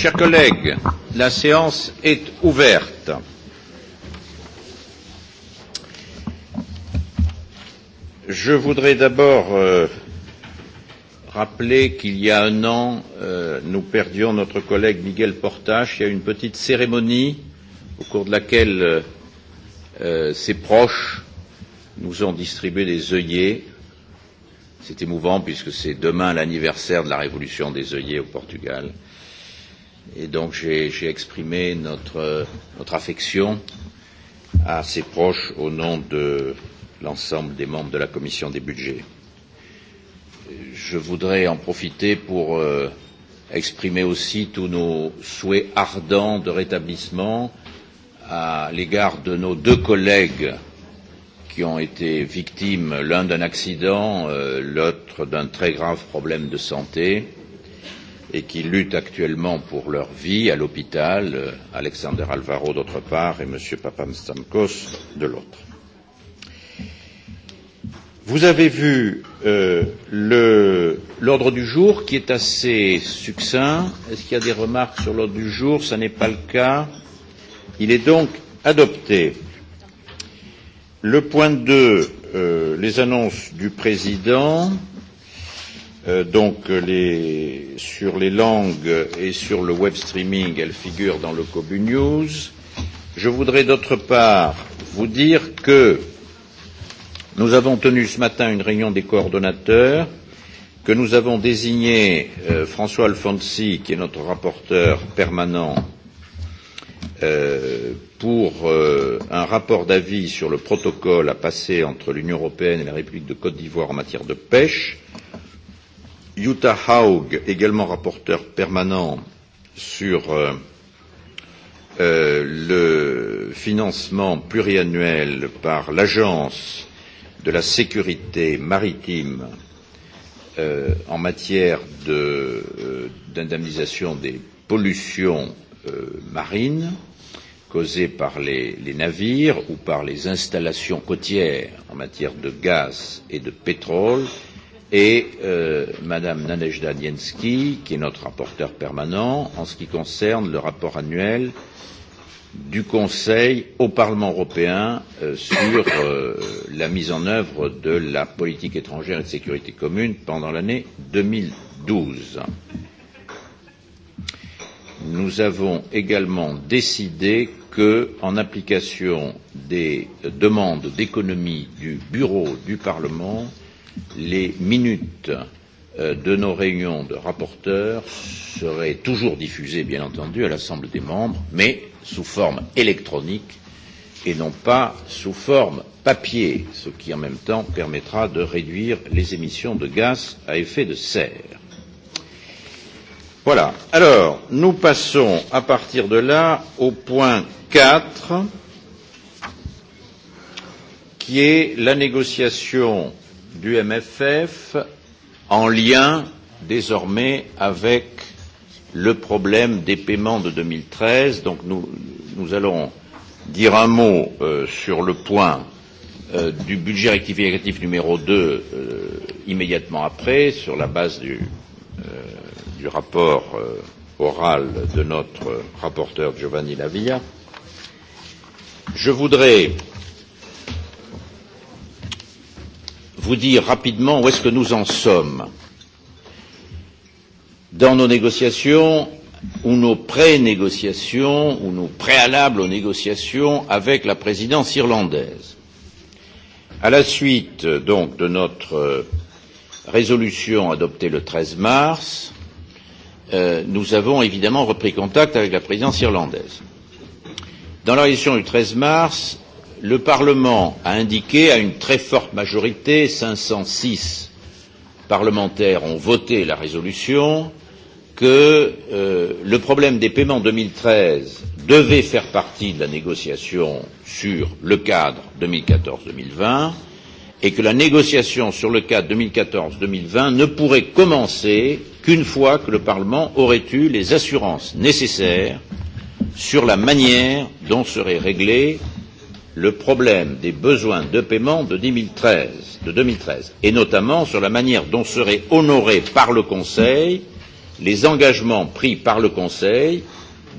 chers collègues, la séance est ouverte. Je voudrais d'abord euh, rappeler qu'il y a un an, euh, nous perdions notre collègue Miguel Portache. Il y a eu une petite cérémonie au cours de laquelle euh, euh ses proches nous ont distribué des œillets. C'est émouvant puisque c'est demain l'anniversaire de la révolution des œillets au Portugal. Euh, Et donc j'ai exprimé notre, notre affection à ses proches au nom de l'ensemble des membres de la commission des budgets. Je voudrais en profiter pour euh, exprimer aussi tous nos souhaits ardents de rétablissement à l'égard de nos deux collègues qui ont été victimes l'un d'un accident, euh, l'autre d'un très grave problème de santé et qui luttent actuellement pour leur vie à l'hôpital, euh, Alexander Alvaro d'autre part et M. Papamstamkos de l'autre. Vous avez vu euh, l'ordre du jour qui est assez succinct. Est-ce qu'il y a des remarques sur l'ordre du jour Ce n'est pas le cas. Il est donc adopté. Le point 2, euh, les annonces du président. Euh, donc euh, les, sur les langues et sur le web streaming, elle figure dans le Cobu News. Je voudrais d'autre part vous dire que nous avons tenu ce matin une réunion des coordonnateurs, que nous avons désigné euh, François Alfonsi, qui est notre rapporteur permanent, euh, pour euh, un rapport d'avis sur le protocole à passer entre l'Union européenne et la République de Côte d'Ivoire en matière de pêche. Euh, Jutta Haug, également rapporteur permanent sur euh, euh, le financement pluriannuel par l'Agence de la sécurité maritime euh, en matière d'indemnisation de, euh, des pollutions euh, marines causées par les, les navires ou par les installations côtières en matière de gaz et de pétrole, et euh, Madame Nadezhda Diensky, qui est notre rapporteur permanent, en ce qui concerne le rapport annuel du Conseil au Parlement européen euh, sur euh, la mise en œuvre de la politique étrangère et de sécurité commune pendant l'année 2012. Nous avons également décidé que, en application des demandes d'économie du Bureau du Parlement, euh, les minutes euh, de nos réunions de rapporteurs seraient toujours diffusées, bien entendu, à l'Assemblée des membres, mais sous forme électronique et non pas sous forme papier, ce qui en même temps permettra de réduire les émissions de gaz à effet de serre. Voilà. Alors, nous passons à partir de là au point 4, qui est la négociation du MFF en lien désormais avec le problème des paiements de 2013. Donc nous, nous allons dire un mot euh, sur le point euh, du budget rectificatif numéro 2 euh, immédiatement après, sur la base du, euh, du rapport euh, oral de notre rapporteur Giovanni Lavia. Je voudrais euh, vous dire rapidement où est-ce que nous en sommes dans nos négociations ou nos pré-négociations ou nos préalables aux négociations avec la présidence irlandaise. À la suite donc de notre euh, résolution adoptée le 13 mars, euh, nous avons évidemment repris contact avec la présidence irlandaise. Dans la résolution du 13 mars, le Parlement a indiqué à une très forte majorité, 506 parlementaires ont voté la résolution, que euh, le problème des paiements 2013 devait faire partie de la négociation sur le cadre 2014-2020 et que la négociation sur le cadre 2014-2020 ne pourrait commencer qu'une fois que le Parlement aurait eu les assurances nécessaires sur la manière dont seraient réglées le problème des besoins de paiement de 2013, de 2013 et notamment sur la manière dont seraient honorés par le Conseil les engagements pris par le Conseil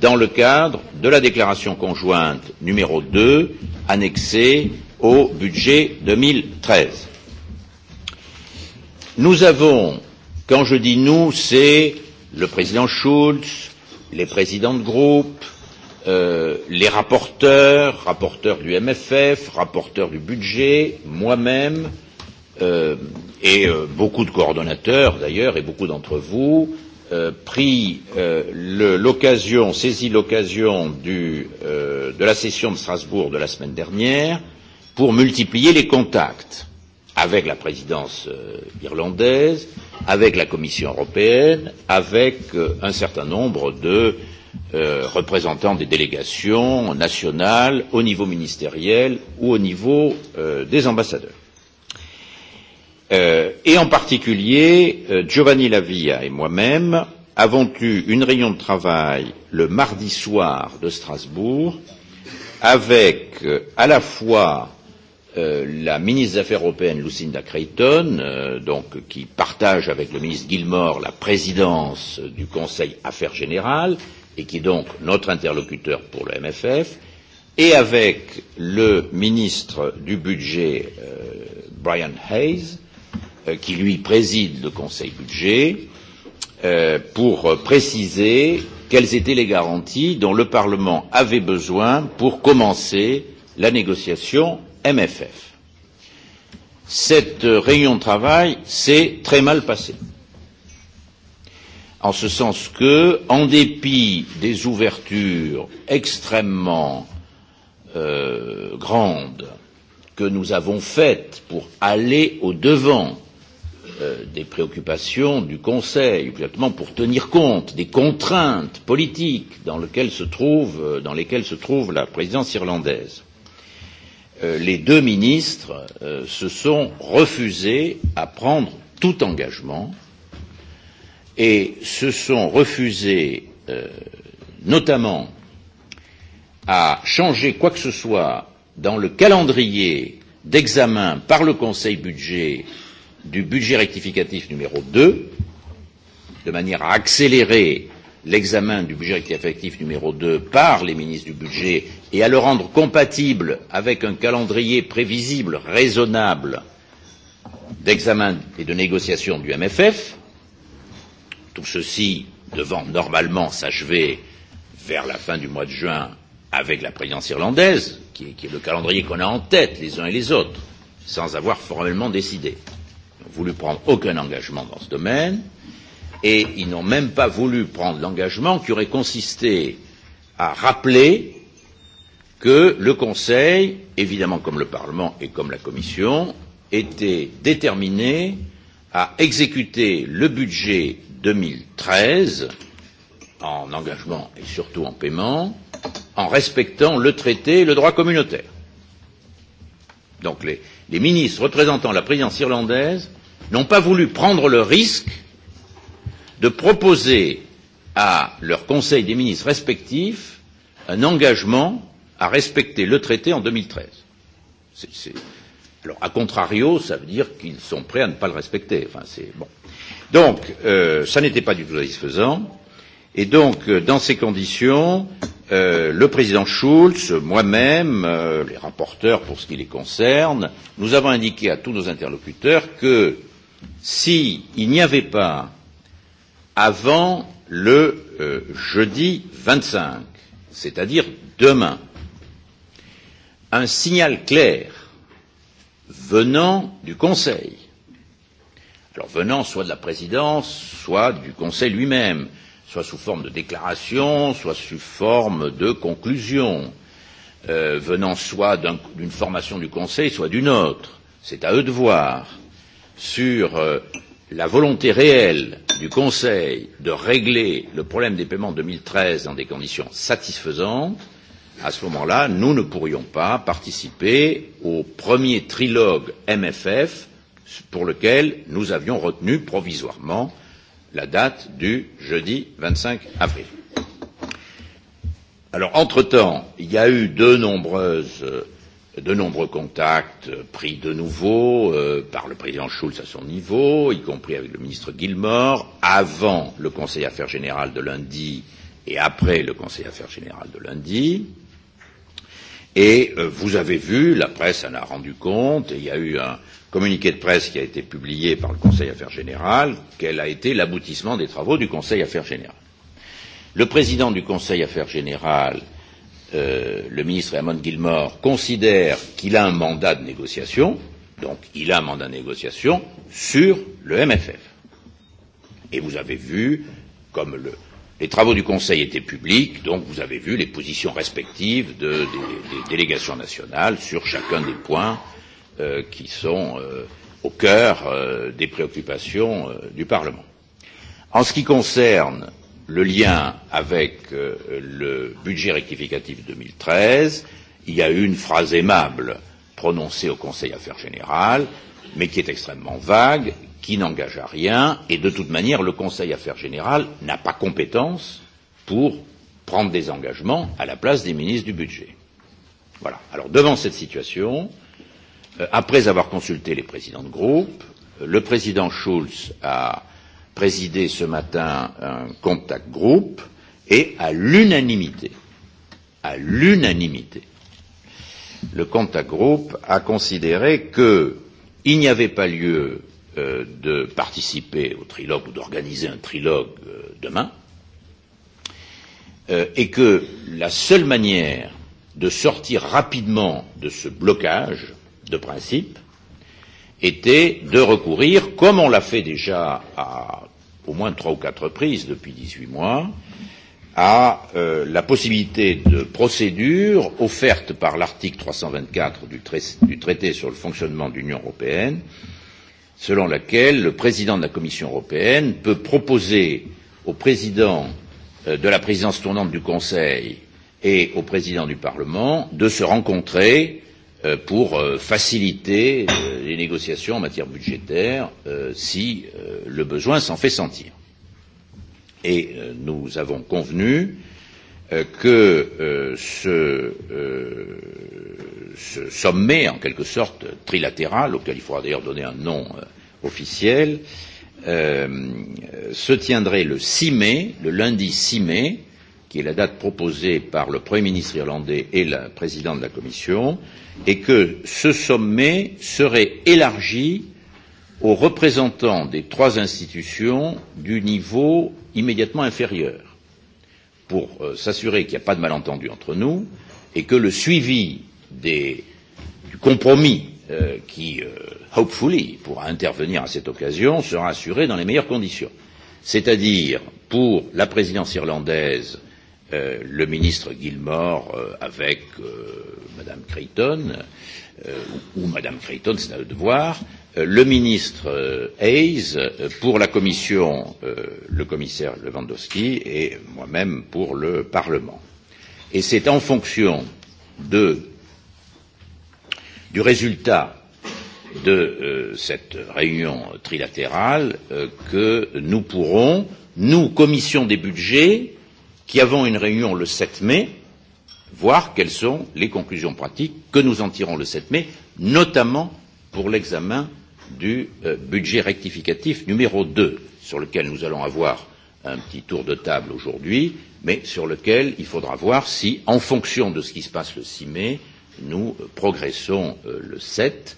dans le cadre de la déclaration conjointe numéro 2 annexée au budget 2013. Nous avons, quand je dis nous, c'est le président Schulz, les présidents de groupe, Euh, les rapporteurs, rapporteurs du MFF, rapporteurs du budget, moi-même, euh, et euh, beaucoup de coordonnateurs d'ailleurs, et beaucoup d'entre vous, euh, pris euh, l'occasion, saisi l'occasion euh, de la session de Strasbourg de la semaine dernière pour multiplier les contacts avec la présidence euh, irlandaise, avec la Commission européenne, avec euh, un certain nombre de euh, Euh, représentants des délégations nationales au niveau ministériel ou au niveau euh, des ambassadeurs. Euh, et en particulier, euh, Giovanni Lavia et moi-même avons eu une réunion de travail le mardi soir de Strasbourg avec euh, à la fois euh, la ministre des Affaires européennes Lucinda Creighton, euh, donc, qui partage avec le ministre Gilmore la présidence du Conseil Affaires générales, et qui est donc notre interlocuteur pour le MFF, et avec le ministre du budget euh, Brian Hayes, euh, qui lui préside le Conseil budget, euh, pour préciser quelles étaient les garanties dont le Parlement avait besoin pour commencer la négociation MFF. Cette euh, réunion de travail s'est très mal passée en ce sens que, en dépit des ouvertures extrêmement euh, grandes que nous avons faites pour aller au devant euh, des préoccupations du Conseil, exactement pour tenir compte des contraintes politiques dans lesquelles se trouve, euh, dans lesquelles se trouve la présidence irlandaise, euh, les deux ministres euh, se sont refusés à prendre tout engagement et se sont refusés euh, notamment à changer quoi que ce soit dans le calendrier d'examen par le Conseil budget du budget rectificatif numéro 2, de manière à accélérer l'examen du budget rectificatif numéro 2 par les ministres du budget et à le rendre compatible avec un calendrier prévisible, raisonnable d'examen et de négociation du MFF, Tout ceci devant normalement s'achever vers la fin du mois de juin avec la présidence irlandaise, qui est, qui est le calendrier qu'on a en tête les uns et les autres, sans avoir formellement décidé. Ils n'ont voulu prendre aucun engagement dans ce domaine, et ils n'ont même pas voulu prendre l'engagement qui aurait consisté à rappeler que le Conseil, évidemment comme le Parlement et comme la Commission, était déterminé à exécuter le budget 2013 en engagement et surtout en paiement en respectant le traité et le droit communautaire. Donc les, les ministres représentant la présidence irlandaise n'ont pas voulu prendre le risque de proposer à leur conseil des ministres respectifs un engagement à respecter le traité en 2013. C'est, c'est, Alors, a contrario, ça veut dire qu'ils sont prêts à ne pas le respecter. Enfin, c'est bon. Donc, euh, ça n'était pas du tout satisfaisant. Et donc, euh, dans ces conditions, euh, le président Schulz, moi-même, euh, les rapporteurs pour ce qui les concerne, nous avons indiqué à tous nos interlocuteurs que s'il si n'y avait pas, avant le euh, jeudi 25, c'est-à-dire demain, un signal clair venant du Conseil. Alors venant soit de la présidence, soit du Conseil lui-même, soit sous forme de déclaration, soit sous forme de conclusion, euh, venant soit d'une un, formation du Conseil, soit d'une autre. C'est à eux de voir sur euh, la volonté réelle du Conseil de régler le problème des paiements 2013 dans des conditions satisfaisantes à ce moment-là, nous ne pourrions pas participer au premier trilogue MFF pour lequel nous avions retenu provisoirement la date du jeudi 25 avril. Alors, entre-temps, il y a eu de, nombreuses, de nombreux contacts euh, pris de nouveau euh, par le président Schulz à son niveau, y compris avec le ministre Gilmore, avant le Conseil Affaires Générales de lundi et après le Conseil Affaires Générales de lundi. Et euh, vous avez vu, la presse en a rendu compte, et il y a eu un communiqué de presse qui a été publié par le Conseil Affaires Générales, quel a été l'aboutissement des travaux du Conseil Affaires Générales. Le président du Conseil Affaires Générales, euh, le ministre Herman Gilmore, considère qu'il a un mandat de négociation, donc il a un mandat de négociation sur le MFF. Et vous avez vu, comme le, Les travaux du Conseil étaient publics, donc vous avez vu les positions respectives de, des, des délégations nationales sur chacun des points euh, qui sont euh, au cœur euh, des préoccupations euh, du Parlement. En ce qui concerne le lien avec euh, le budget rectificatif 2013, il y a eu une phrase aimable prononcée au Conseil Affaires Générales, mais qui est extrêmement vague, qui n'engage à rien et de toute manière le Conseil Affaires Générales n'a pas compétence pour prendre des engagements à la place des ministres du budget. Voilà. Alors devant cette situation, euh, après avoir consulté les présidents de groupe, euh, le président Schulz a présidé ce matin un contact groupe et à l'unanimité, à l'unanimité, le contact groupe a considéré qu'il n'y avait pas lieu Euh, de participer au trilogue ou d'organiser un trilogue euh, demain, euh, et que la seule manière de sortir rapidement de ce blocage de principe était de recourir, comme on l'a fait déjà à au moins trois ou quatre reprises depuis 18 mois, à euh, la possibilité de procédure offerte par l'article 324 du, trai du traité sur le fonctionnement de l'Union européenne euh, selon laquelle le président de la Commission européenne peut proposer au président euh, de la présidence tournante du Conseil et au président du Parlement de se rencontrer euh, pour euh, faciliter les négociations en matière budgétaire si le besoin s'en fait sentir. Et nous avons convenu que euh, ce, euh, ce sommet, en quelque sorte trilatéral, auquel il faudra d'ailleurs donner un nom euh, officiel, se tiendrait le 6 mai, le lundi 6 mai, qui est la date proposée par le Premier ministre irlandais et le président de la Commission, et que ce sommet serait élargi aux représentants des trois institutions du niveau immédiatement inférieur pour euh, s'assurer qu'il n'y a pas de malentendu entre nous et que le suivi des, du compromis euh, qui, euh, hopefully, pourra intervenir à cette occasion sera assuré dans les meilleures conditions. C'est-à-dire, pour la présidence irlandaise, euh, le ministre Gilmore euh, avec euh, Madame Creighton, euh, ou, ou Madame Creighton, c'est à eux de voir, euh, le ministre euh, Hayes, euh, pour la Commission, euh, le commissaire Lewandowski et moi-même pour le Parlement. Et c'est en fonction de, du résultat de euh, cette réunion trilatérale euh, que nous pourrons, nous, Commission des budgets, qui avons une réunion le 7 mai, voir quelles sont les conclusions pratiques que nous en tirons le 7 mai, notamment pour l'examen du euh, budget rectificatif numéro 2, sur lequel nous allons avoir un petit tour de table aujourd'hui, mais sur lequel il faudra voir si, en fonction de ce qui se passe le 6 mai, nous progressons euh, le 7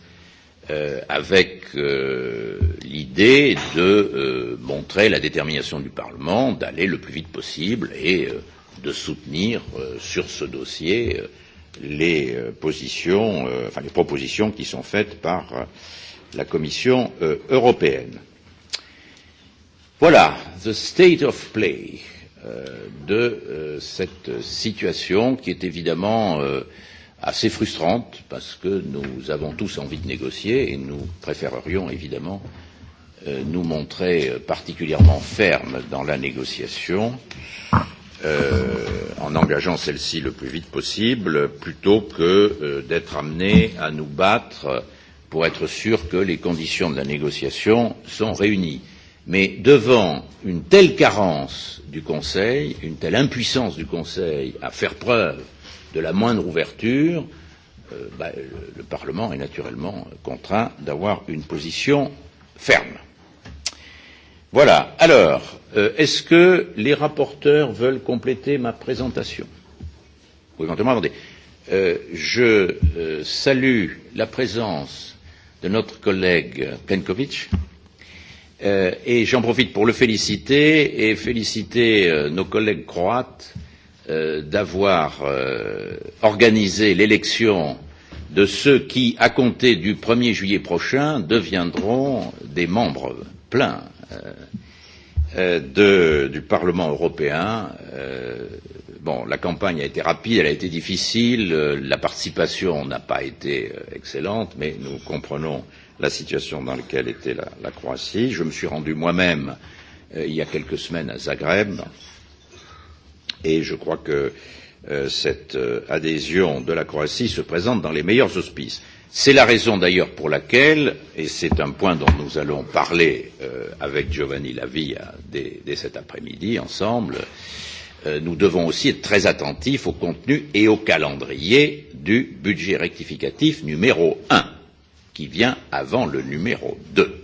euh, avec euh, l'idée de euh, montrer la détermination du Parlement d'aller le plus vite possible et euh, de soutenir euh, sur ce dossier euh, les, euh, positions, euh, enfin, les propositions qui sont faites par euh, la Commission euh, européenne. Voilà, the state of play euh, de euh, cette situation qui est évidemment euh, assez frustrante parce que nous avons tous envie de négocier et nous préférerions évidemment euh, nous montrer particulièrement fermes dans la négociation. Euh, euh, en engageant celle-ci le plus vite possible, plutôt que euh, d'être amené à nous battre pour être sûr que les conditions de la négociation sont réunies. Mais devant une telle carence du Conseil, une telle impuissance du Conseil à faire preuve de la moindre ouverture, euh, bah, le, le Parlement est naturellement contraint d'avoir une position ferme. Voilà. Alors, euh, est-ce que les rapporteurs veulent compléter ma présentation Ou éventuellement, attendez. Euh, je euh, salue la présence de notre collègue Plenkovitch euh, et j'en profite pour le féliciter et féliciter euh, nos collègues croates euh, d'avoir euh, organisé l'élection de ceux qui, à compter du 1er juillet prochain, deviendront des membres pleins Euh, euh, de, du Parlement européen. Euh, bon, la campagne a été rapide, elle a été difficile, euh, la participation n'a pas été euh, excellente, mais nous comprenons la situation dans laquelle était la, la Croatie. Je me suis rendu moi-même euh, il y a quelques semaines à Zagreb et je crois que euh, cette euh, adhésion de la Croatie se présente dans les meilleurs auspices. C'est la raison d'ailleurs pour laquelle, et c'est un point dont nous allons parler euh, avec Giovanni Lavia euh, dès, dès cet après-midi ensemble, euh, nous devons aussi être très attentifs au contenu et au calendrier du budget rectificatif numéro 1, qui vient avant le numéro 2,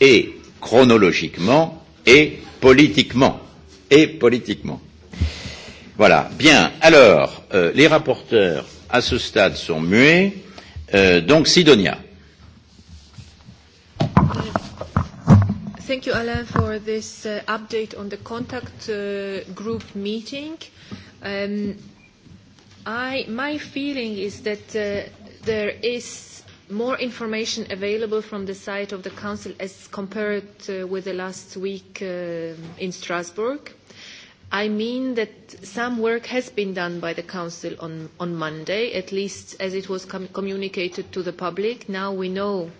et chronologiquement et politiquement. Et politiquement. Voilà. Bien. Alors, euh, les rapporteurs à ce stade sont muets. Uh, donc Sidonia. Thank you, Alain, for this uh, update on the contact uh, group meeting. Um, I, my feeling is that uh, there is more information available from the side of the Council as compared uh, with the last week uh, in Strasbourg. Uh, I mean that some work has been done by the Council on, on Monday, at least as it was com communicated to the public. Now we know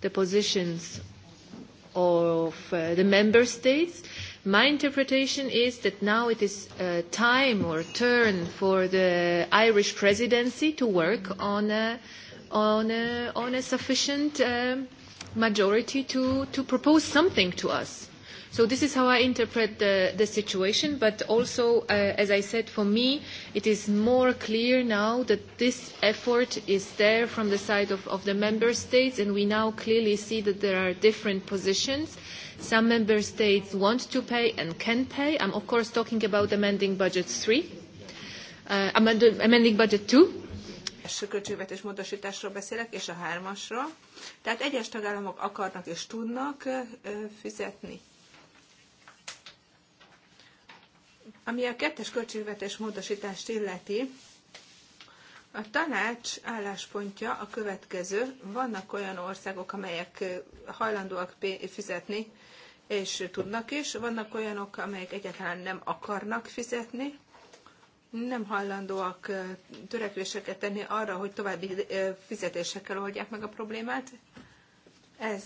the positions of uh, the Member States. My interpretation is that now it is uh, time or turn for the Irish Presidency to work on a, on a, on a sufficient um, majority to, to propose something to us So this is how I interpret the, the situation, but also, uh, as I said, for me, it is more clear now that this effort is there from the side of, of the member states, and we now clearly see that there are different positions. Some member states want to pay and can pay. I'm, of course, talking about amending budget three, uh, amending budget 2, első költségvetés módosításról beszélek, és a hármasról. Tehát egyes tagállamok akarnak és tudnak fizetni Ami a kettes költségvetés módosítást illeti, a tanács álláspontja a következő. Vannak olyan országok, amelyek hajlandóak fizetni, és tudnak is. Vannak olyanok, amelyek egyáltalán nem akarnak fizetni, nem hajlandóak törekvéseket tenni arra, hogy további fizetésekkel oldják meg a problémát. Ez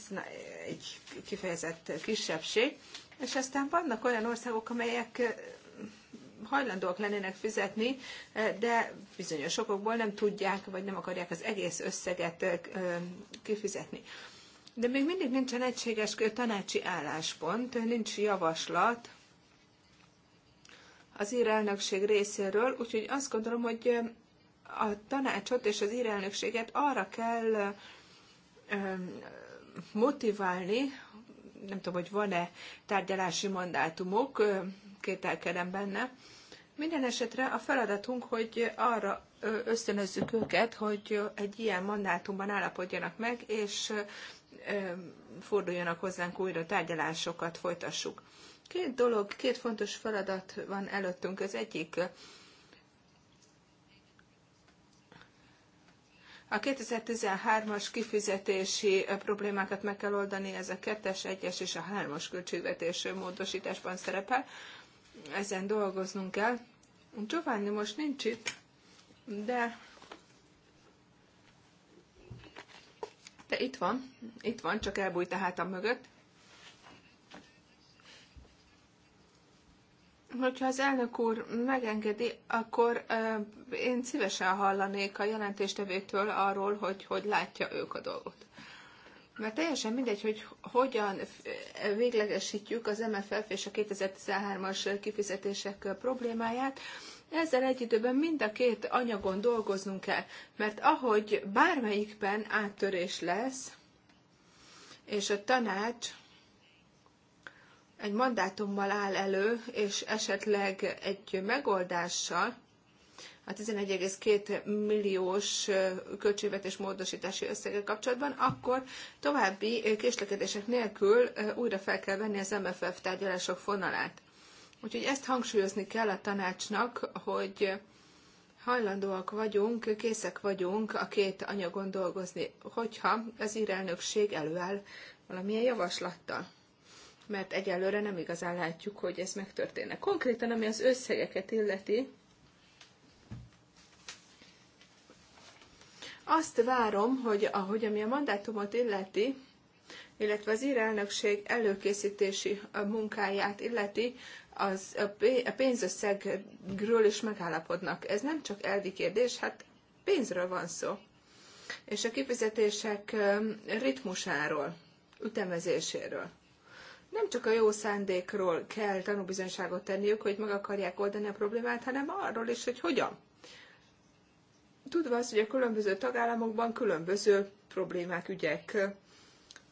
egy kifejezett kisebbség. És aztán vannak olyan országok, amelyek hajlandóak lennének fizetni, eh, de bizonyos okokból nem tudják, vagy nem akarják az egész összeget eh, eh, kifizetni. De még mindig nincsen egységes tanácsi álláspont, nincs javaslat az írelnökség részéről, úgyhogy azt gondolom, hogy a tanácsot és az írelnökséget arra kell motiválni, nem tudom, hogy van-e tárgyalási mandátumok, kételkedem benne. Minden esetre a feladatunk, hogy arra ösztönözzük őket, hogy egy ilyen mandátumban állapodjanak meg, és forduljanak hozzánk újra, tárgyalásokat folytassuk. Két dolog, két fontos feladat van előttünk. Az egyik A 2013-as kifizetési problémákat meg kell oldani, ez a 2-es, 1-es és a 3-as költségvetés módosításban szerepel ezen dolgoznunk kell. Giovanni most nincs itt, de de itt van, itt van, csak elbújt a hátam mögött. Hogyha az elnök úr megengedi, akkor euh, én szívesen hallanék a jelentéstevétől arról, hogy hogy látja ők a dolgot mert teljesen mindegy, hogy hogyan eh, véglegesítjük az MFF és a 2013-as kifizetések eh, problémáját, ezzel egy időben mind a két anyagon dolgoznunk kell, mert ahogy bármelyikben áttörés lesz, és a tanács egy mandátummal áll elő, és esetleg egy megoldással, a 11,2 milliós költségvetés módosítási összege kapcsolatban, akkor további késlekedések nélkül újra fel kell venni az MFF tárgyalások fonalát. Úgyhogy ezt hangsúlyozni kell a tanácsnak, hogy hajlandóak vagyunk, készek vagyunk a két anyagon dolgozni, hogyha az írelnökség előáll valamilyen javaslattal. Mert egyelőre nem igazán látjuk, hogy ez megtörténne. Konkrétan, ami az összegeket illeti, Azt várom, hogy ahogy ami a mandátumot illeti, illetve az írelnökség előkészítési munkáját illeti, az a pénzösszegről is megállapodnak. Ez nem csak elvi kérdés, hát pénzről van szó. És a kifizetések ritmusáról, ütemezéséről. Nem csak a jó szándékról kell tanúbizonyságot tenniük, hogy meg akarják oldani a problémát, hanem arról is, hogy hogyan. Tudva azt, hogy a különböző tagállamokban különböző problémák, ügyek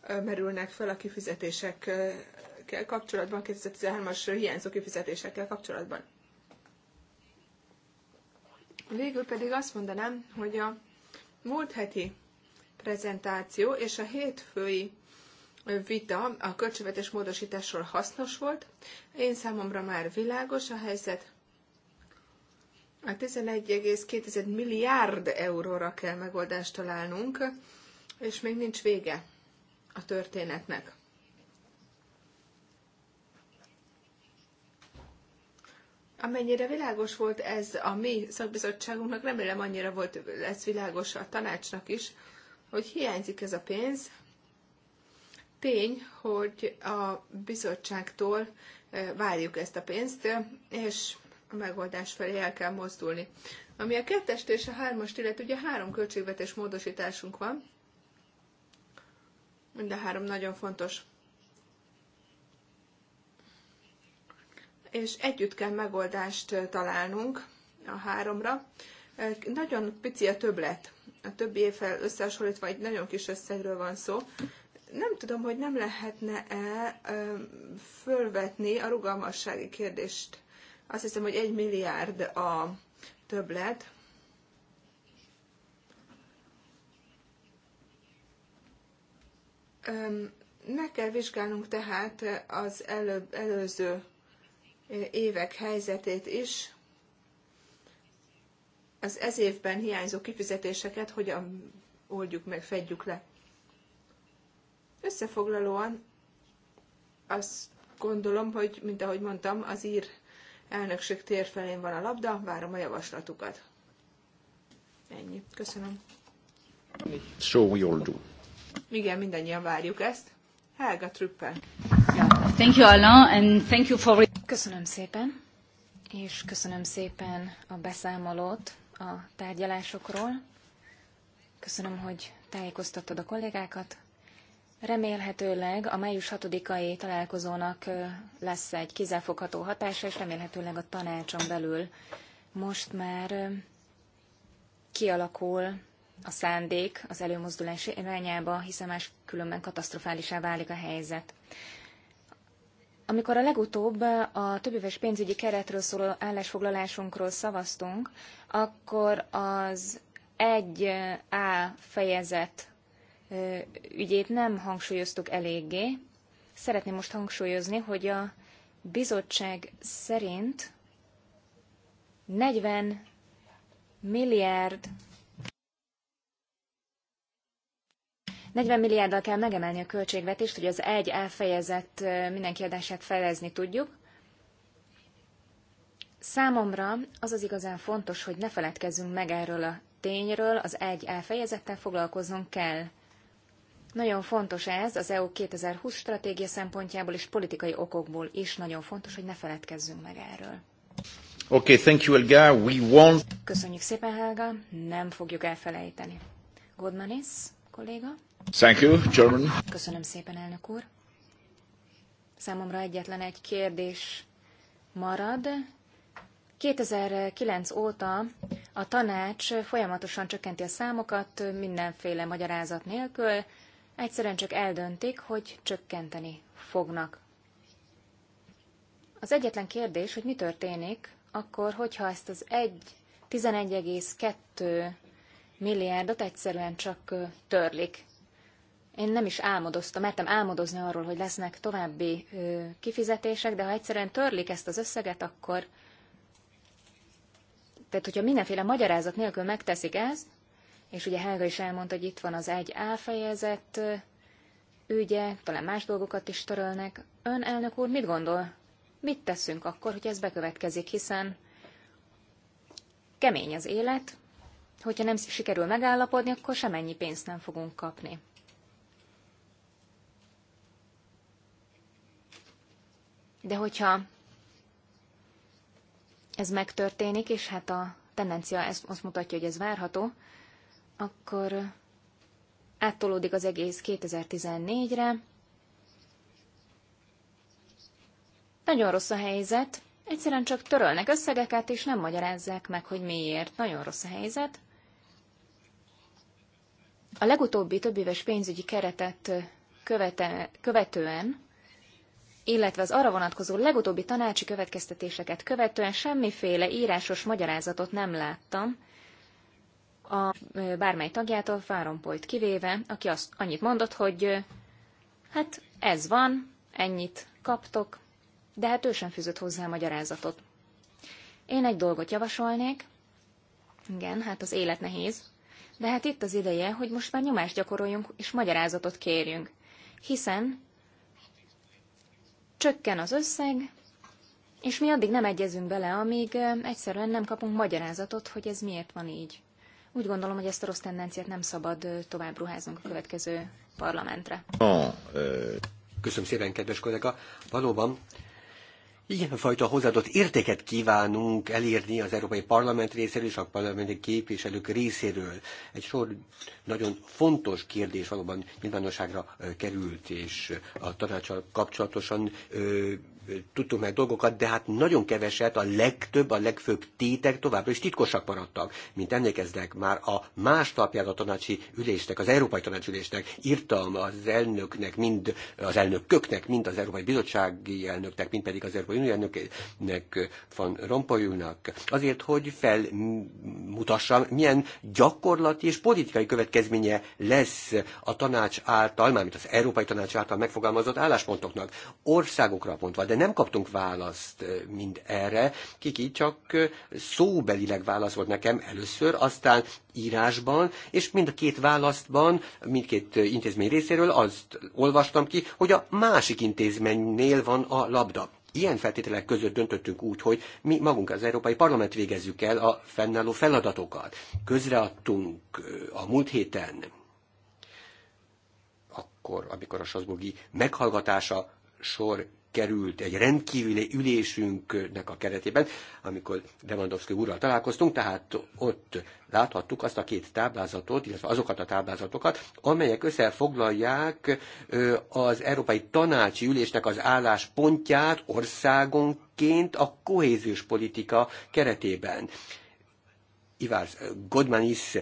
merülnek fel a kifizetésekkel kapcsolatban, 2013-as hiányzó kifizetésekkel kapcsolatban. Végül pedig azt mondanám, hogy a múlt heti prezentáció és a hétfői vita a költségvetés módosításról hasznos volt. Én számomra már világos a helyzet, a 11,2 milliárd euróra kell megoldást találnunk, és még nincs vége a történetnek. Amennyire világos volt ez a mi szakbizottságunknak, remélem annyira volt, lesz világos a tanácsnak is, hogy hiányzik ez a pénz. Tény, hogy a bizottságtól eh, várjuk ezt a pénzt, és a megoldás felé el kell mozdulni. Ami a kettest és a hármast illet, ugye három költségvetés módosításunk van, mind a három nagyon fontos. És együtt kell megoldást találnunk a háromra. Nagyon pici a többlet. A többi évvel összehasonlítva egy nagyon kis összegről van szó. Nem tudom, hogy nem lehetne-e fölvetni a rugalmassági kérdést azt hiszem, hogy egy milliárd a többlet. Meg kell vizsgálnunk tehát az elő, előző évek helyzetét is, az ez évben hiányzó kifizetéseket hogyan oldjuk meg, fedjük le. Összefoglalóan azt gondolom, hogy, mint ahogy mondtam, az ír elnökség tér felén van a labda, várom a javaslatukat. Ennyi. Köszönöm. So we all do. Igen, mindannyian várjuk ezt. Helga Trüppel. Thank you, Alain, and thank you for... Köszönöm szépen, és köszönöm szépen a beszámolót a tárgyalásokról. Köszönöm, hogy tájékoztattad a kollégákat. Remélhetőleg a május 6-ai találkozónak lesz egy kizáfogható hatása, és remélhetőleg a tanácson belül most már kialakul a szándék az előmozdulás irányába, hiszen más különben katasztrofálisá válik a helyzet. Amikor a legutóbb a többéves pénzügyi keretről szóló állásfoglalásunkról szavaztunk, akkor az 1A fejezet ügyét nem hangsúlyoztuk eléggé. Szeretném most hangsúlyozni, hogy a bizottság szerint 40 milliárd 40 milliárddal kell megemelni a költségvetést, hogy az egy elfejezett minden kiadását felezni tudjuk. Számomra az az igazán fontos, hogy ne feledkezzünk meg erről a tényről, az egy elfejezettel foglalkoznunk kell. Nagyon fontos ez az EU 2020 stratégia szempontjából és politikai okokból is nagyon fontos, hogy ne feledkezzünk meg erről. Okay, thank you, Elga. We want... Köszönjük szépen, Helga. Nem fogjuk elfelejteni. Godmanis, kolléga. Thank you, German. Köszönöm szépen, elnök úr. Számomra egyetlen egy kérdés marad. 2009 óta a tanács folyamatosan csökkenti a számokat mindenféle magyarázat nélkül, egyszerűen csak eldöntik, hogy csökkenteni fognak. Az egyetlen kérdés, hogy mi történik akkor, hogyha ezt az 11,2 milliárdot egyszerűen csak törlik. Én nem is álmodoztam, mertem álmodozni arról, hogy lesznek további kifizetések, de ha egyszerűen törlik ezt az összeget, akkor... Tehát, hogyha mindenféle magyarázat nélkül megteszik ezt, és ugye Helga is elmondta, hogy itt van az egy elfejezett ügye, talán más dolgokat is törölnek. Ön, elnök úr, mit gondol? Mit teszünk akkor, hogy ez bekövetkezik, hiszen kemény az élet, hogyha nem sikerül megállapodni, akkor semennyi pénzt nem fogunk kapni. De hogyha ez megtörténik, és hát a tendencia ezt azt mutatja, hogy ez várható, akkor áttolódik az egész 2014-re. Nagyon rossz a helyzet, egyszerűen csak törölnek összegeket, és nem magyarázzák meg, hogy miért. Nagyon rossz a helyzet. A legutóbbi éves pénzügyi keretet követe, követően, illetve az arra vonatkozó legutóbbi tanácsi következtetéseket követően semmiféle írásos magyarázatot nem láttam, a bármely tagjától, Fárompolt kivéve, aki azt annyit mondott, hogy hát ez van, ennyit kaptok, de hát ő sem fűzött hozzá a magyarázatot. Én egy dolgot javasolnék, igen, hát az élet nehéz, de hát itt az ideje, hogy most már nyomást gyakoroljunk és magyarázatot kérjünk, hiszen csökken az összeg, és mi addig nem egyezünk bele, amíg egyszerűen nem kapunk magyarázatot, hogy ez miért van így. Úgy gondolom, hogy ezt a rossz tendenciát nem szabad tovább ruháznunk a következő parlamentre. Köszönöm szépen, kedves kollega. Valóban Ilyenfajta hozzáadott értéket kívánunk elérni az Európai Parlament részéről és a parlamenti képviselők részéről. Egy sor nagyon fontos kérdés valóban nyilvánosságra került, és a tanácsal kapcsolatosan tudtunk meg dolgokat, de hát nagyon keveset, a legtöbb, a legfőbb tétek továbbra is titkosak maradtak. Mint emlékeznek, már a más napján a tanácsi ülésnek, az Európai Tanácsi ülésnek írtam az elnöknek, mind az köknek, mind az Európai Bizottsági elnöknek, mind pedig az Európai Unió elnöknek, van Rompolyúnak, azért, hogy felmutassam, milyen gyakorlati és politikai következménye lesz a tanács által, mármint az Európai Tanács által megfogalmazott álláspontoknak, országokra pontva, de nem kaptunk választ mind erre, Kiki csak szóbelileg válaszolt nekem először, aztán írásban, és mind a két választban, mindkét intézmény részéről azt olvastam ki, hogy a másik intézménynél van a labda. Ilyen feltételek között döntöttünk úgy, hogy mi magunk az Európai Parlament végezzük el a fennálló feladatokat. Közreadtunk a múlt héten, akkor, amikor a Strasburgi meghallgatása sor került egy rendkívüli ülésünknek a keretében, amikor Demandowski úrral találkoztunk, tehát ott láthattuk azt a két táblázatot, illetve azokat a táblázatokat, amelyek összefoglalják az Európai Tanácsi Ülésnek az álláspontját országonként a kohéziós politika keretében. Ivars Godmanis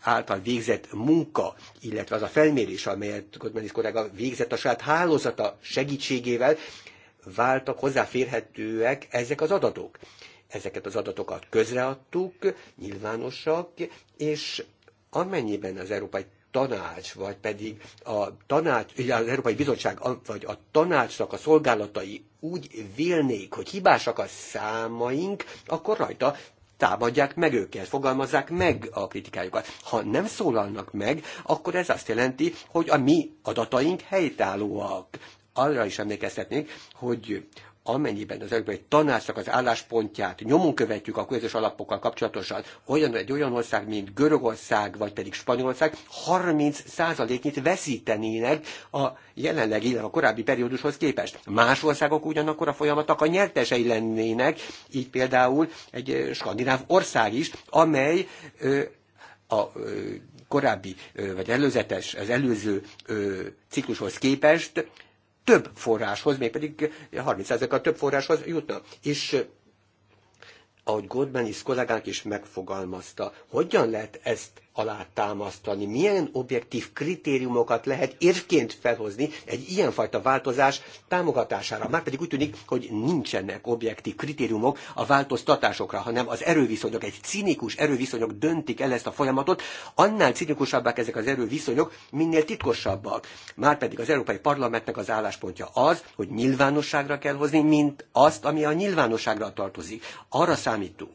által végzett munka, illetve az a felmérés, amelyet Kodmenis kollega végzett a saját hálózata segítségével, váltak hozzáférhetőek ezek az adatok. Ezeket az adatokat közreadtuk, nyilvánosak, és amennyiben az Európai Tanács, vagy pedig a tanács, az Európai Bizottság, vagy a tanácsnak a szolgálatai úgy vélnék, hogy hibásak a számaink, akkor rajta támadják meg őket, fogalmazzák meg a kritikájukat. Ha nem szólalnak meg, akkor ez azt jelenti, hogy a mi adataink helytállóak. Arra is emlékeztetnék, hogy amennyiben az Európai Tanácsnak az álláspontját nyomon követjük a közös alapokkal kapcsolatosan, olyan egy olyan ország, mint Görögország, vagy pedig Spanyolország 30 százaléknyit veszítenének a jelenlegi, illetve a korábbi periódushoz képest. Más országok ugyanakkor a folyamatnak a nyertesei lennének, így például egy skandináv ország is, amely ö, a ö, korábbi, ö, vagy előzetes, az előző ö, ciklushoz képest több forráshoz, mégpedig 30%-kal több forráshoz jutna. És eh, ahogy Goldman is kollégánk is megfogalmazta, hogyan lehet ezt alátámasztani, milyen objektív kritériumokat lehet érvként felhozni egy ilyenfajta változás támogatására. Márpedig úgy tűnik, hogy nincsenek objektív kritériumok a változtatásokra, hanem az erőviszonyok, egy cinikus erőviszonyok döntik el ezt a folyamatot, annál cinikusabbak ezek az erőviszonyok, minél titkosabbak. Márpedig az Európai Parlamentnek az álláspontja az, hogy nyilvánosságra kell hozni, mint azt, ami a nyilvánosságra tartozik. Arra számítunk,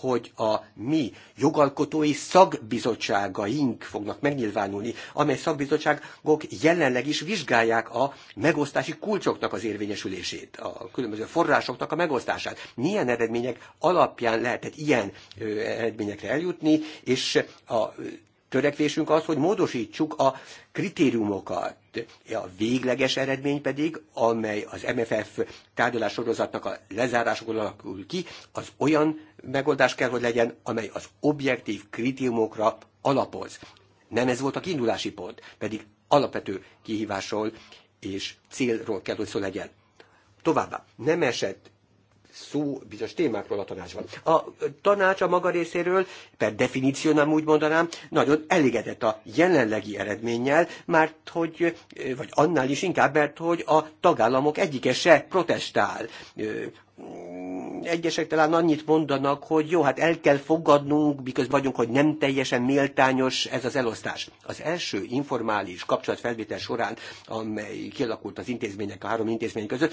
hogy a mi jogalkotói szakbizottságaink fognak megnyilvánulni, amely szakbizottságok jelenleg is vizsgálják a megosztási kulcsoknak az érvényesülését, a különböző forrásoknak a megosztását. Milyen eredmények alapján lehetett ilyen eredményekre eljutni, és a törekvésünk az, hogy módosítsuk a kritériumokat. A végleges eredmény pedig, amely az MFF tárgyalás sorozatnak a lezárásokon alakul ki, az olyan megoldás kell, hogy legyen, amely az objektív kritériumokra alapoz. Nem ez volt a kiindulási pont, pedig alapvető kihívásról és célról kell, hogy szó legyen. Továbbá nem esett szó bizonyos témákról a tanácsban. A tanács a maga részéről, per definíció nem úgy mondanám, nagyon elégedett a jelenlegi eredménnyel, mert hogy, vagy annál is inkább, mert hogy a tagállamok egyike se protestál egyesek talán annyit mondanak, hogy jó, hát el kell fogadnunk, miközben vagyunk, hogy nem teljesen méltányos ez az elosztás. Az első informális kapcsolatfelvétel során, amely kialakult az intézmények, a három intézmény között,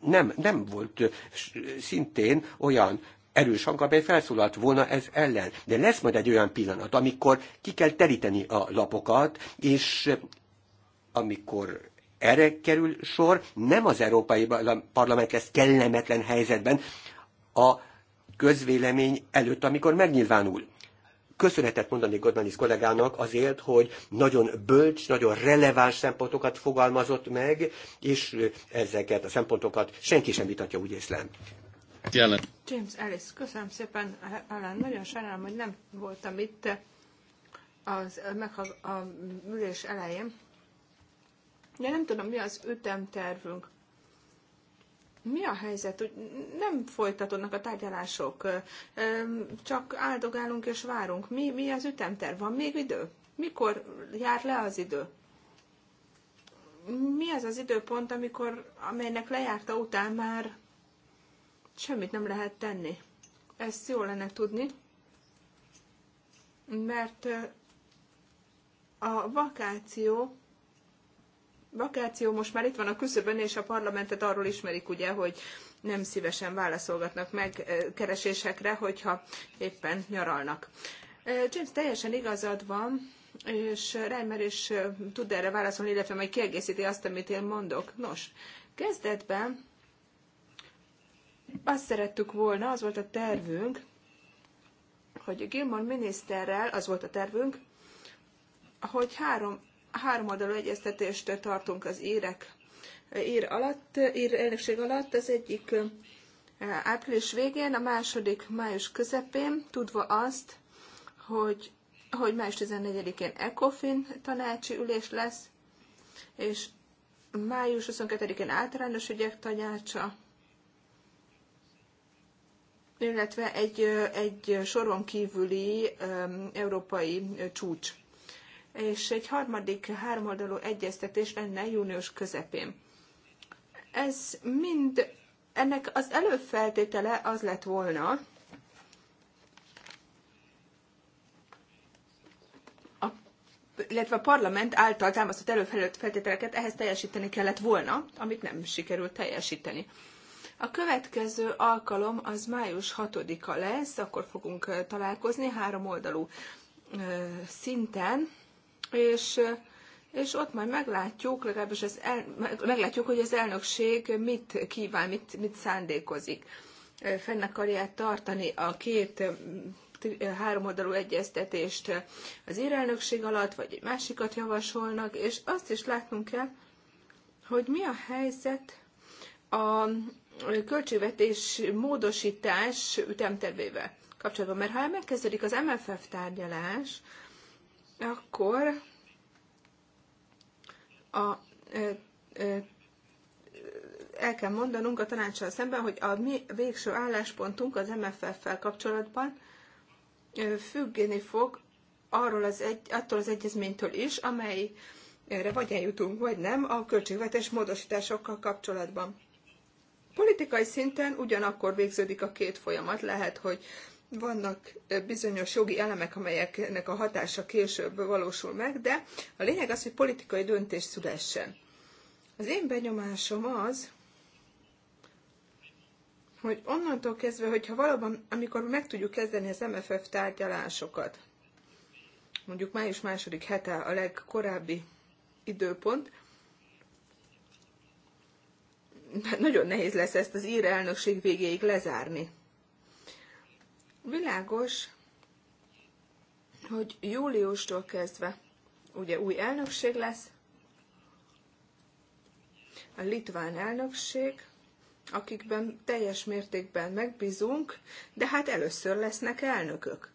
nem, nem volt szintén olyan erős hang, amely felszólalt volna ez ellen. De lesz majd egy olyan pillanat, amikor ki kell teríteni a lapokat, és amikor erre kerül sor, nem az Európai Parlament lesz kellemetlen helyzetben a közvélemény előtt, amikor megnyilvánul köszönetet mondani Godmanis kollégának azért, hogy nagyon bölcs, nagyon releváns szempontokat fogalmazott meg, és ezeket a szempontokat senki sem vitatja, úgy észlem. Jelen. James Ellis, köszönöm szépen, Ellen. Nagyon sajnálom, hogy nem voltam itt az, meg a, a ülés elején. De nem tudom, mi az ütemtervünk. Mi a helyzet? Úgy nem folytatódnak a tárgyalások, csak áldogálunk és várunk. Mi, mi az ütemterv? Van még idő? Mikor jár le az idő? Mi az az időpont, amikor, amelynek lejárta után már semmit nem lehet tenni? Ezt jó lenne tudni, mert a vakáció vakáció most már itt van a küszöbön, és a parlamentet arról ismerik ugye, hogy nem szívesen válaszolgatnak meg keresésekre, hogyha éppen nyaralnak. James, teljesen igazad van, és Reimer is tud erre válaszolni, illetve majd kiegészíti azt, amit én mondok. Nos, kezdetben azt szerettük volna, az volt a tervünk, hogy Gilmore miniszterrel, az volt a tervünk, hogy három három oldalú egyeztetést tartunk az érek ír alatt, ír elnökség alatt. Az egyik április végén, a második május közepén, tudva azt, hogy, hogy május 14-én ECOFIN tanácsi ülés lesz, és május 22-én általános ügyek tanácsa, illetve egy, egy soron kívüli um, európai csúcs és egy harmadik háromoldalú egyeztetés lenne június közepén. Ez mind, ennek az előfeltétele az lett volna, illetve a parlament által támasztott előfeltételeket ehhez teljesíteni kellett volna, amit nem sikerült teljesíteni. A következő alkalom az május 6-a lesz, akkor fogunk találkozni három oldalú szinten és, és ott majd meglátjuk, legalábbis ez el, meglátjuk, hogy az elnökség mit kíván, mit, mit szándékozik. Fenn akarják tartani a két háromoldalú egyeztetést az írelnökség alatt, vagy egy másikat javasolnak, és azt is látnunk kell, hogy mi a helyzet a költségvetés módosítás ütemtervével kapcsolatban. Mert ha megkezdődik az MFF tárgyalás, akkor a, ö, ö, el kell mondanunk a tanácssal szemben, hogy a mi végső álláspontunk az MFF-fel kapcsolatban függeni fog arról az egy, attól az egyezménytől is, amely erre vagy eljutunk, vagy nem a költségvetés módosításokkal kapcsolatban. Politikai szinten ugyanakkor végződik a két folyamat, lehet, hogy vannak bizonyos jogi elemek, amelyeknek a hatása később valósul meg, de a lényeg az, hogy politikai döntés szülessen. Az én benyomásom az, hogy onnantól kezdve, hogyha valóban, amikor meg tudjuk kezdeni az MFF tárgyalásokat, mondjuk május második hete a legkorábbi időpont, nagyon nehéz lesz ezt az ír elnökség végéig lezárni. Világos, hogy júliustól kezdve ugye új elnökség lesz, a litván elnökség, akikben teljes mértékben megbízunk, de hát először lesznek elnökök.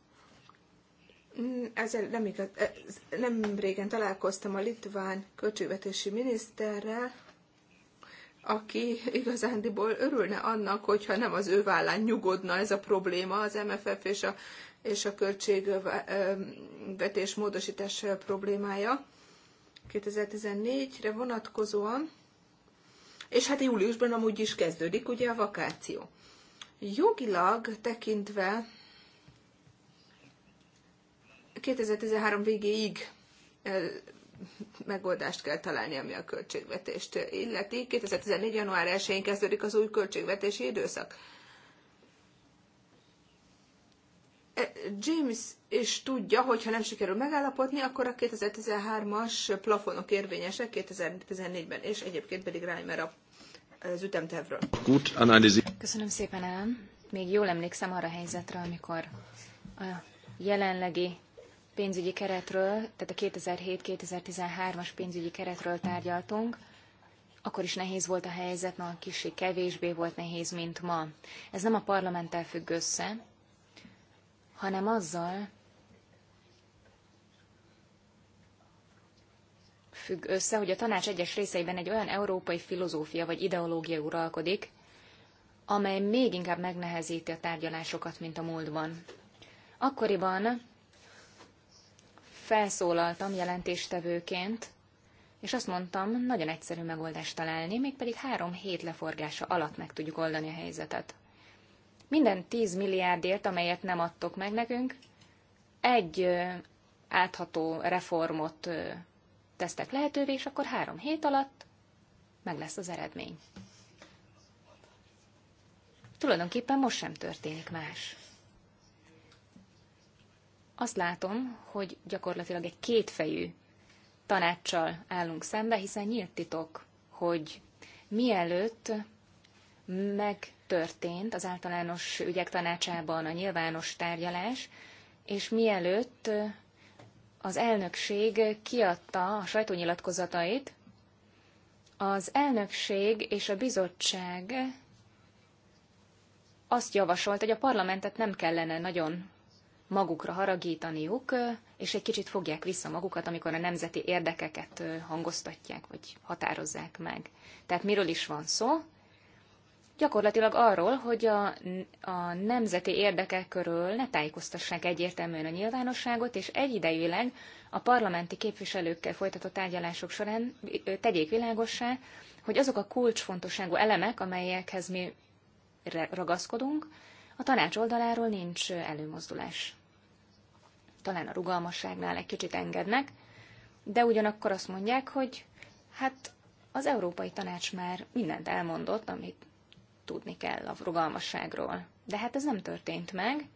Mm, ezzel nem, igaz, nem régen találkoztam a litván költségvetési miniszterrel, aki igazándiból örülne annak, hogyha nem az ő vállán nyugodna ez a probléma, az MFF és a, és a költségvetés módosítás problémája 2014-re vonatkozóan. És hát júliusban amúgy is kezdődik ugye a vakáció. Jogilag tekintve 2013 végéig megoldást kell találni, ami a költségvetést illeti. 2014. január 1-én kezdődik az új költségvetési időszak. E, James is tudja, hogy ha nem sikerül megállapodni, akkor a 2013-as plafonok érvényesek 2014-ben, és egyébként pedig Reimer az ütemtervről. Köszönöm szépen, Ellen. Még jól emlékszem arra a helyzetre, amikor a jelenlegi pénzügyi keretről, tehát a 2007-2013-as pénzügyi keretről tárgyaltunk, akkor is nehéz volt a helyzet, ma kicsi kevésbé volt nehéz, mint ma. Ez nem a parlamenttel függ össze, hanem azzal függ össze, hogy a tanács egyes részeiben egy olyan európai filozófia vagy ideológia uralkodik, amely még inkább megnehezíti a tárgyalásokat, mint a múltban. Akkoriban felszólaltam jelentéstevőként, és azt mondtam, nagyon egyszerű megoldást találni, mégpedig három hét leforgása alatt meg tudjuk oldani a helyzetet. Minden 10 milliárdért, amelyet nem adtok meg nekünk, egy átható reformot tesztek lehetővé, és akkor három hét alatt meg lesz az eredmény. Tulajdonképpen most sem történik más azt látom, hogy gyakorlatilag egy kétfejű tanácssal állunk szembe, hiszen nyílt titok, hogy mielőtt megtörtént az általános ügyek tanácsában a nyilvános tárgyalás, és mielőtt az elnökség kiadta a sajtónyilatkozatait, az elnökség és a bizottság azt javasolt, hogy a parlamentet nem kellene nagyon magukra haragítaniuk, és egy kicsit fogják vissza magukat, amikor a nemzeti érdekeket hangoztatják, vagy határozzák meg. Tehát miről is van szó? Gyakorlatilag arról, hogy a, a nemzeti érdekek körül ne tájékoztassák egyértelműen a nyilvánosságot, és egyidejűleg a parlamenti képviselőkkel folytatott tárgyalások során tegyék világossá, hogy azok a kulcsfontosságú elemek, amelyekhez mi ragaszkodunk, a tanács oldaláról nincs előmozdulás. Talán a rugalmasságnál egy kicsit engednek, de ugyanakkor azt mondják, hogy hát az Európai Tanács már mindent elmondott, amit tudni kell a rugalmasságról. De hát ez nem történt meg.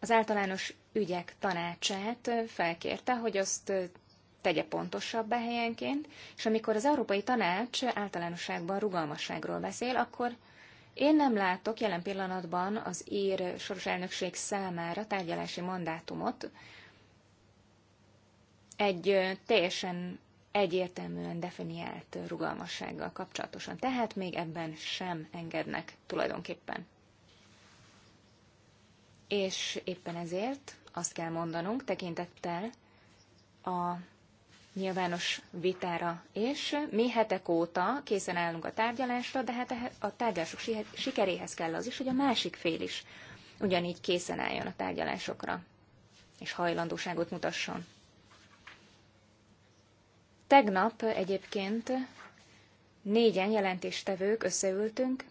Az általános ügyek tanácsát felkérte, hogy azt tegye pontosabb helyenként, és amikor az Európai Tanács általánosságban rugalmasságról beszél, akkor én nem látok jelen pillanatban az ír soros elnökség számára tárgyalási mandátumot. Egy teljesen egyértelműen definiált rugalmassággal kapcsolatosan. Tehát még ebben sem engednek tulajdonképpen. És éppen ezért azt kell mondanunk tekintettel a nyilvános vitára, és mi hetek óta készen állunk a tárgyalásra, de hát a tárgyalások sikeréhez kell az is, hogy a másik fél is ugyanígy készen álljon a tárgyalásokra, és hajlandóságot mutasson. Tegnap egyébként négyen jelentéstevők összeültünk,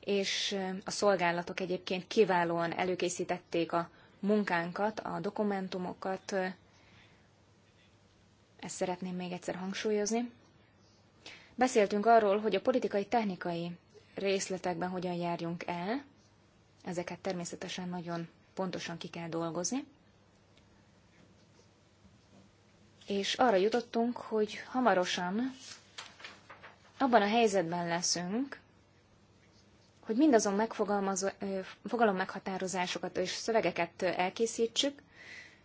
és a szolgálatok egyébként kiválóan előkészítették a munkánkat, a dokumentumokat, ezt szeretném még egyszer hangsúlyozni. Beszéltünk arról, hogy a politikai technikai részletekben hogyan járjunk el, ezeket természetesen nagyon pontosan ki kell dolgozni. És arra jutottunk, hogy hamarosan abban a helyzetben leszünk, hogy mindazon megfogalmazó, fogalom meghatározásokat és szövegeket elkészítsük,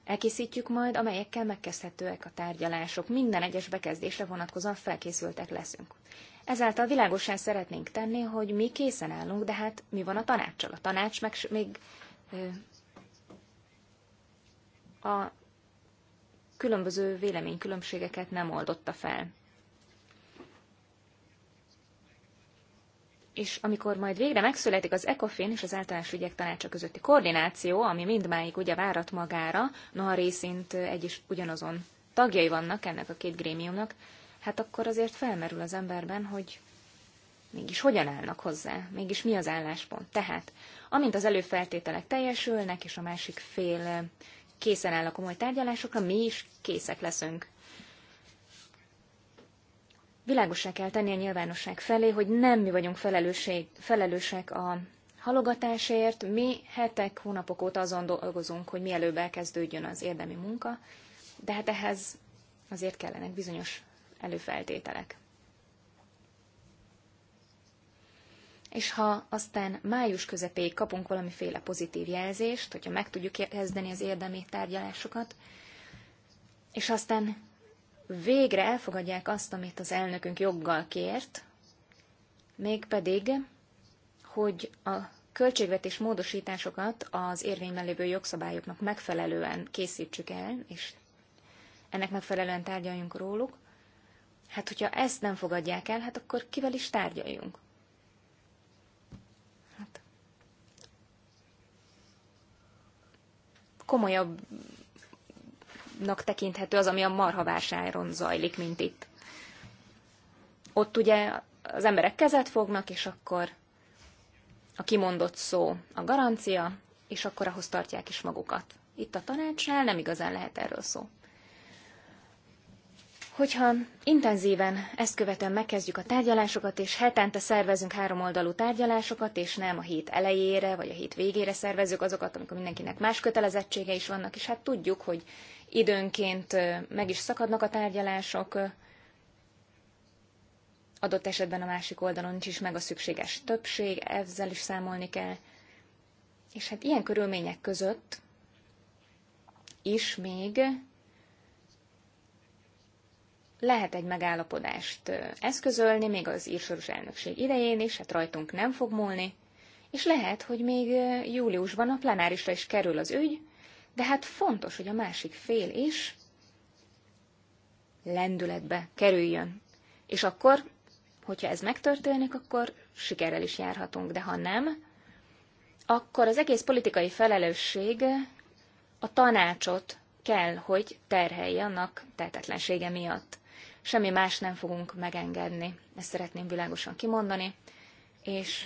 Elkészítjük majd, amelyekkel megkezdhetőek a tárgyalások. Minden egyes bekezdésre vonatkozóan felkészültek leszünk. Ezáltal világosan szeretnénk tenni, hogy mi készen állunk, de hát mi van a tanácssal? A tanács meg még a különböző véleménykülönbségeket nem oldotta fel. és amikor majd végre megszületik az ECOFIN és az általános ügyek tanácsa közötti koordináció, ami mindmáig ugye várat magára, noha részint egy is ugyanazon tagjai vannak ennek a két grémiumnak, hát akkor azért felmerül az emberben, hogy mégis hogyan állnak hozzá, mégis mi az álláspont. Tehát, amint az előfeltételek teljesülnek, és a másik fél készen áll a komoly tárgyalásokra, mi is készek leszünk. Világosá kell tenni a nyilvánosság felé, hogy nem mi vagyunk felelősek a halogatásért, mi hetek, hónapok óta azon dolgozunk, hogy mielőbb elkezdődjön az érdemi munka, de hát ehhez azért kellenek bizonyos előfeltételek. És ha aztán május közepéig kapunk valamiféle pozitív jelzést, hogyha meg tudjuk kezdeni az érdemi tárgyalásokat, és aztán végre elfogadják azt, amit az elnökünk joggal kért, mégpedig, hogy a költségvetés módosításokat az érvényben lévő jogszabályoknak megfelelően készítsük el, és ennek megfelelően tárgyaljunk róluk. Hát, hogyha ezt nem fogadják el, hát akkor kivel is tárgyaljunk? Hát. Komolyabb nak tekinthető az, ami a marhavásáron zajlik, mint itt. Ott ugye az emberek kezet fognak, és akkor a kimondott szó a garancia, és akkor ahhoz tartják is magukat. Itt a tanácsnál nem igazán lehet erről szó. Hogyha intenzíven ezt követően megkezdjük a tárgyalásokat, és hetente szervezünk három oldalú tárgyalásokat, és nem a hét elejére vagy a hét végére szervezzük azokat, amikor mindenkinek más kötelezettsége is vannak, és hát tudjuk, hogy Időnként meg is szakadnak a tárgyalások, adott esetben a másik oldalon nincs is meg a szükséges többség, ezzel is számolni kell. És hát ilyen körülmények között is még lehet egy megállapodást eszközölni, még az írsoros elnökség idején is, hát rajtunk nem fog múlni, és lehet, hogy még júliusban a plenárisra is kerül az ügy, de hát fontos, hogy a másik fél is lendületbe kerüljön. És akkor, hogyha ez megtörténik, akkor sikerrel is járhatunk, de ha nem, akkor az egész politikai felelősség a tanácsot kell, hogy terhelje annak tehetetlensége miatt. Semmi más nem fogunk megengedni. Ezt szeretném világosan kimondani. És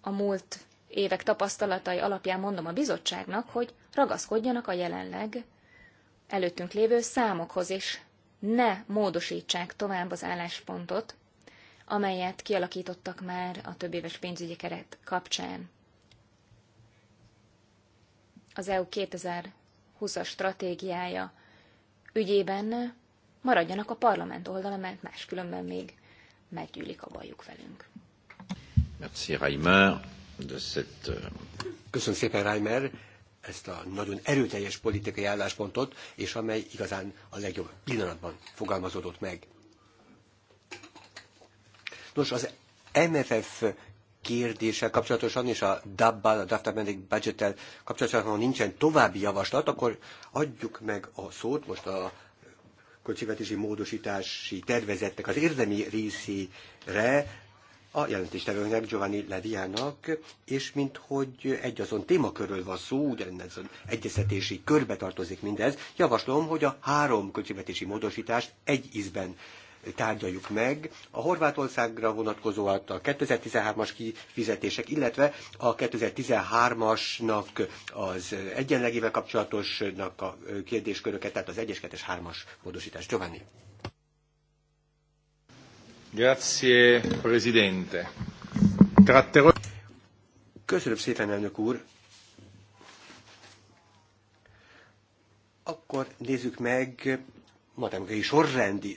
a múlt évek tapasztalatai alapján mondom a bizottságnak, hogy ragaszkodjanak a jelenleg előttünk lévő számokhoz, és ne módosítsák tovább az álláspontot, amelyet kialakítottak már a többéves pénzügyi keret kapcsán. Az EU 2020-as stratégiája ügyében maradjanak a parlament oldala, mert máskülönben még meggyűlik a bajuk velünk. Merci, Reimer de cette... Köszönöm szépen, Reimer, ezt a nagyon erőteljes politikai álláspontot, és amely igazán a legjobb pillanatban fogalmazódott meg. Nos, az MFF kérdéssel kapcsolatosan és a DAB-bal, a Draft Amending Budget-tel kapcsolatosan, ha nincsen további javaslat, akkor adjuk meg a szót most a költségvetési módosítási tervezetnek az érdemi részére a jelentéstevőnek, Giovanni Leviának, és mint hogy egy azon témakörről van szó, ugyanez az egyeztetési körbe tartozik mindez, javaslom, hogy a három költségvetési módosítást egy ízben tárgyaljuk meg a Horvátországra vonatkozóan a 2013-as kifizetések, illetve a 2013-asnak az egyenlegével kapcsolatosnak a kérdésköröket, tehát az 1-es, 2-es, 3-as módosítás. Giovanni. Köszönöm szépen, elnök úr. Akkor nézzük meg matematikai sorrendi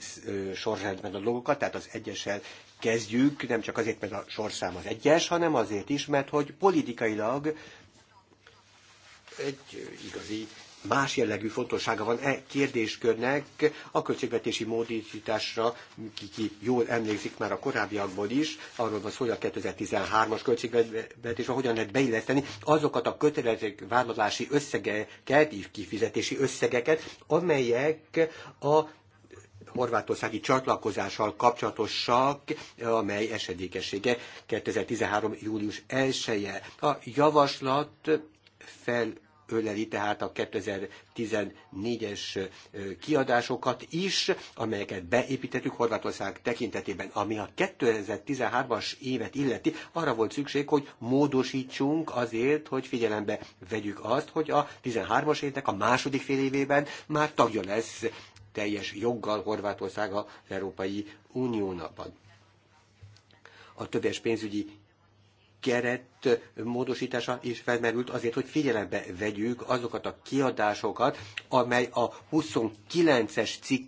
sorrendben a dolgokat, tehát az egyesel kezdjük, nem csak azért, mert a sorszám az egyes, hanem azért is, mert hogy politikailag egy igazi más jellegű fontossága van e kérdéskörnek a költségvetési módosításra, ki, ki jól emlékszik már a korábbiakból is, arról van szó, hogy a 2013-as költségvetésre hogyan lehet beilleszteni azokat a kötelező vállalási összegeket, kifizetési összegeket, amelyek a horvátországi csatlakozással kapcsolatosak, amely esedékessége 2013. július 1-e. A javaslat fel öleli tehát a 2014-es kiadásokat is, amelyeket beépítettük Horvátország tekintetében. Ami a 2013-as évet illeti, arra volt szükség, hogy módosítsunk azért, hogy figyelembe vegyük azt, hogy a 13-as évnek a második fél évében már tagja lesz teljes joggal Horvátország az Európai Uniónak a többes pénzügyi keret módosítása is felmerült azért, hogy figyelembe vegyük azokat a kiadásokat, amely a 29-es cikk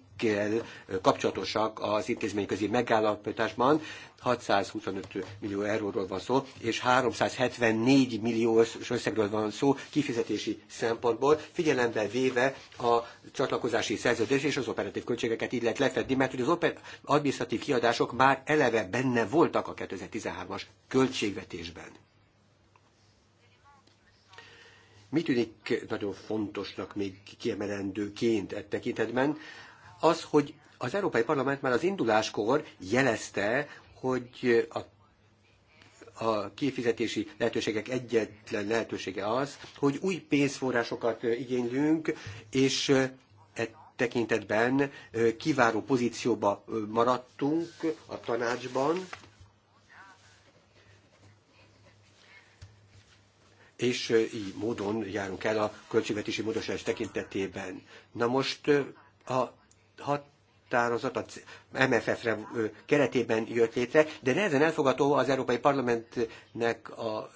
kapcsolatosak az intézményközi megállapításban, 625 millió euróról van szó, és 374 millió összegről van szó kifizetési szempontból, figyelembe véve a csatlakozási szerződés és az operatív költségeket így lehet lefedni, mert hogy az administratív kiadások már eleve benne voltak a 2013-as költségvetésben. Mi tűnik nagyon fontosnak még kiemelendőként e tekintetben? Az, hogy az Európai Parlament már az induláskor jelezte, hogy a a kifizetési lehetőségek egyetlen lehetősége az, hogy új pénzforrásokat igénylünk, és e tekintetben kiváró pozícióba maradtunk a tanácsban, és így módon járunk el a költségvetési módosítás tekintetében. Na most a hat határozat az MFF-re keretében jött létre, de nehezen elfogadó az Európai Parlamentnek a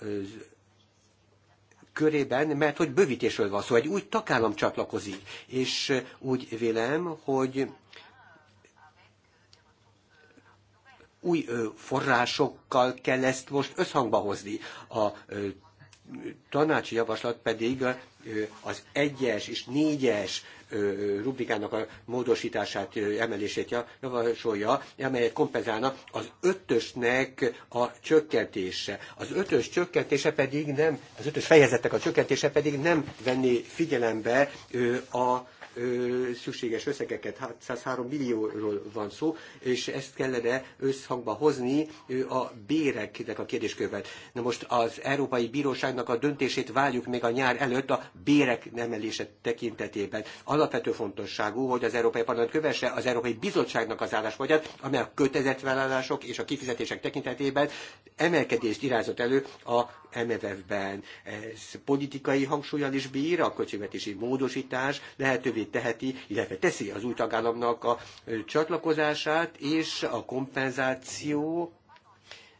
körében, mert hogy bővítésről van szó, egy új tagállam csatlakozik, és úgy vélem, hogy új forrásokkal kell ezt most összhangba hozni. A tanácsi javaslat pedig az egyes és négyes rubrikának a módosítását, emelését javasolja, amelyet kompenzálna az ötösnek a csökkentése. Az ötös csökkentése pedig nem, az ötös fejezetek a csökkentése pedig nem venni figyelembe a szükséges összegeket, 103 hát millióról van szó, és ezt kellene összhangba hozni a béreknek a kérdéskövel. Na most az Európai Bíróságnak a döntését várjuk még a nyár előtt a bérek emelése tekintetében. Alapvető fontosságú, hogy az Európai Parlament kövesse az Európai Bizottságnak az álláspontját, amely a kötelezettvállalások és a kifizetések tekintetében emelkedést irányzott elő a MFF-ben. Ez politikai hangsúlyal is bír, a költségvetési módosítás lehetővé teheti, illetve teszi az új tagállamnak a csatlakozását, és a kompenzáció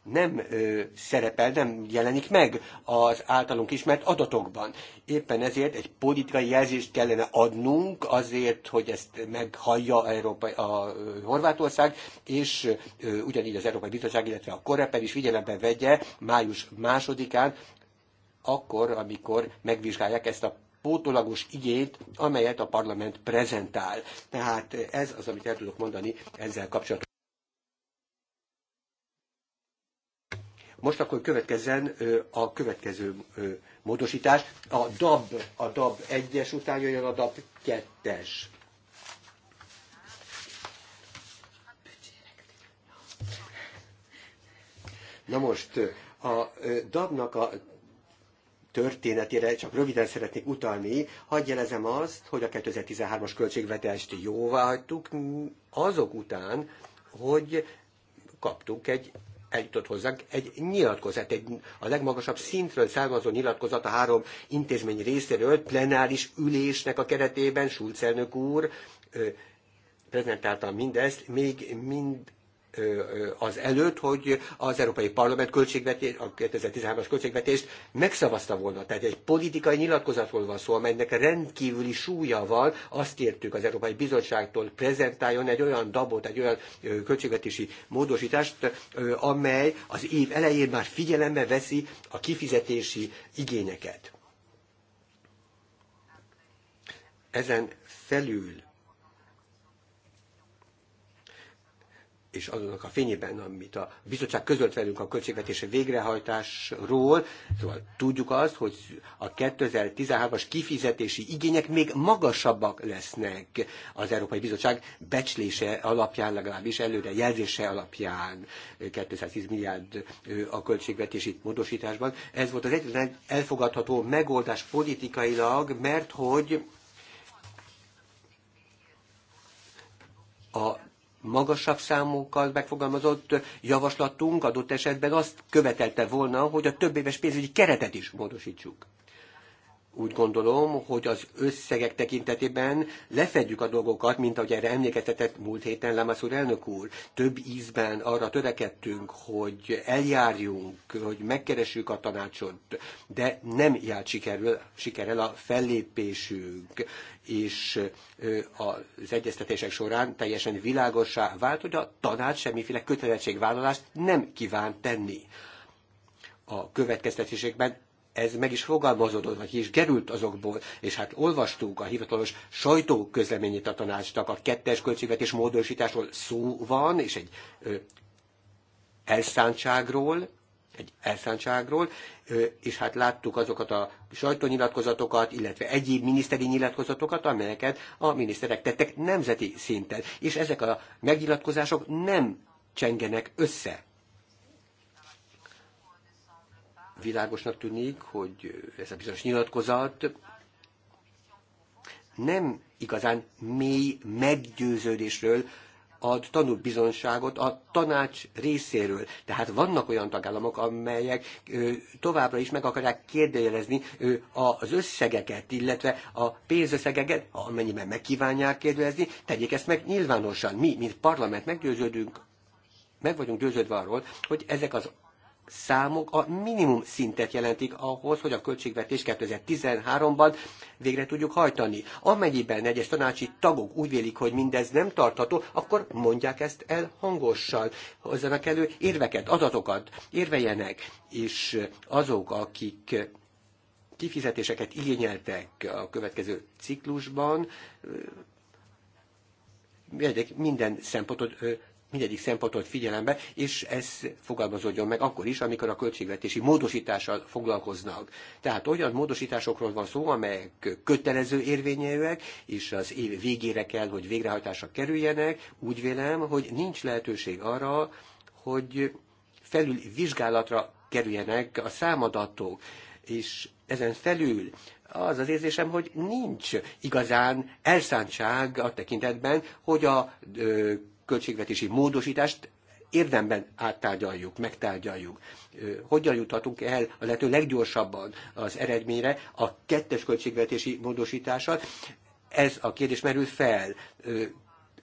nem ö, szerepel, nem jelenik meg az általunk ismert adatokban. Éppen ezért egy politikai jelzést kellene adnunk azért, hogy ezt meghallja Európai a Horvátország, és ö, ugyanígy az Európai Bizottság, illetve a Koreper is figyelembe vegye május másodikán, akkor, amikor megvizsgálják ezt a pótolagos igényt, amelyet a parlament prezentál. Tehát ez az, amit el tudok mondani ezzel kapcsolatban. Most akkor következzen a következő módosítás. A DAB, a DAB 1-es után jön a DAB 2-es. Na most a DAB-nak a történetére csak röviden szeretnék utalni. hagyj jelezem azt, hogy a 2013-as költségvetést jóvá hagytuk azok után, hogy kaptunk egy eljutott hozzánk egy nyilatkozat, egy a legmagasabb szintről származó nyilatkozat a három intézmény részéről, plenáris ülésnek a keretében, Schulz elnök úr, prezentáltam mindezt, még mind az előtt, hogy az Európai Parlament költségvetés, a 2013-as költségvetést megszavazta volna. Tehát egy politikai nyilatkozatról van szó, amelynek rendkívüli súlya van. Azt kértük az Európai Bizottságtól prezentáljon egy olyan dabot, egy olyan költségvetési módosítást, amely az év elején már figyelembe veszi a kifizetési igényeket. Ezen felül és azonnak a fényében, amit a bizottság közölt velünk a költségvetési végrehajtásról, szóval tudjuk azt, hogy a 2013-as kifizetési igények még magasabbak lesznek az Európai Bizottság becslése alapján, legalábbis előre jelzése alapján 210 milliárd a költségvetési módosításban. Ez volt az egyetlen elfogadható megoldás politikailag, mert hogy a magasabb számokkal megfogalmazott javaslatunk adott esetben azt követelte volna, hogy a több éves pénzügyi keretet is módosítsuk úgy gondolom, hogy az összegek tekintetében lefedjük a dolgokat, mint ahogy erre emlékeztetett múlt héten Lamassz úr elnök úr. Több ízben arra törekedtünk, hogy eljárjunk, hogy megkeressük a tanácsot, de nem járt sikerül, sikerrel a fellépésünk, és az egyeztetések során teljesen világosá vált, hogy a tanács semmiféle kötelezettségvállalást nem kíván tenni a következtetésekben ez meg is fogalmazódott, vagy ki is gerült azokból, és hát olvastuk a hivatalos sajtóközleményét a tanácsnak, a kettes költségvetés módosításról szó van, és egy ö, elszántságról, egy elszántságról, és hát láttuk azokat a sajtónyilatkozatokat, illetve egyéb miniszteri nyilatkozatokat, amelyeket a miniszterek tettek nemzeti szinten, és ezek a megnyilatkozások nem csengenek össze. világosnak tűnik, hogy ez a bizonyos nyilatkozat nem igazán mély meggyőződésről ad bizonságot a tanács részéről. Tehát vannak olyan tagállamok, amelyek továbbra is meg akarják kérdőjelezni az összegeket, illetve a pénzösszegeket, amennyiben megkívánják kérdőjelezni, tegyék ezt meg nyilvánosan. Mi, mint parlament meggyőződünk meg vagyunk győződve arról, hogy ezek az számok a minimum szintet jelentik ahhoz, hogy a költségvetés 2013-ban végre tudjuk hajtani. Amennyiben egyes tanácsi tagok úgy vélik, hogy mindez nem tartható, akkor mondják ezt el hangosan, hozzanak elő érveket, adatokat, érvejenek, és azok, akik kifizetéseket igényeltek a következő ciklusban, minden szempontot mindegyik szempontot figyelembe, és ez fogalmazódjon meg akkor is, amikor a költségvetési módosítással foglalkoznak. Tehát olyan módosításokról van szó, amelyek kötelező érvényűek, és az év végére kell, hogy végrehajtásra kerüljenek. Úgy vélem, hogy nincs lehetőség arra, hogy felül vizsgálatra kerüljenek a számadatok, és ezen felül az az érzésem, hogy nincs igazán elszántság a tekintetben, hogy a ö, költségvetési módosítást érdemben áttárgyaljuk, megtárgyaljuk. Hogyan juthatunk el a lehető leggyorsabban az eredményre a kettes költségvetési módosítással? Ez a kérdés merül fel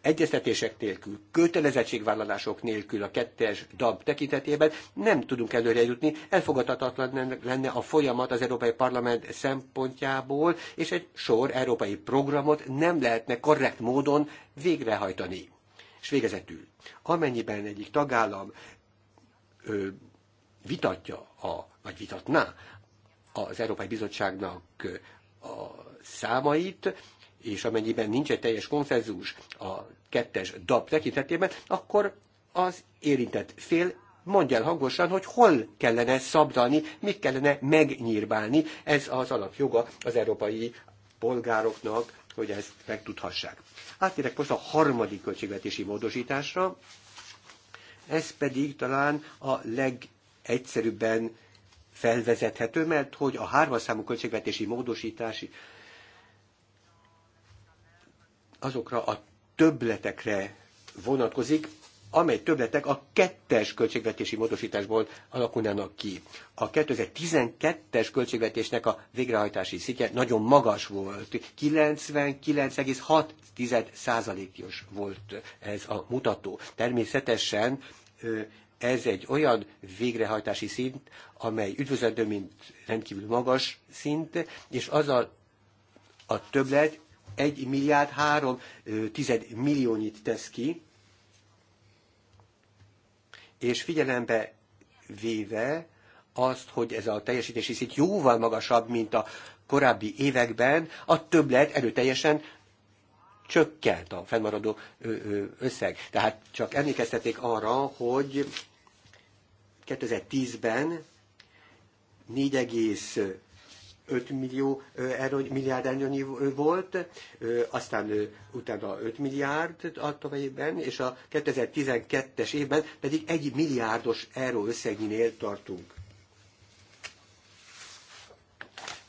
egyeztetések nélkül, kötelezettségvállalások nélkül a kettes DAB tekintetében nem tudunk előre jutni, elfogadhatatlan lenne a folyamat az Európai Parlament szempontjából, és egy sor európai programot nem lehetne korrekt módon végrehajtani. És végezetül, amennyiben egyik tagállam ö, vitatja, a, vagy vitatná az Európai Bizottságnak a számait, és amennyiben nincs egy teljes konszenzus a kettes DAP tekintetében, akkor az érintett fél mondja el hangosan, hogy hol kellene szabdalni, mit kellene megnyírbálni. Ez az alapjoga az európai polgároknak, hogy ezt megtudhassák. Átérek most a harmadik költségvetési módosításra, ez pedig talán a legegyszerűbben felvezethető, mert hogy a hármas számú költségvetési módosítási azokra a többletekre vonatkozik, amely többletek a kettes költségvetési módosításból alakulnának ki. A 2012-es költségvetésnek a végrehajtási szintje nagyon magas volt, 99,6%-os volt ez a mutató. Természetesen ez egy olyan végrehajtási szint, amely üdvözlendő, mint rendkívül magas szint, és az a, a többlet 1 milliárd 3 tized milliónyit tesz ki, és figyelembe véve azt, hogy ez a teljesítési szint jóval magasabb, mint a korábbi években, a többlet erőteljesen csökkent a fennmaradó összeg. Tehát csak emlékeztették arra, hogy 2010-ben 5 millió euró, milliárd ennyi volt, aztán utána 5 milliárd adta évben, és a 2012-es évben pedig 1 milliárdos euró összeginél tartunk.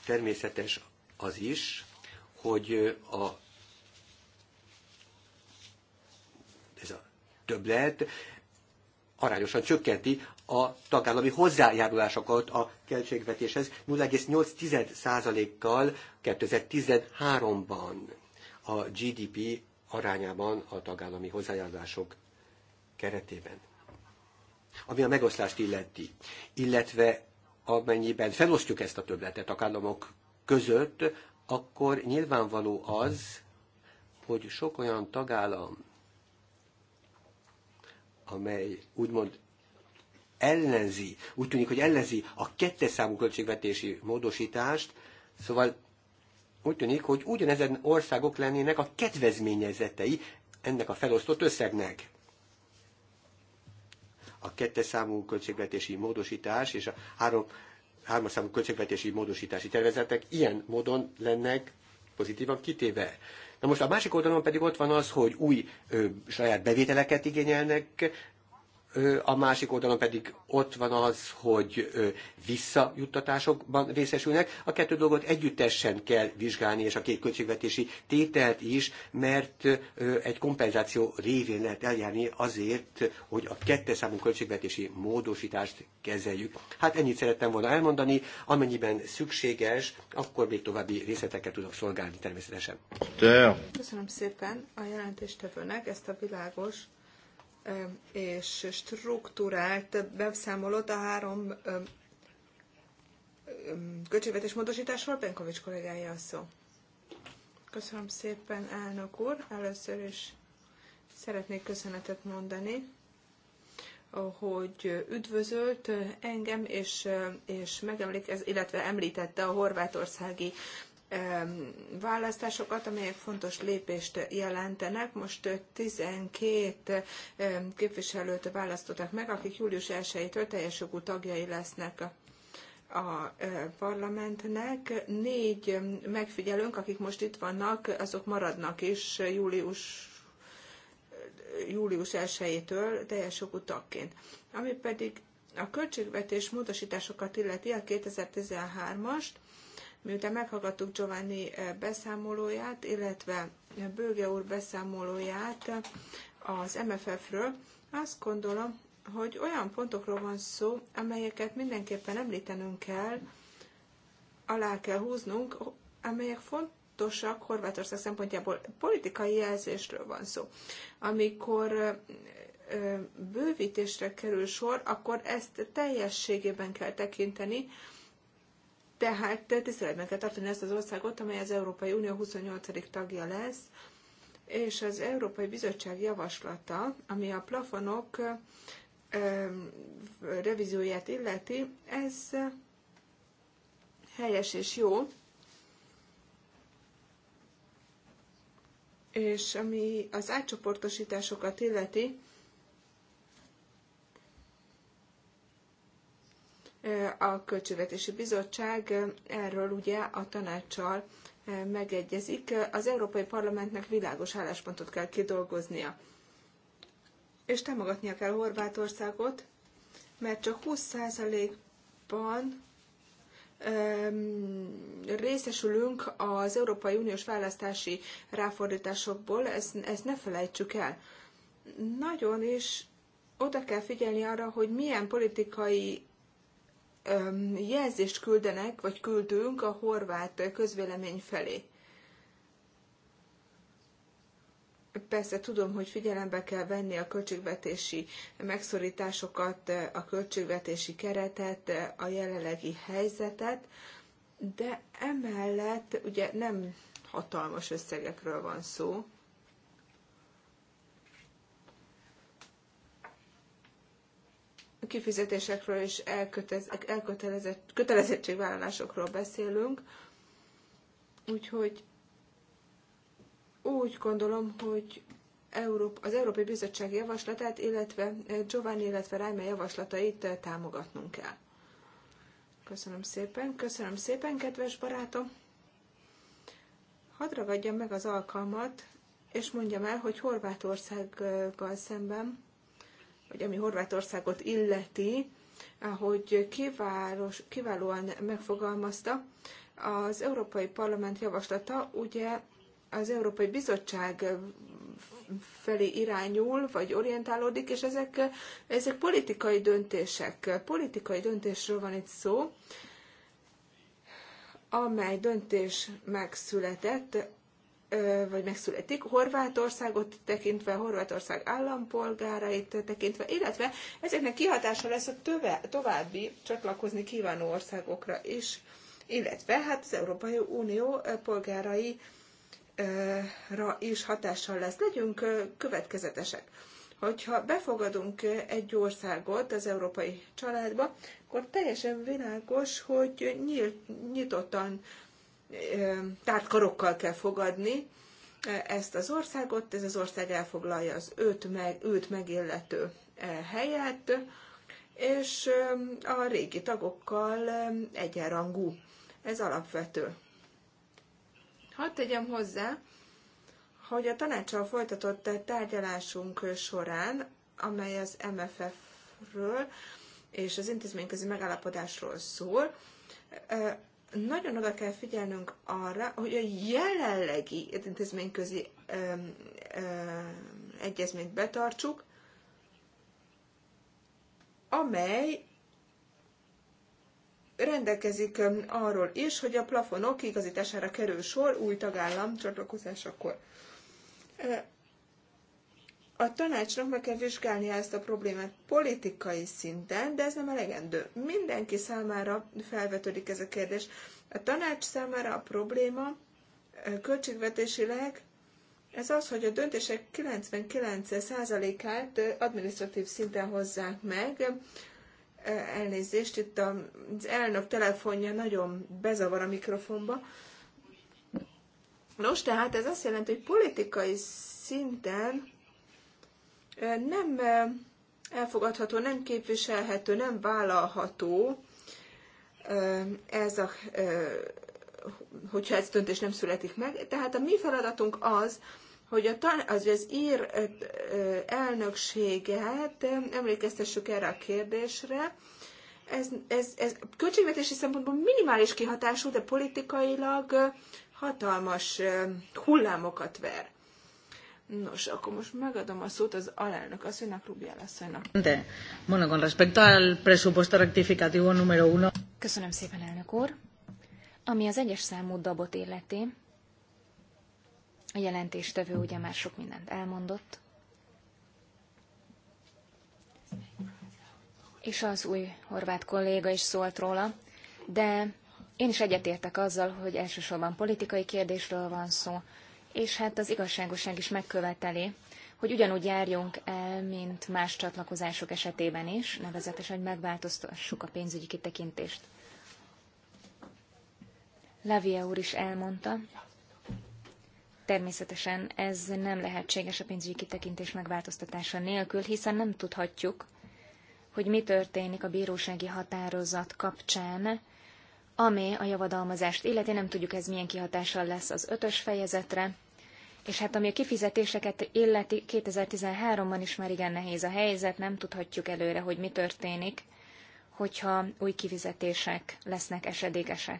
Természetes az is, hogy a ez a többlet arányosan csökkenti a tagállami hozzájárulásokat a költségvetéshez 0,8%-kal 2013-ban a GDP arányában a tagállami hozzájárulások keretében. Ami a megoszlást illeti, illetve amennyiben felosztjuk ezt a többletet a kállamok között, akkor nyilvánvaló az, hogy sok olyan tagállam, amely úgymond ellenzi, úgy tűnik, hogy ellenzi a kettes számú költségvetési módosítást, szóval úgy tűnik, hogy ugyanezen országok lennének a kedvezményezetei ennek a felosztott összegnek. A kettes számú költségvetési módosítás és a három, hármas számú költségvetési módosítási tervezetek ilyen módon lennek pozitívan kitéve. Na most a másik oldalon pedig ott van az, hogy új ö, saját bevételeket igényelnek, a másik oldalon pedig ott van az, hogy visszajuttatásokban részesülnek. A kettő dolgot együttesen kell vizsgálni, és a két költségvetési tételt is, mert egy kompenzáció révén lehet eljárni azért, hogy a kettes számú költségvetési módosítást kezeljük. Hát ennyit szerettem volna elmondani, amennyiben szükséges, akkor még további részleteket tudok szolgálni természetesen. Köszönöm szépen a jelentéstevőnek ezt a világos és struktúrált beszámolót a három költségvetés módosításról. Benkovics kollégája a szó. Köszönöm szépen, elnök úr. Először is szeretnék köszönetet mondani, hogy üdvözölt engem, és, és megemlékez, illetve említette a horvátországi választásokat, amelyek fontos lépést jelentenek. Most 12 képviselőt választottak meg, akik július 1-től teljes jogú tagjai lesznek a parlamentnek. Négy megfigyelőnk, akik most itt vannak, azok maradnak is július július 1-től teljes jogú tagként. Ami pedig a költségvetés módosításokat illeti a 2013-ast, Miután meghallgattuk Giovanni eh, beszámolóját, illetve eh, Bőge úr beszámolóját eh, az MFF-ről, azt gondolom, hogy olyan pontokról van szó, amelyeket mindenképpen említenünk kell, alá kell húznunk, amelyek fontosak Horvátország szempontjából. Politikai jelzésről van szó. Amikor bővítésre kerül sor, akkor ezt teljességében kell tekinteni, tehát tiszteletben kell tartani ezt az országot, amely az Európai Unió 28. tagja lesz, és az Európai Bizottság javaslata, ami a plafonok revizióját illeti, ez helyes és jó, és ami az átcsoportosításokat illeti, A Költségvetési Bizottság erről ugye a tanácssal megegyezik. Az Európai Parlamentnek világos álláspontot kell kidolgoznia. És támogatnia kell Horvátországot, mert csak 20%-ban részesülünk az Európai Uniós választási ráfordításokból, ezt, ezt ne felejtsük el. Nagyon is oda kell figyelni arra, hogy milyen politikai jelzést küldenek, vagy küldünk a horvát közvélemény felé. Persze tudom, hogy figyelembe kell venni a költségvetési megszorításokat, a költségvetési keretet, a jelenlegi helyzetet, de emellett ugye nem hatalmas összegekről van szó, kifizetésekről és elkötelezett, kötelezettségvállalásokról beszélünk. Úgyhogy úgy gondolom, hogy Európa, az Európai Bizottság javaslatát, illetve eh, Giovanni, illetve Rájme javaslatait eh, támogatnunk kell. Köszönöm szépen, köszönöm szépen, kedves barátom! Hadd ragadjam meg az alkalmat, és mondjam el, hogy Horvátországgal szemben vagy ami Horvátországot illeti, ahogy kiváros, kiválóan megfogalmazta, az Európai Parlament javaslata ugye az Európai Bizottság felé irányul, vagy orientálódik, és ezek, ezek politikai döntések. Politikai döntésről van itt szó, amely döntés megszületett vagy megszületik, Horvátországot tekintve, Horvátország állampolgárait tekintve, illetve ezeknek kihatása lesz a töve, további csatlakozni kívánó országokra is, illetve hát az Európai Unió polgárai ra is hatással lesz. Legyünk következetesek. Hogyha befogadunk egy országot az európai családba, akkor teljesen világos, hogy nyitottan tárt karokkal kell fogadni ezt az országot, ez az ország elfoglalja az őt, meg, őt megillető helyet, és a régi tagokkal egyenrangú. Ez alapvető. Hadd tegyem hozzá, hogy a tanácssal folytatott tárgyalásunk során, amely az MFF-ről és az intézményközi megállapodásról szól, nagyon oda kell figyelnünk arra, hogy a jelenlegi intézményközi egyezményt betartsuk, amely rendelkezik arról is, hogy a plafonok kiigazítására kerül sor új tagállam csatlakozásakor. A tanácsnak meg kell vizsgálnia ezt a problémát politikai szinten, de ez nem elegendő. Mindenki számára felvetődik ez a kérdés. A tanács számára a probléma költségvetésileg ez az, hogy a döntések 99%-át administratív szinten hozzák meg. Elnézést, itt az elnök telefonja nagyon bezavar a mikrofonba. Nos, tehát ez azt jelenti, hogy politikai szinten nem elfogadható, nem képviselhető, nem vállalható ez a hogyha ez döntés nem születik meg. Tehát a mi feladatunk az, hogy a tan- az, az ír elnökséget emlékeztessük erre a kérdésre. Ez, ez, ez költségvetési szempontból minimális kihatású, de politikailag hatalmas hullámokat ver. Nos, akkor most megadom a szót az alelnök asszonynak, Rubiel asszonynak. De, bueno, con respecto al presupuesto rectificativo número uno. Köszönöm szépen, elnök úr. Ami az egyes számú dabot illeti, a jelentéstevő ugye már sok mindent elmondott, és az új horvát kolléga is szólt róla, de én is egyetértek azzal, hogy elsősorban politikai kérdésről van szó, és hát az igazságoság is megköveteli, hogy ugyanúgy járjunk el, mint más csatlakozások esetében is, nevezetesen, hogy megváltoztassuk a pénzügyi kitekintést. Lavia úr is elmondta, természetesen ez nem lehetséges a pénzügyi kitekintés megváltoztatása nélkül, hiszen nem tudhatjuk, hogy mi történik a bírósági határozat kapcsán, ami a javadalmazást illeti, nem tudjuk ez milyen kihatással lesz az ötös fejezetre, és hát ami a kifizetéseket illeti, 2013-ban is már igen nehéz a helyzet, nem tudhatjuk előre, hogy mi történik, hogyha új kifizetések lesznek esedékesek.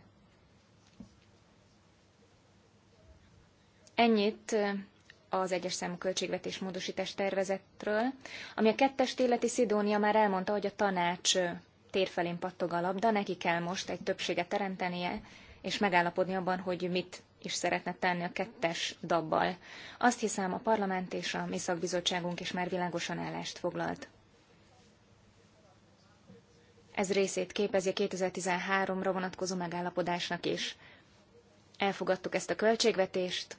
Ennyit az egyes számú költségvetés módosítás tervezetről, ami a kettes illeti Szidónia már elmondta, hogy a tanács tér felén pattog a labda, neki kell most egy többséget teremtenie, és megállapodni abban, hogy mit is szeretne tenni a kettes dabbal. Azt hiszem, a parlament és a mi szakbizottságunk is már világosan állást foglalt. Ez részét képezi a 2013-ra vonatkozó megállapodásnak is. Elfogadtuk ezt a költségvetést,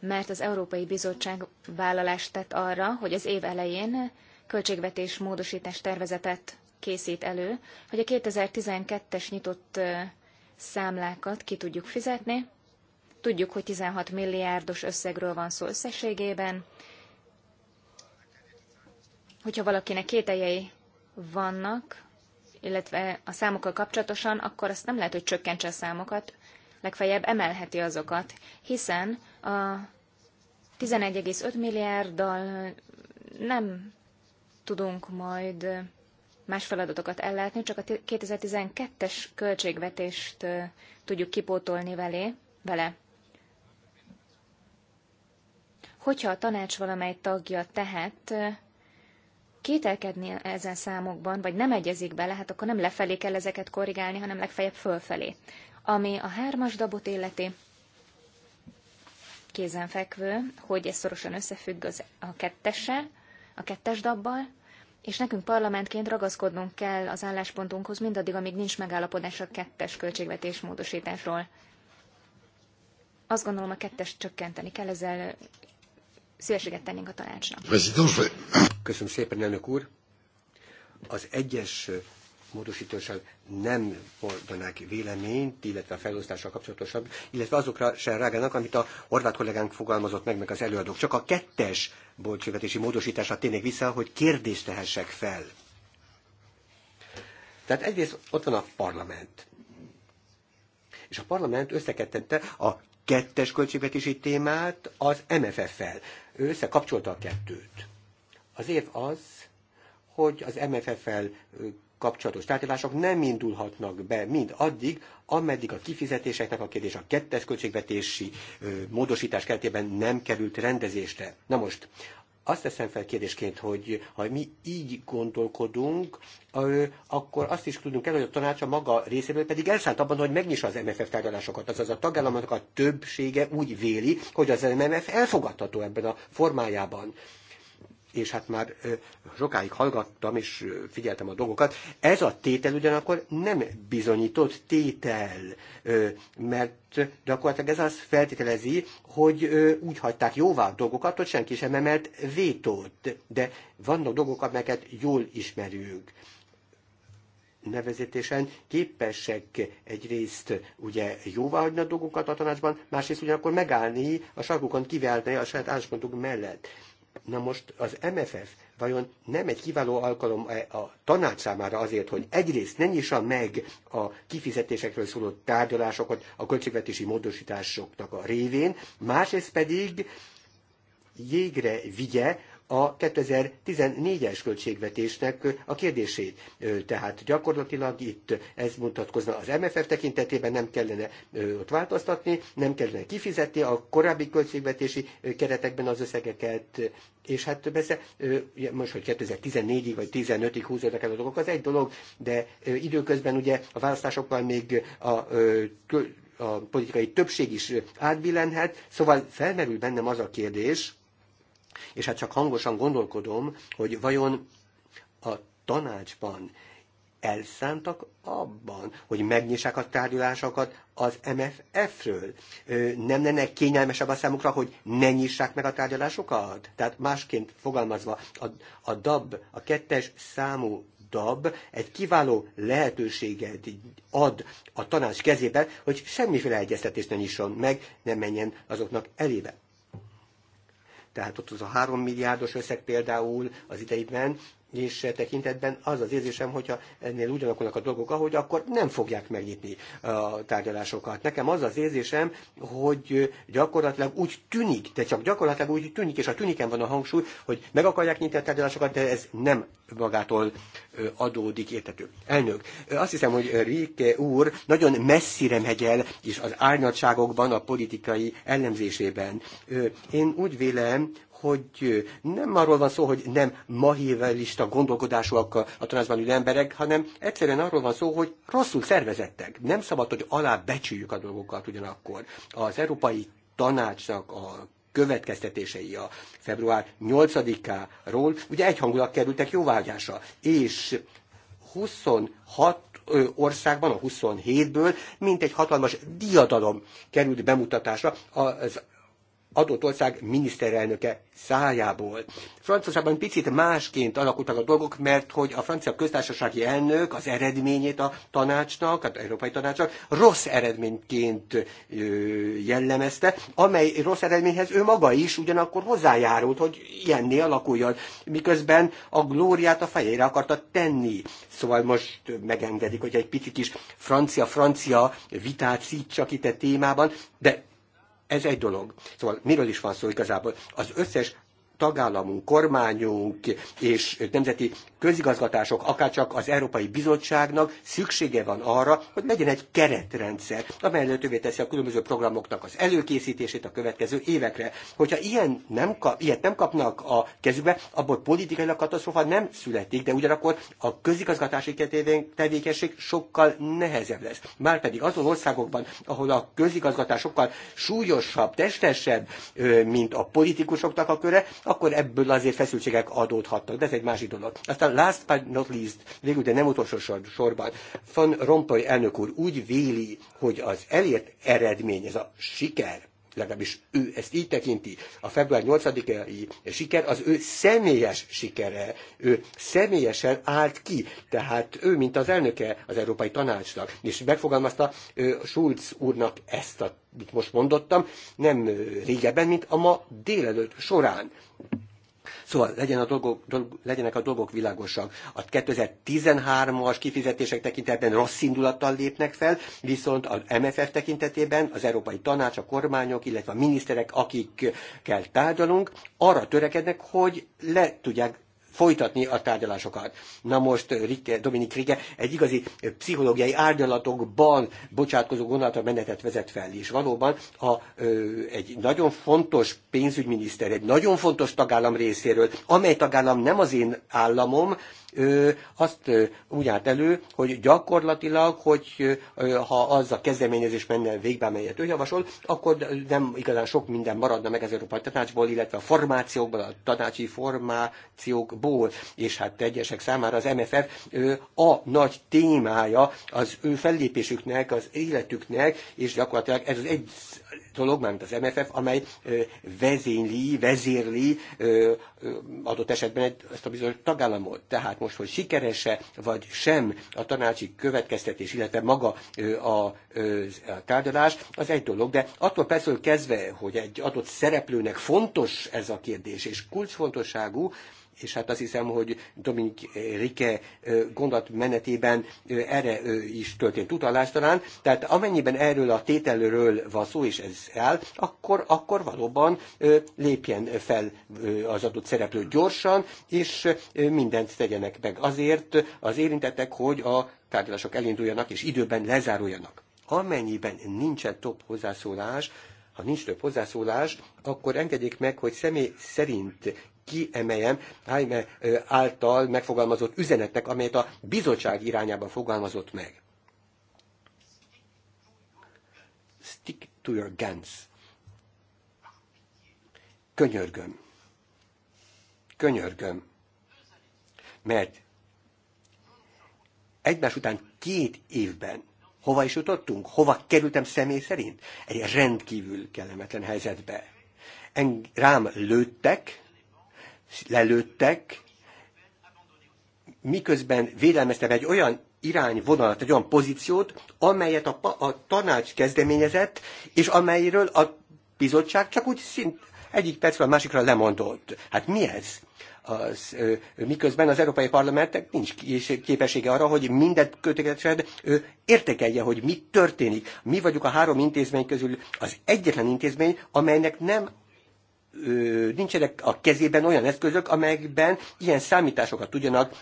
mert az Európai Bizottság vállalást tett arra, hogy az év elején költségvetés módosítás tervezetet készít elő, hogy a 2012-es nyitott számlákat ki tudjuk fizetni. Tudjuk, hogy 16 milliárdos összegről van szó összességében. Hogyha valakinek kételjei vannak, illetve a számokkal kapcsolatosan, akkor azt nem lehet, hogy csökkentse a számokat, legfeljebb emelheti azokat, hiszen a 11,5 milliárddal nem tudunk majd más feladatokat ellátni, csak a 2012-es költségvetést tudjuk kipótolni velé, vele. Hogyha a tanács valamely tagja tehet, kételkedni ezen számokban, vagy nem egyezik bele, hát akkor nem lefelé kell ezeket korrigálni, hanem legfeljebb fölfelé. Ami a hármas dabot életi kézenfekvő, hogy ez szorosan összefügg az, a kettessel, a kettes dabbal, és nekünk parlamentként ragaszkodnunk kell az álláspontunkhoz mindaddig, amíg nincs megállapodás a kettes költségvetés módosításról. Azt gondolom, a kettes csökkenteni kell, ezzel szívességet tennénk a tanácsnak. Köszönöm szépen, elnök úr! Az egyes módosítósal nem mondanák véleményt, illetve a felosztással kapcsolatosan, illetve azokra sem rágának, amit a horvát kollégánk fogalmazott meg, meg az előadók. Csak a kettes bolcsövetési módosítása tényleg vissza, hogy kérdést tehessek fel. Tehát egyrészt ott van a parlament. És a parlament összekettette a kettes költségvetési témát az MFF-fel. Ő összekapcsolta a kettőt. Az év az, hogy az mff fel kapcsolatos tárgyalások nem indulhatnak be mind addig, ameddig a kifizetéseknek a kérdés a kettes költségvetési ö, módosítás keretében nem került rendezésre. Na most, azt teszem fel kérdésként, hogy ha mi így gondolkodunk, akkor azt is tudunk el, hogy a tanács a maga részéről pedig elszánt abban, hogy megnyissa az MFF tárgyalásokat. Azaz a tagállamoknak a többsége úgy véli, hogy az MFF elfogadható ebben a formájában és hát már sokáig hallgattam és figyeltem a dolgokat. Ez a tétel ugyanakkor nem bizonyított tétel, mert gyakorlatilag ez azt feltételezi, hogy úgy hagyták jóvá a dolgokat, hogy senki sem emelt vétót. De vannak dolgok, amelyeket jól ismerünk nevezetésen képesek egyrészt ugye hagyni a dolgokat a tanácsban, másrészt ugyanakkor megállni, a sarkukon kivelni a saját álláspontunk mellett. Na most az MFF vajon nem egy kiváló alkalom eh, a tanács számára azért, hogy egyrészt ne nyissa meg a kifizetésekről szóló tárgyalásokat a költségvetési módosításoknak a révén, másrészt pedig jégre vigye a 2014-es költségvetésnek a kérdését. Tehát gyakorlatilag itt ez mutatkozna az MFF tekintetében, nem kellene ott változtatni, nem kellene kifizetni a korábbi költségvetési keretekben az összegeket, és hát persze most, hogy 2014-ig vagy 15-ig húzódnak el a dolgok, az egy dolog, de időközben ugye a választásokkal még a a politikai többség is átbillenhet, szóval felmerül bennem az a kérdés, és hát csak hangosan gondolkodom, hogy vajon a tanácsban elszántak abban, hogy megnyissák a tárgyalásokat az MFF-ről. Nem lenne kényelmesebb a számukra, hogy ne nyissák meg a tárgyalásokat? Tehát másként fogalmazva, a, a DAB, a kettes számú DAB egy kiváló lehetőséget ad a tanács kezébe, hogy semmiféle egyeztetést ne nyisson meg, ne menjen azoknak elébe tehát ott az a három milliárdos összeg például az ideiben és tekintetben az az érzésem, hogyha ennél ugyanakkor a dolgok, ahogy akkor nem fogják megnyitni a tárgyalásokat. Nekem az az érzésem, hogy gyakorlatilag úgy tűnik, de csak gyakorlatilag úgy tűnik, és a tűniken van a hangsúly, hogy meg akarják nyitni a tárgyalásokat, de ez nem magától adódik értető. Elnök, azt hiszem, hogy Ríke úr nagyon messzire megy el, és az árnyadságokban, a politikai ellenzésében. Én úgy vélem, hogy nem arról van szó, hogy nem mahivelista gondolkodásúak a transzban ülő emberek, hanem egyszerűen arról van szó, hogy rosszul szervezettek. Nem szabad, hogy alábecsüljük a dolgokat ugyanakkor. Az Európai Tanácsnak a következtetései a február 8-áról, ugye egyhangulag kerültek jóvágyásra, és 26 országban, a 27-ből, mint egy hatalmas diadalom került bemutatásra az adott ország miniszterelnöke szájából. Franciaországban picit másként alakultak a dolgok, mert hogy a francia köztársasági elnök az eredményét a tanácsnak, az hát Európai Tanácsnak rossz eredményként jellemezte, amely rossz eredményhez ő maga is ugyanakkor hozzájárult, hogy ilyenné alakuljon, miközben a glóriát a fejére akarta tenni. Szóval most megengedik, hogy egy picit is francia-francia vitát szítsak itt a e témában, de ez egy dolog. Szóval miről is van szó igazából? Az összes tagállamunk, kormányunk és nemzeti közigazgatások, akárcsak az Európai Bizottságnak szüksége van arra, hogy legyen egy keretrendszer, amely lehetővé teszi a különböző programoknak az előkészítését a következő évekre. Hogyha ilyen nem kap, ilyet nem kapnak a kezükbe, abból politikailag katasztrófa nem születik, de ugyanakkor a közigazgatási tevékenység sokkal nehezebb lesz. Márpedig azon országokban, ahol a közigazgatás sokkal súlyosabb, testesebb, mint a politikusoknak a köre, akkor ebből azért feszültségek adódhatnak, de ez egy másik dolog. Aztán last but not least, végül, de nem utolsó sor, sorban, Van Rompuy elnök úr úgy véli, hogy az elért eredmény, ez a siker, legalábbis ő ezt így tekinti, a február 8 i. siker az ő személyes sikere, ő személyesen állt ki, tehát ő, mint az elnöke az Európai Tanácsnak, és megfogalmazta ő, Schulz úrnak ezt, a, amit most mondottam, nem régebben, mint a ma délelőtt során. Szóval legyen a dolgok, dolg, legyenek a dolgok világosak. A 2013-as kifizetések tekintetben rossz indulattal lépnek fel, viszont az MFF tekintetében az Európai Tanács, a kormányok, illetve a miniszterek, akikkel tárgyalunk, arra törekednek, hogy le tudják folytatni a tárgyalásokat. Na most eh, Rike, Dominik Rike egy igazi eh, pszichológiai árnyalatokban bocsátkozó gondolatra menetet vezet fel, és valóban a, ö, egy nagyon fontos pénzügyminiszter, egy nagyon fontos tagállam részéről, amely tagállam nem az én államom, azt úgy állt elő, hogy gyakorlatilag, hogy ha az a kezdeményezés menne végbe, amelyet ő javasol, akkor nem igazán sok minden maradna meg az Európai Tanácsból, illetve a formációkból, a tanácsi formációkból, és hát egyesek számára az MFF a nagy témája az ő fellépésüknek, az életüknek, és gyakorlatilag ez az egy dolog, mármint az MFF, amely vezényli, vezérli adott esetben ezt a bizonyos tagállamot. Tehát most, hogy sikerese vagy sem a tanácsi következtetés, illetve maga a, tárgyalás, az egy dolog, de attól persze, hogy kezdve, hogy egy adott szereplőnek fontos ez a kérdés, és kulcsfontosságú, és hát azt hiszem, hogy Dominik Rike gondolatmenetében erre is történt utalás talán, tehát amennyiben erről a tételről van szó, és ez el, akkor, akkor valóban lépjen fel az adott szereplő gyorsan, és mindent tegyenek meg azért az érintettek, hogy a tárgyalások elinduljanak, és időben lezáruljanak. Amennyiben nincsen több hozzászólás, ha nincs több hozzászólás, akkor engedjék meg, hogy személy szerint kiemeljem Jaime által megfogalmazott üzenetnek, amelyet a bizottság irányában fogalmazott meg. Stick to your guns. Könyörgöm. Könyörgöm. Mert egymás után két évben hova is jutottunk? Hova kerültem személy szerint? Egy rendkívül kellemetlen helyzetbe. eng rám lőttek, lelőttek, miközben védelmeztem egy olyan irányvonalat, egy olyan pozíciót, amelyet a, a tanács kezdeményezett, és amelyről a bizottság csak úgy szint egyik percről a másikra lemondott. Hát mi ez? Az, miközben az Európai Parlamentnek nincs képessége arra, hogy mindent kötegetesen értékelje, hogy mi történik. Mi vagyunk a három intézmény közül az egyetlen intézmény, amelynek nem nincsenek a kezében olyan eszközök, amelyekben ilyen számításokat tudjanak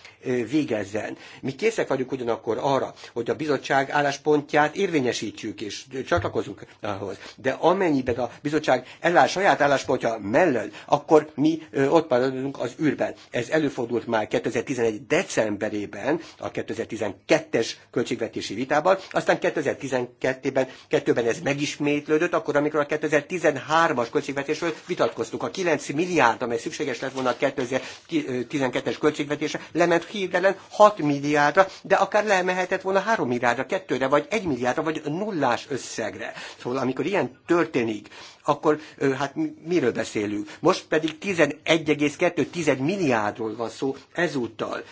végezzen. Mi készek vagyunk ugyanakkor arra, hogy a bizottság álláspontját érvényesítjük és csatlakozunk ahhoz. De amennyiben a bizottság eláll saját álláspontja mellől, akkor mi ott maradunk az űrben. Ez előfordult már 2011. decemberében, a 2012-es költségvetési vitában, aztán 2012-ben, kettőben ez megismétlődött, akkor amikor a 2013-as költségvetésről vitatkozunk találkoztunk. A 9 milliárd, amely szükséges lett volna a 2012-es költségvetése, lement hirtelen 6 milliárdra, de akár lemehetett volna 3 milliárdra, 2-re, vagy 1 milliárdra, vagy nullás összegre. Szóval amikor ilyen történik, akkor hát miről beszélünk? Most pedig 11,2 milliárdról van szó ezúttal.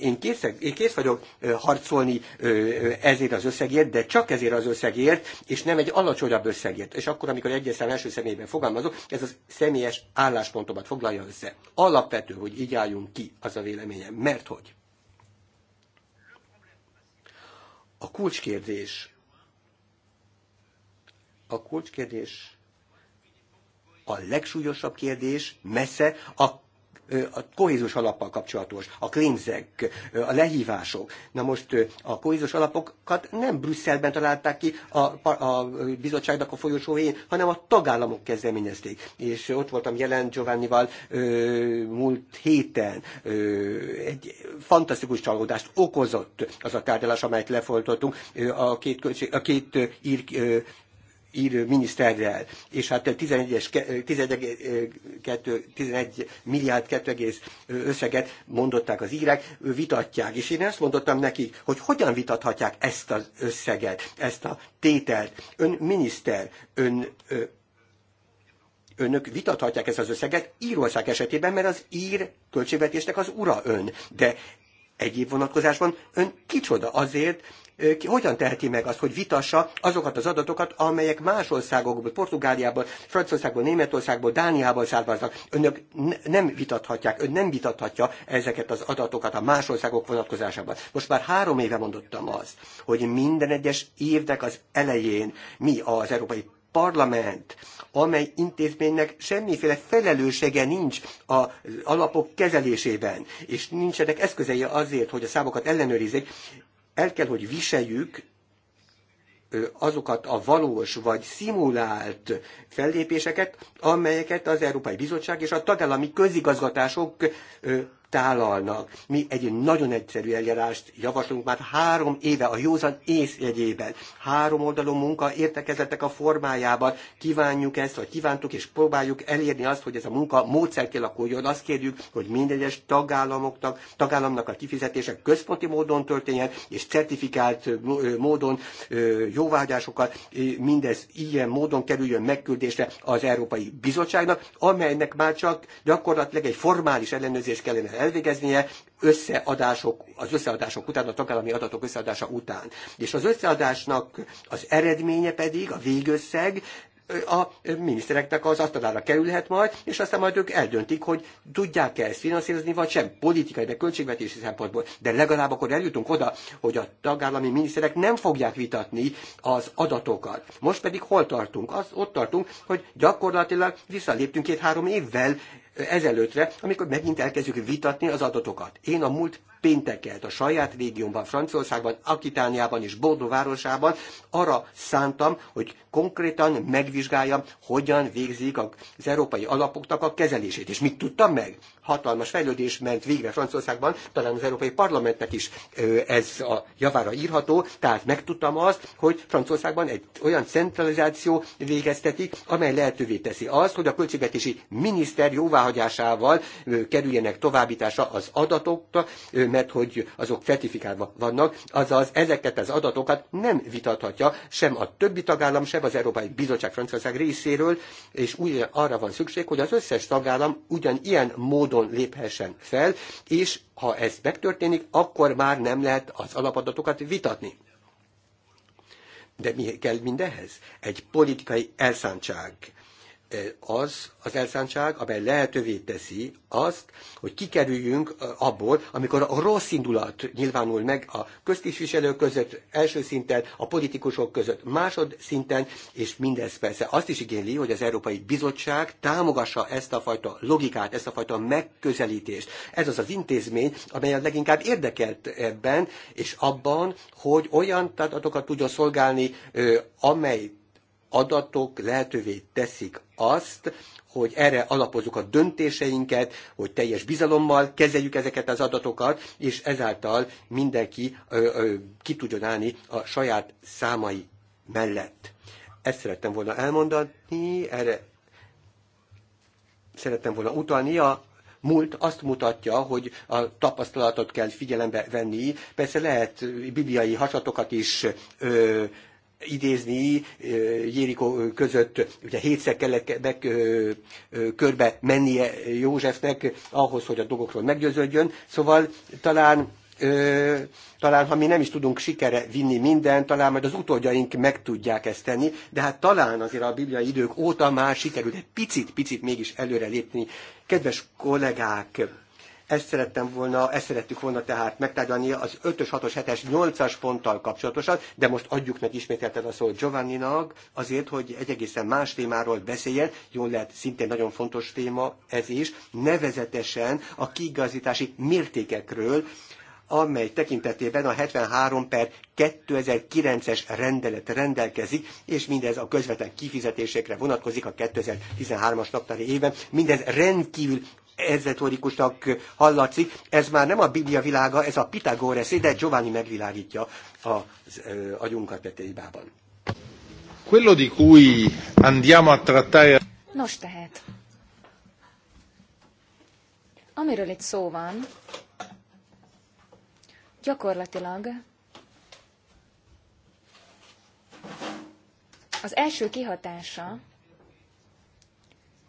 Én, kész, én kész vagyok harcolni ezért az összegért, de csak ezért az összegért, és nem egy alacsonyabb összegért. És akkor, amikor egyes szám első személyben fogalmazok, ez az személyes álláspontomat foglalja össze. Alapvető, hogy így álljunk ki, az a véleményem. Mert hogy? A kulcskérdés a kulcskérdés a legsúlyosabb kérdés messze a a kohézus alappal kapcsolatos, a klémzek, a lehívások. Na most a kohézus alapokat nem Brüsszelben találták ki a, a bizottságnak a folyosóhén, hanem a tagállamok kezdeményezték. És ott voltam jelen Giovannival múlt héten. Ö, egy fantasztikus csalódást okozott az a tárgyalás, amelyet lefolytottunk. A két, költség, a két ír írő miniszterrel, és hát 11, 11, 11 milliárd 2, összeget mondották az írek, vitatják, és én ezt mondottam nekik, hogy hogyan vitathatják ezt az összeget, ezt a tételt. Ön miniszter, ön önök vitathatják ezt az összeget Írország esetében, mert az ír költségvetésnek az ura ön. De egyéb vonatkozásban ön kicsoda azért, ki, hogyan teheti meg azt, hogy vitassa azokat az adatokat, amelyek más országokból, Portugáliából, Franciaországból, Németországból, Dániából származnak. Önök ne, nem vitathatják, ön nem vitathatja ezeket az adatokat a más országok vonatkozásában. Most már három éve mondottam azt, hogy minden egyes évnek az elején mi az Európai parlament, amely intézménynek semmiféle felelőssége nincs az alapok kezelésében, és nincsenek eszközei azért, hogy a számokat ellenőrizzék, el kell, hogy viseljük azokat a valós vagy szimulált fellépéseket, amelyeket az Európai Bizottság és a tagállami közigazgatások tálalnak. Mi egy nagyon egyszerű eljárást javaslunk már három éve a józan ész jegyében. Három oldalú munka értekezetek a formájában. Kívánjuk ezt, vagy kívántuk, és próbáljuk elérni azt, hogy ez a munka módszer kialakuljon. Azt kérjük, hogy minden egyes tagállamoknak, tagállamnak a kifizetése központi módon történjen, és certifikált módon jóvágyásokat, mindez ilyen módon kerüljön megküldésre az Európai Bizottságnak, amelynek már csak gyakorlatilag egy formális ellenőrzés kellene elvégeznie, összeadások, az összeadások után, a tagállami adatok összeadása után. És az összeadásnak az eredménye pedig, a végösszeg, a minisztereknek az asztalára kerülhet majd, és aztán majd ők eldöntik, hogy tudják-e ezt finanszírozni, vagy sem, politikai, de költségvetési szempontból. De legalább akkor eljutunk oda, hogy a tagállami miniszterek nem fogják vitatni az adatokat. Most pedig hol tartunk? Az, ott tartunk, hogy gyakorlatilag visszaléptünk két-három évvel ezelőttre, amikor megint elkezdjük vitatni az adatokat. Én a múlt péntekelt a saját régiómban, Franciaországban, Akitániában és Bordeaux városában arra szántam, hogy konkrétan megvizsgáljam, hogyan végzik az európai alapoknak a kezelését. És mit tudtam meg? Hatalmas fejlődés ment végre Franciaországban, talán az Európai Parlamentnek is ez a javára írható, tehát megtudtam azt, hogy Franciaországban egy olyan centralizáció végeztetik, amely lehetővé teszi azt, hogy a költségvetési miniszter jóváhagyásával kerüljenek továbbításra az adatok, mert hogy azok certifikálva vannak, azaz ezeket az adatokat nem vitathatja sem a többi tagállam, sem az Európai Bizottság Franciaország részéről, és úgy arra van szükség, hogy az összes tagállam ugyanilyen módon léphessen fel, és ha ez megtörténik, akkor már nem lehet az alapadatokat vitatni. De mi kell mindehhez Egy politikai elszántság az az elszántság, amely lehetővé teszi azt, hogy kikerüljünk abból, amikor a rossz indulat nyilvánul meg a köztisviselők között, első szinten, a politikusok között, másod szinten, és mindez persze azt is igényli, hogy az Európai Bizottság támogassa ezt a fajta logikát, ezt a fajta megközelítést. Ez az az intézmény, amely a leginkább érdekelt ebben, és abban, hogy olyan adatokat tudjon szolgálni, amely adatok lehetővé teszik azt, hogy erre alapozzuk a döntéseinket, hogy teljes bizalommal kezeljük ezeket az adatokat, és ezáltal mindenki ö, ö, ki tudjon állni a saját számai mellett. Ezt szerettem volna elmondani, erre szerettem volna utalni a múlt azt mutatja, hogy a tapasztalatot kell figyelembe venni. Persze lehet bibliai hasatokat is ö, idézni Jérikó között, ugye hétszer kellett meg, körbe mennie Józsefnek ahhoz, hogy a dolgokról meggyőződjön, szóval talán talán ha mi nem is tudunk sikere vinni mindent, talán majd az utódjaink meg tudják ezt tenni, de hát talán azért a bibliai idők óta már sikerült egy picit-picit mégis előrelépni. Kedves kollégák, ezt szerettem volna, ezt szerettük volna tehát megtárgyalni az 5-ös, 6-os, 7-es, 8-as ponttal kapcsolatosan, de most adjuk meg ismételten a szót Giovanninak, azért, hogy egy egészen más témáról beszéljen, jól lehet, szintén nagyon fontos téma ez is, nevezetesen a kiigazítási mértékekről, amely tekintetében a 73 per 2009-es rendelet rendelkezik, és mindez a közvetlen kifizetésekre vonatkozik a 2013-as naptári évben. Mindez rendkívül ezetorikusnak hallatszik. Ez már nem a Biblia világa, ez a Pitagoras, de Giovanni megvilágítja az agyunkat petéibában. Quello di cui andiamo a trattare... Nos tehet. amiről itt szó van, gyakorlatilag az első kihatása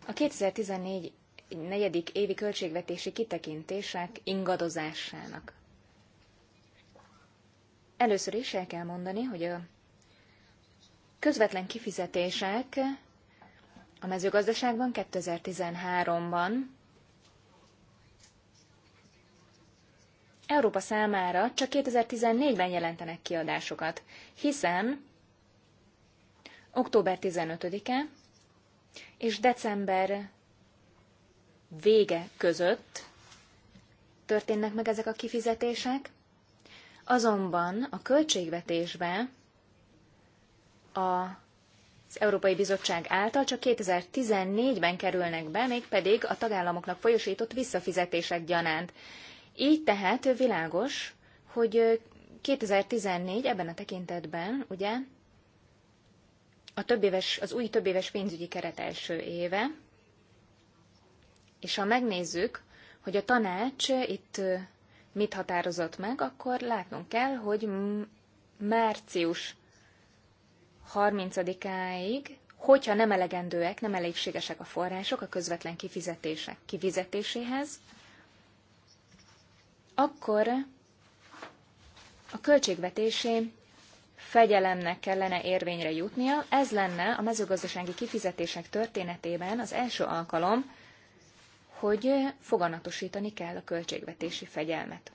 a 2014 negyedik évi költségvetési kitekintések ingadozásának. Először is el kell mondani, hogy a közvetlen kifizetések a mezőgazdaságban 2013-ban Európa számára csak 2014-ben jelentenek kiadásokat, hiszen október 15-e és december vége között történnek meg ezek a kifizetések, azonban a költségvetésbe az Európai Bizottság által csak 2014-ben kerülnek be, mégpedig a tagállamoknak folyosított visszafizetések gyanánt. Így tehát világos, hogy 2014 ebben a tekintetben, ugye, a többéves, az új többéves pénzügyi keret első éve, és ha megnézzük, hogy a tanács eh, itt eh, mit határozott meg, akkor látnunk kell, hogy március 30-áig, hogyha nem elegendőek, nem elégségesek a források a közvetlen kifizetések kifizetéséhez, akkor a költségvetési fegyelemnek kellene érvényre jutnia. Ez lenne a mezőgazdasági kifizetések történetében az első alkalom, hogy foganatosítani kell a költségvetési fegyelmet.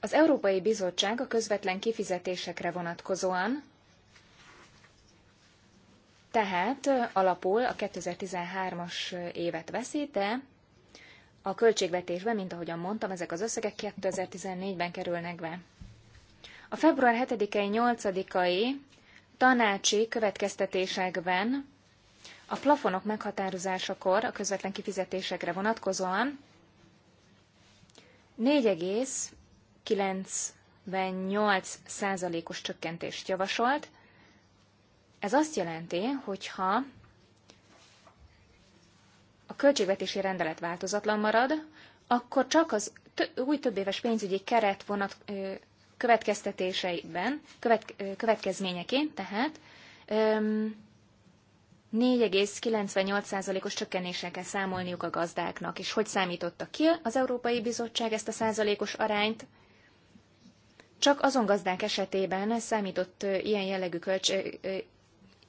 Az Európai Bizottság a közvetlen kifizetésekre vonatkozóan, tehát alapul a 2013-as évet veszi, de a költségvetésben mint ahogyan mondtam, ezek az összegek 2014-ben kerülnek be. A február 7-i 8-ai tanácsi következtetésekben a plafonok meghatározásakor a közvetlen kifizetésekre vonatkozóan 4,98 os csökkentést javasolt. Ez azt jelenti, hogyha a költségvetési rendelet változatlan marad, akkor csak az új többéves pénzügyi keret vonat következtetéseiben, követ, következményeként, tehát öm, 4,98%-os csökkenéssel kell számolniuk a gazdáknak. És hogy számította ki az Európai Bizottság ezt a százalékos arányt? Csak azon gazdák esetében számított ilyen jellegű kölcs,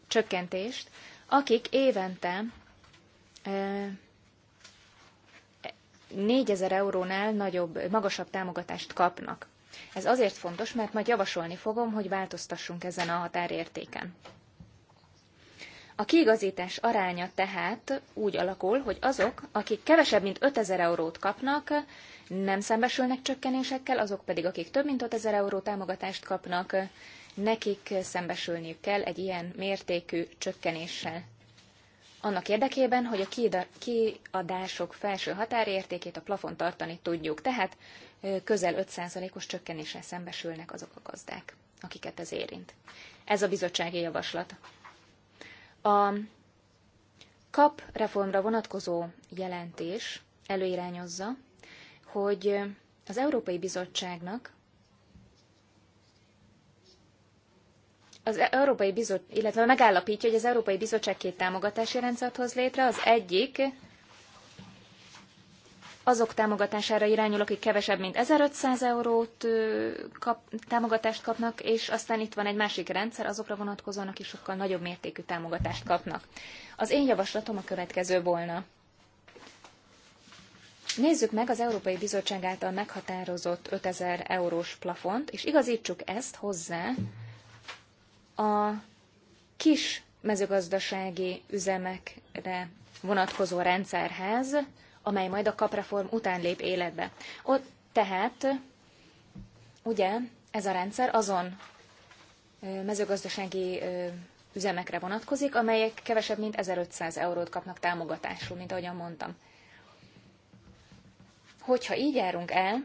csökkentést, akik évente 4000 eurónál nagyobb, magasabb támogatást kapnak. Ez azért fontos, mert majd javasolni fogom, hogy változtassunk ezen a határértéken. A kiigazítás aránya tehát úgy alakul, hogy azok, akik kevesebb, mint 5000 eurót kapnak, nem szembesülnek csökkenésekkel, azok pedig, akik több, mint 5000 euró támogatást kapnak, nekik szembesülniük kell egy ilyen mértékű csökkenéssel. Annak érdekében, hogy a kiadások felső határértékét, a plafon tartani tudjuk, tehát közel 5%-os csökkenéssel szembesülnek azok a gazdák, akiket ez érint. Ez a bizottsági javaslat. A kap reformra vonatkozó jelentés előirányozza, hogy az Európai Bizottságnak az e- Európai Bizottság, illetve megállapítja, hogy az Európai Bizottság két támogatási rendszert hoz létre, az egyik azok támogatására irányul, akik kevesebb, mint 1500 eurót kap, támogatást kapnak, és aztán itt van egy másik rendszer, azokra vonatkozóan, akik sokkal nagyobb mértékű támogatást kapnak. Az én javaslatom a következő volna. Nézzük meg az Európai Bizottság által meghatározott 5000 eurós plafont, és igazítsuk ezt hozzá a kis mezőgazdasági üzemekre vonatkozó rendszerhez, amely majd a kapreform után lép életbe. Ott tehát, ugye, ez a rendszer azon mezőgazdasági üzemekre vonatkozik, amelyek kevesebb, mint 1500 eurót kapnak támogatásul, mint ahogyan mondtam. Hogyha így járunk el,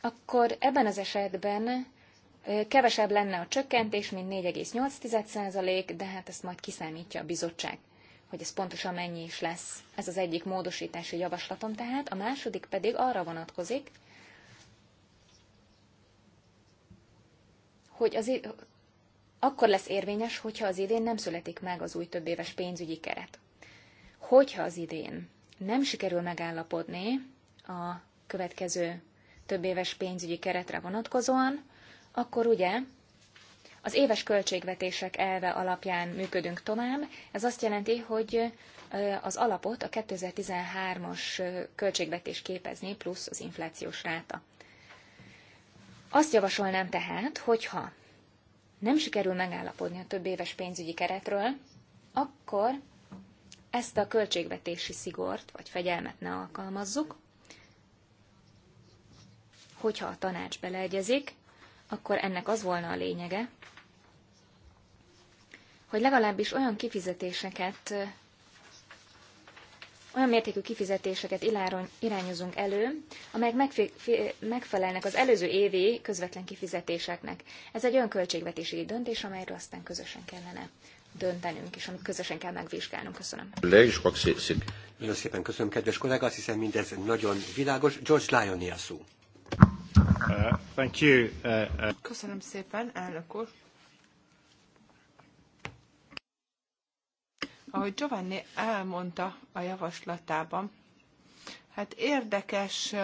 akkor ebben az esetben kevesebb lenne a csökkentés, mint 4,8%, de hát ezt majd kiszámítja a bizottság hogy ez pontosan mennyi is lesz. Ez az egyik módosítási javaslatom tehát, a második pedig arra vonatkozik, hogy az, akkor lesz érvényes, hogyha az idén nem születik meg az új többéves pénzügyi keret. Hogyha az idén nem sikerül megállapodni a következő többéves pénzügyi keretre vonatkozóan, akkor ugye az éves költségvetések elve alapján működünk tovább. Ez azt jelenti, hogy az alapot a 2013-as költségvetés képezni plusz az inflációs ráta. Azt javasolnám tehát, hogyha nem sikerül megállapodni a több éves pénzügyi keretről, akkor ezt a költségvetési szigort vagy fegyelmet ne alkalmazzuk, hogyha a tanács beleegyezik, akkor ennek az volna a lényege, hogy legalábbis olyan kifizetéseket, olyan mértékű kifizetéseket irányozunk elő, amelyek megfelelnek az előző évi közvetlen kifizetéseknek. Ez egy olyan költségvetési döntés, amelyről aztán közösen kellene döntenünk, és amit közösen kell megvizsgálnunk. Köszönöm. Nagyon szépen köszönöm, kedves kollega, azt hiszem mindez nagyon világos. George Lyon a szó. Uh, thank you. Uh, uh... Köszönöm szépen, elnök úr. Ahogy Giovanni elmondta a javaslatában, hát érdekes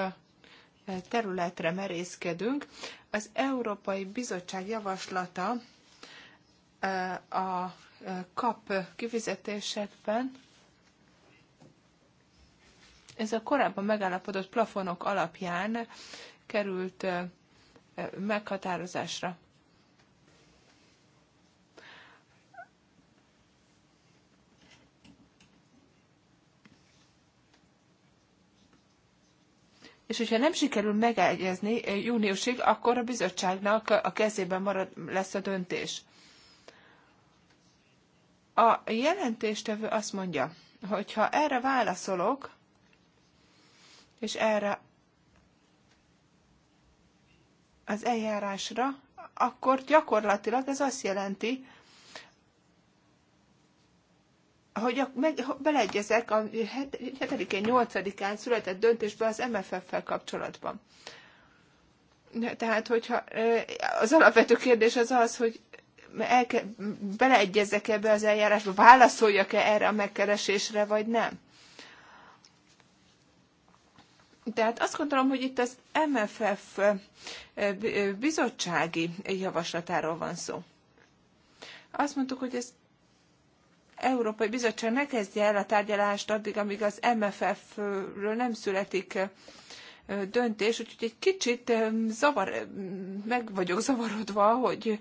területre merészkedünk. Az Európai Bizottság javaslata a kap kifizetésekben ez a korábban megállapodott plafonok alapján került meghatározásra. és hogyha nem sikerül megegyezni eh, júniusig, akkor a bizottságnak a kezében marad, lesz a döntés. A jelentéstevő azt mondja, hogyha erre válaszolok, és erre az eljárásra, akkor gyakorlatilag ez azt jelenti, hogy a, meg, beleegyezek a 7-én, 8-án született döntésbe az MFF-fel kapcsolatban. Tehát, hogyha az alapvető kérdés az az, hogy elke, beleegyezek ebbe az eljárásba, válaszoljak-e erre a megkeresésre, vagy nem. Tehát azt gondolom, hogy itt az MFF bizottsági javaslatáról van szó. Azt mondtuk, hogy ez Európai Bizottság ne kezdje el a tárgyalást addig, amíg az MFF-ről nem születik döntés, úgyhogy egy kicsit zavar, meg vagyok zavarodva, hogy,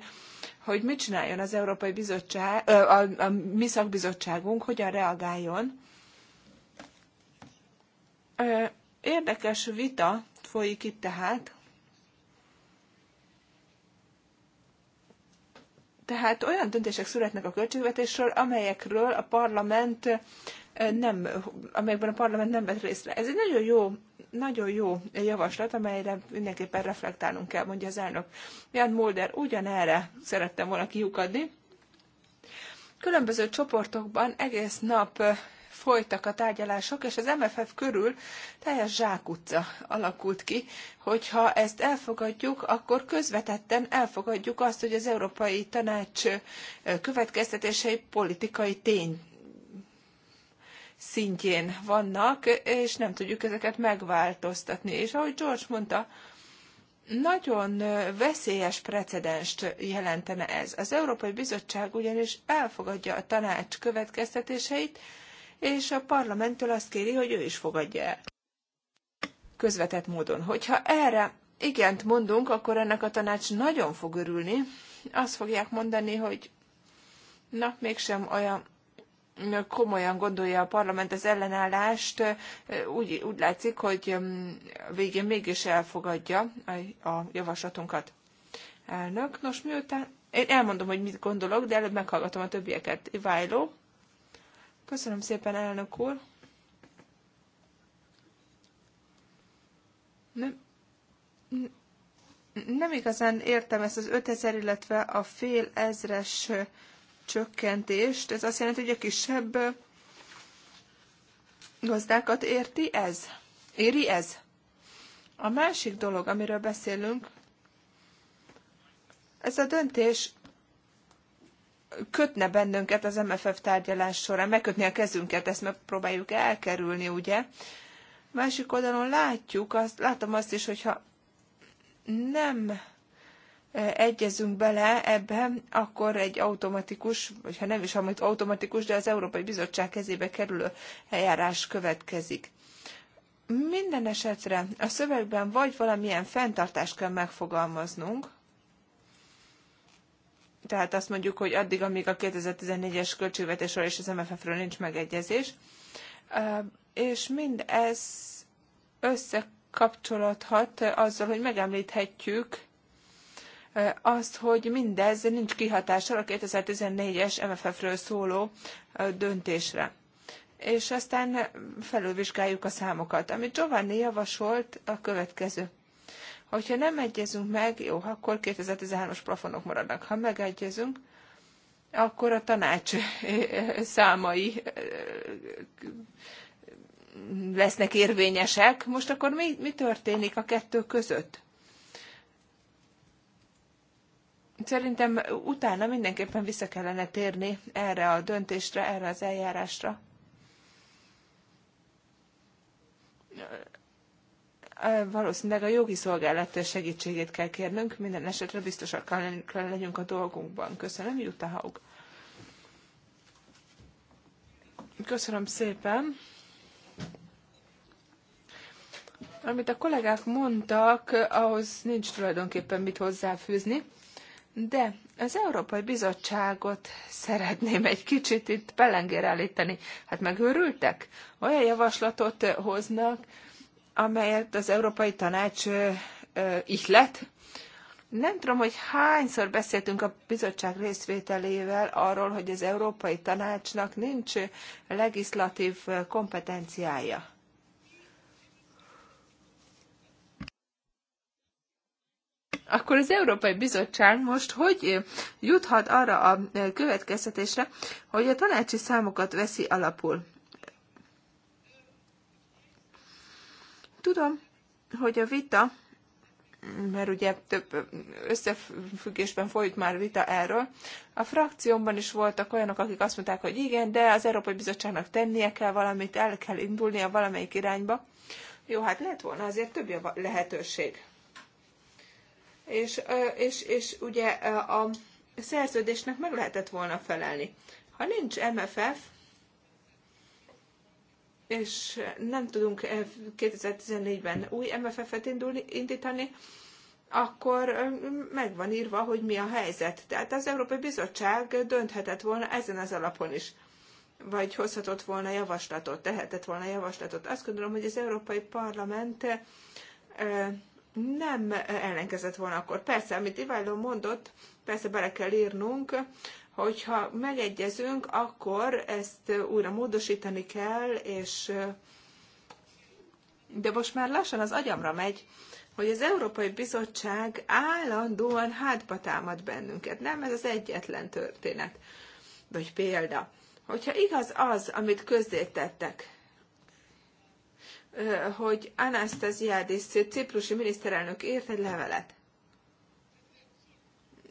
hogy mit csináljon az Európai Bizottság, a, a, a mi szakbizottságunk, hogyan reagáljon. Érdekes vita folyik itt tehát, Tehát olyan döntések születnek a költségvetésről, amelyekről a parlament nem, amelyekben a parlament nem vett részt. Ez egy nagyon jó, nagyon jó javaslat, amelyre mindenképpen reflektálnunk kell, mondja az elnök. Jan Mulder ugyanerre szerettem volna kiukadni. Különböző csoportokban egész nap folytak a tárgyalások, és az MFF körül teljes zsákutca alakult ki, hogyha ezt elfogadjuk, akkor közvetetten elfogadjuk azt, hogy az Európai Tanács következtetései politikai tény szintjén vannak, és nem tudjuk ezeket megváltoztatni. És ahogy George mondta, nagyon veszélyes precedenst jelentene ez. Az Európai Bizottság ugyanis elfogadja a tanács következtetéseit, és a parlamenttől azt kéri, hogy ő is fogadja el. Közvetett módon. Hogyha erre igent mondunk, akkor ennek a tanács nagyon fog örülni. Azt fogják mondani, hogy na, mégsem olyan komolyan gondolja a parlament az ellenállást, úgy, úgy látszik, hogy mm, végén mégis elfogadja a, a javaslatunkat. Elnök, nos miután én elmondom, hogy mit gondolok, de előbb meghallgatom a többieket. Iváló, Köszönöm szépen, elnök úr. Nem, nem igazán értem ezt az 5000, illetve a fél ezres csökkentést. Ez azt jelenti, hogy a kisebb gazdákat érti ez? Éri ez? A másik dolog, amiről beszélünk, ez a döntés kötne bennünket az MFF tárgyalás során, megkötni a kezünket, ezt megpróbáljuk elkerülni, ugye? Másik oldalon látjuk, azt, látom azt is, hogyha nem e, egyezünk bele ebbe, akkor egy automatikus, vagy ha nem is amit automatikus, de az Európai Bizottság kezébe kerülő eljárás következik. Minden esetre a szövegben vagy valamilyen fenntartást kell megfogalmaznunk, tehát azt mondjuk, hogy addig, amíg a 2014-es költségvetésről és az MFF-ről nincs megegyezés, és mind ez összekapcsolódhat azzal, hogy megemlíthetjük azt, hogy mindez nincs kihatással a 2014-es MFF-ről szóló döntésre. És aztán felülvizsgáljuk a számokat. Amit Giovanni javasolt, a következő. Hogyha nem egyezünk meg, jó, akkor 2013-as plafonok maradnak. Ha megegyezünk, akkor a tanács számai lesznek érvényesek. Most akkor mi, mi történik a kettő között? Szerintem utána mindenképpen vissza kellene térni erre a döntésre, erre az eljárásra valószínűleg a jogi szolgálat segítségét kell kérnünk, minden esetre biztosak kell legyünk a dolgunkban. Köszönöm, Jutta Haug. Köszönöm szépen. Amit a kollégák mondtak, ahhoz nincs tulajdonképpen mit hozzáfűzni, de az Európai Bizottságot szeretném egy kicsit itt pelengére állítani. Hát megőrültek? Olyan javaslatot hoznak, amelyet az Európai Tanács ihlet. Nem tudom, hogy hányszor beszéltünk a bizottság részvételével arról, hogy az Európai Tanácsnak nincs legislatív kompetenciája. akkor az Európai Bizottság most hogy juthat arra a következtetésre, hogy a tanácsi számokat veszi alapul? Tudom, hogy a vita, mert ugye több összefüggésben folyt már vita erről, a frakciómban is voltak olyanok, akik azt mondták, hogy igen, de az Európai Bizottságnak tennie kell valamit, el kell indulnia valamelyik irányba. Jó, hát lett volna azért több lehetőség. És, és, és ugye a szerződésnek meg lehetett volna felelni. Ha nincs MFF, és nem tudunk 2014-ben eh, új MFF-et indítani, akkor eh, meg van írva, hogy mi a helyzet. Tehát az Európai Bizottság dönthetett volna ezen az alapon is, vagy hozhatott volna javaslatot, tehetett volna javaslatot. Azt gondolom, hogy az Európai Parlament eh, nem ellenkezett volna akkor. Persze, amit Iváló mondott, persze bele kell írnunk hogyha megegyezünk, akkor ezt újra módosítani kell, és de most már lassan az agyamra megy, hogy az Európai Bizottság állandóan hátba támad bennünket. Nem ez az egyetlen történet, vagy példa. Hogyha igaz az, amit közzétettek, hogy Anastasiadis ciprusi miniszterelnök írt egy levelet,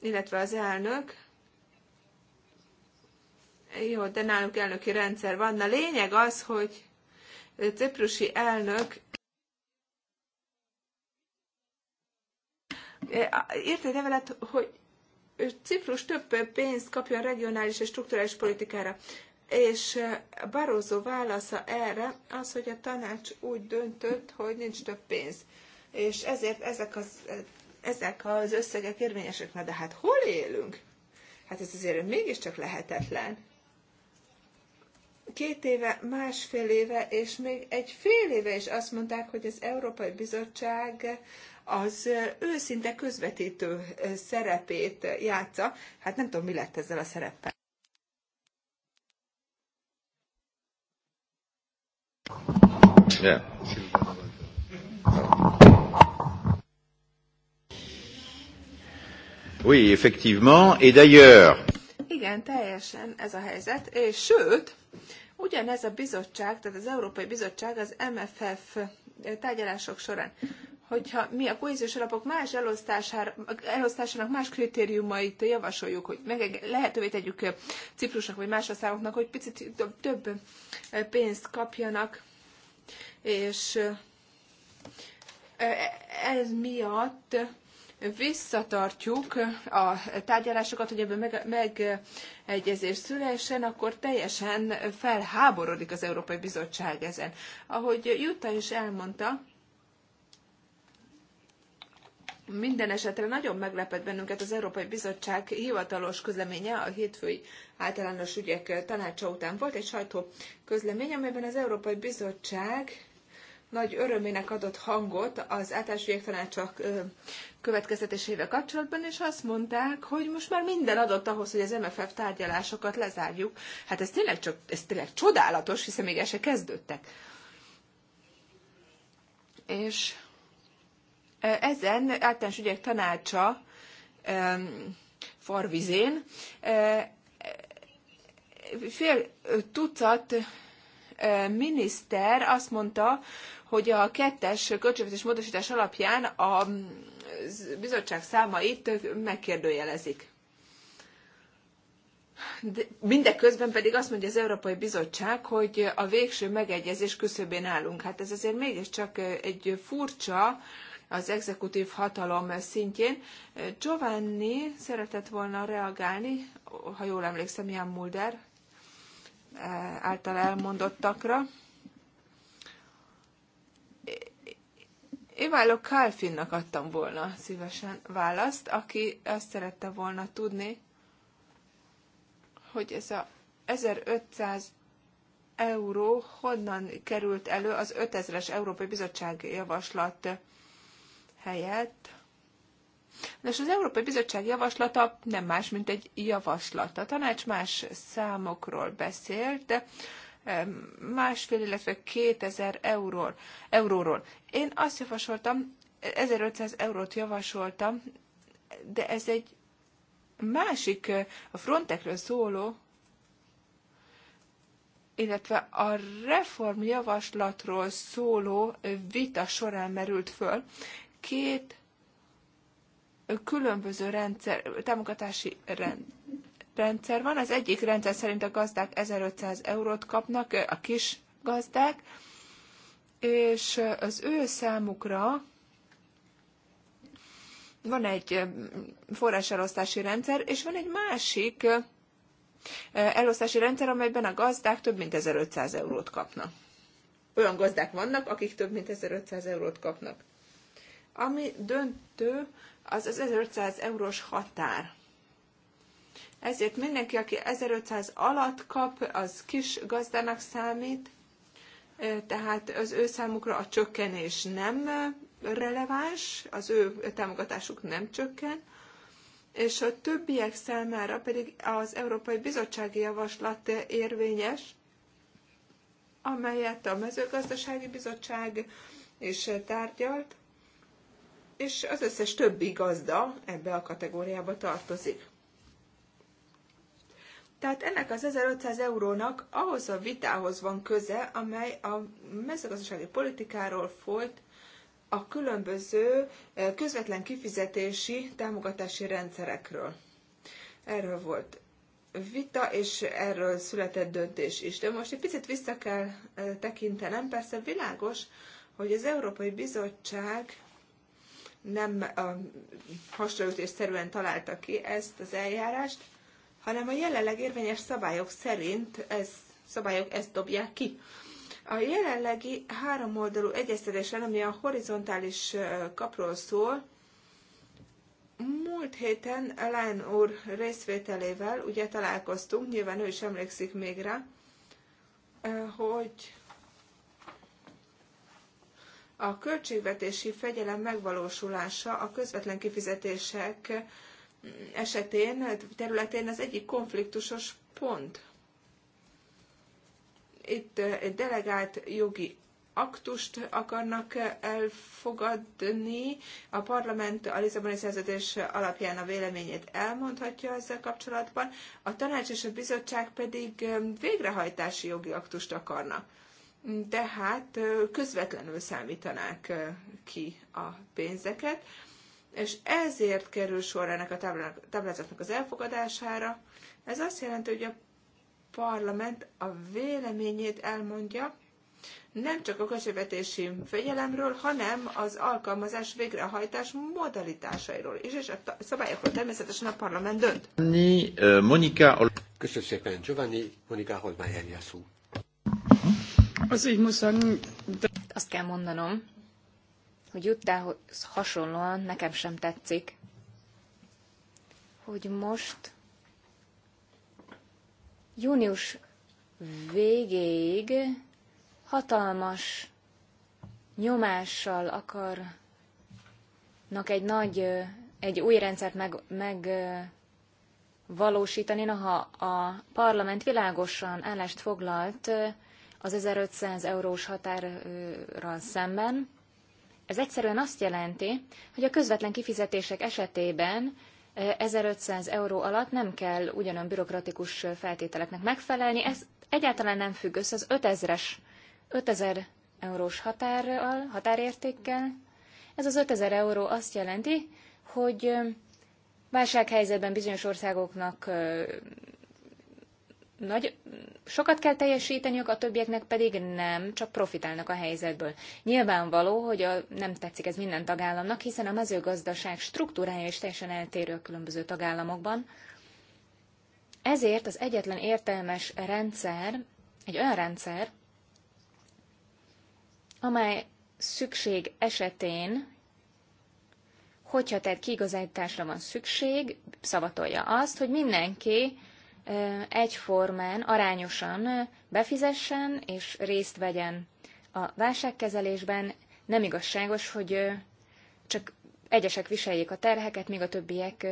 illetve az elnök, jó, de nálunk elnöki rendszer van. Na lényeg az, hogy ciprusi elnök írt egy levelet, hogy Ciprus több pénzt kapja a regionális és strukturális politikára. És Barózó válasza erre az, hogy a tanács úgy döntött, hogy nincs több pénz. És ezért ezek az, ezek az összegek érvényesek. Na de hát hol élünk? Hát ez azért mégiscsak lehetetlen két éve, másfél éve, és még egy fél éve is azt mondták, hogy az Európai Bizottság az őszinte közvetítő szerepét játsza. Hát nem tudom, mi lett ezzel a szereppel. Yeah. Oui, effectivement, et d'ailleurs. Igen, teljesen ez a helyzet, és sőt, Ugyanez a bizottság, tehát az Európai Bizottság az MFF tárgyalások során hogyha mi a kohéziós alapok más elosztásának más kritériumait javasoljuk, hogy meg lehetővé tegyük Ciprusnak vagy más országoknak, hogy picit több pénzt kapjanak, és e, e, ez miatt visszatartjuk a tárgyalásokat, hogy ebben meg, megegyezés szülessen, akkor teljesen felháborodik az Európai Bizottság ezen. Ahogy Jutta is elmondta, minden esetre nagyon meglepett bennünket az Európai Bizottság hivatalos közleménye a hétfői általános ügyek tanácsa után. Volt egy sajtó közlemény, amelyben az Európai Bizottság nagy örömének adott hangot az általános tanácsak következetésével kapcsolatban, és azt mondták, hogy most már minden adott ahhoz, hogy az MFF tárgyalásokat lezárjuk. Hát ez tényleg, csak, ez tényleg csodálatos, hiszen még el se kezdődtek. És ezen általános ügyek tanácsa farvizén fél tucat miniszter azt mondta, hogy a kettes költségvetés módosítás alapján a bizottság számait megkérdőjelezik. De mindeközben pedig azt mondja az Európai Bizottság, hogy a végső megegyezés küszöbén állunk. Hát ez azért mégiscsak egy furcsa az exekutív hatalom szintjén. Giovanni szeretett volna reagálni, ha jól emlékszem, Jan Mulder által elmondottakra. Iváló Kálfinnak adtam volna szívesen választ, aki azt szerette volna tudni, hogy ez a 1500 euró honnan került elő az 5000-es Európai Bizottság javaslat helyett. Nos, az Európai Bizottság javaslata nem más, mint egy javaslat. A tanács más számokról beszélt, de másfél, illetve 2000 euróról. euróról. Én azt javasoltam, 1500 eurót javasoltam, de ez egy másik, a frontekről szóló, illetve a reformjavaslatról szóló vita során merült föl. Két különböző rendszer, támogatási rend, rendszer van. Az egyik rendszer szerint a gazdák 1500 eurót kapnak, a kis gazdák, és az ő számukra van egy mm, forráselosztási rendszer, és van egy másik mm, elosztási rendszer, amelyben a gazdák több mint 1500 eurót kapnak. Olyan gazdák vannak, akik több mint 1500 eurót kapnak. Ami döntő, az az 1500 eurós határ. Ezért mindenki, aki 1500 alatt kap, az kis gazdának számít, tehát az ő számukra a csökkenés nem releváns, az ő támogatásuk nem csökken, és a többiek számára pedig az Európai Bizottsági Javaslat érvényes, amelyet a Mezőgazdasági Bizottság is tárgyalt, és az összes többi gazda ebbe a kategóriába tartozik. Tehát ennek az 1500 eurónak ahhoz a vitához van köze, amely a mezőgazdasági politikáról folyt a különböző eh, közvetlen kifizetési támogatási rendszerekről. Erről volt vita, és erről született döntés is. De most egy picit vissza kell eh, tekintenem. Persze világos, hogy az Európai Bizottság nem hasraütésszerűen találta ki ezt az eljárást, hanem a jelenleg érvényes szabályok szerint ez, szabályok ezt dobják ki. A jelenlegi háromoldalú egyeztetésen, ami a horizontális kapról szól, múlt héten Lán úr részvételével ugye találkoztunk, nyilván ő is emlékszik még rá, hogy a költségvetési fegyelem megvalósulása a közvetlen kifizetések esetén, területén az egyik konfliktusos pont. Itt egy delegált jogi aktust akarnak elfogadni. A parlament a Lisszaboni szerződés alapján a véleményét elmondhatja ezzel kapcsolatban, a tanács és a bizottság pedig végrehajtási jogi aktust akarnak tehát közvetlenül számítanák ki a pénzeket, és ezért kerül sor ennek a táblázatnak az elfogadására. Ez azt jelenti, hogy a parlament a véleményét elmondja, nem csak a közövetési fegyelemről, hanem az alkalmazás végrehajtás modalitásairól is, és a szabályokról természetesen a parlament dönt. Köszönöm szépen, Giovanni, Monika Holmájer azt kell mondanom, hogy Juttához hasonlóan nekem sem tetszik, hogy most június végéig hatalmas nyomással akarnak egy nagy, egy új rendszert meg, meg valósítani, noha a parlament világosan állást foglalt az 1500 eurós határral szemben. Ez egyszerűen azt jelenti, hogy a közvetlen kifizetések esetében 1500 euró alatt nem kell ugyanolyan bürokratikus feltételeknek megfelelni. Ez egyáltalán nem függ össze az 5000-es, 5000 eurós határral, határértékkel. Ez az 5000 euró azt jelenti, hogy válsághelyzetben bizonyos országoknak nagy, sokat kell teljesíteniük, a többieknek pedig nem, csak profitálnak a helyzetből. Nyilvánvaló, hogy a, nem tetszik ez minden tagállamnak, hiszen a mezőgazdaság struktúrája is teljesen eltérő a különböző tagállamokban. Ezért az egyetlen értelmes rendszer, egy olyan rendszer, amely szükség esetén, hogyha tehát kiigazításra van szükség, szavatolja azt, hogy mindenki egyformán, arányosan befizessen és részt vegyen a válságkezelésben. Nem igazságos, hogy csak egyesek viseljék a terheket, míg a többiek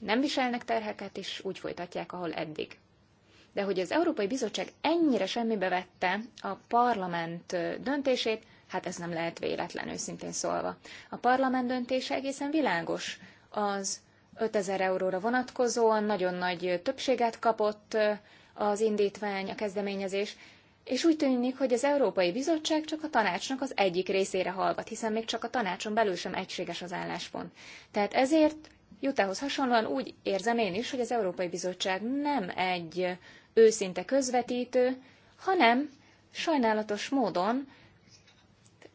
nem viselnek terheket, és úgy folytatják, ahol eddig. De hogy az Európai Bizottság ennyire semmibe vette a parlament döntését, hát ez nem lehet véletlen, őszintén szólva. A parlament döntése egészen világos. Az 5000 euróra vonatkozóan nagyon nagy többséget kapott az indítvány, a kezdeményezés, és úgy tűnik, hogy az Európai Bizottság csak a tanácsnak az egyik részére hallgat, hiszen még csak a tanácson belül sem egységes az álláspont. Tehát ezért Jutához hasonlóan úgy érzem én is, hogy az Európai Bizottság nem egy őszinte közvetítő, hanem sajnálatos módon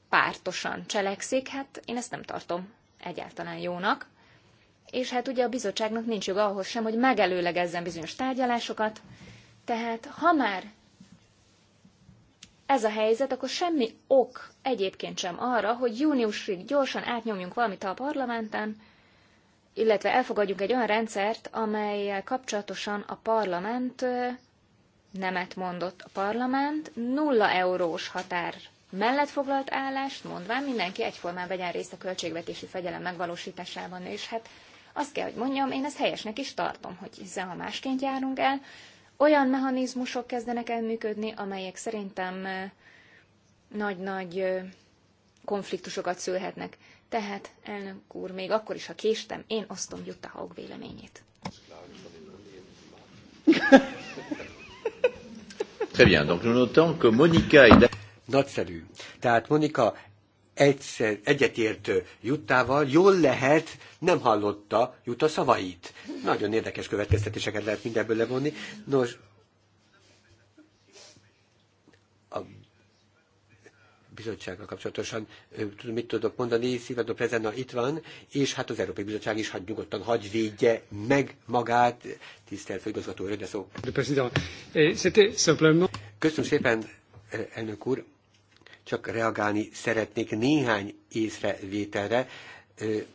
pártosan cselekszik, hát én ezt nem tartom egyáltalán jónak és hát ugye a bizottságnak nincs joga ahhoz sem, hogy megelőlegezzen bizonyos tárgyalásokat, tehát ha már ez a helyzet, akkor semmi ok egyébként sem arra, hogy júniusig gyorsan átnyomjunk valamit a parlamenten, illetve elfogadjunk egy olyan rendszert, amelyel kapcsolatosan a parlament nemet mondott. A parlament nulla eurós határ mellett foglalt állást, mondván mindenki egyformán vegyen részt a költségvetési fegyelem megvalósításában, és hát azt kell, hogy mondjam, én ezt helyesnek is tartom, hogy hiszen ha másként járunk el, olyan mechanizmusok kezdenek el működni, amelyek szerintem nagy-nagy konfliktusokat szülhetnek. Tehát, elnök úr, még akkor is, ha késtem, én osztom Jutta Haug véleményét. Très bien, donc nous notons que Monica. et... Nagyszerű. Tehát Monika egyszer, egyetért Juttával, jól lehet, nem hallotta Jutta szavait. Nagyon érdekes következtetéseket lehet mindebből levonni. Nos, a bizottsággal kapcsolatosan mit tudok mondani, Szilvadó Prezenna itt van, és hát az Európai Bizottság is hagy nyugodtan hagy védje meg magát, tisztelt főigazgató, de szó. Köszönöm szépen, elnök úr csak reagálni szeretnék néhány észrevételre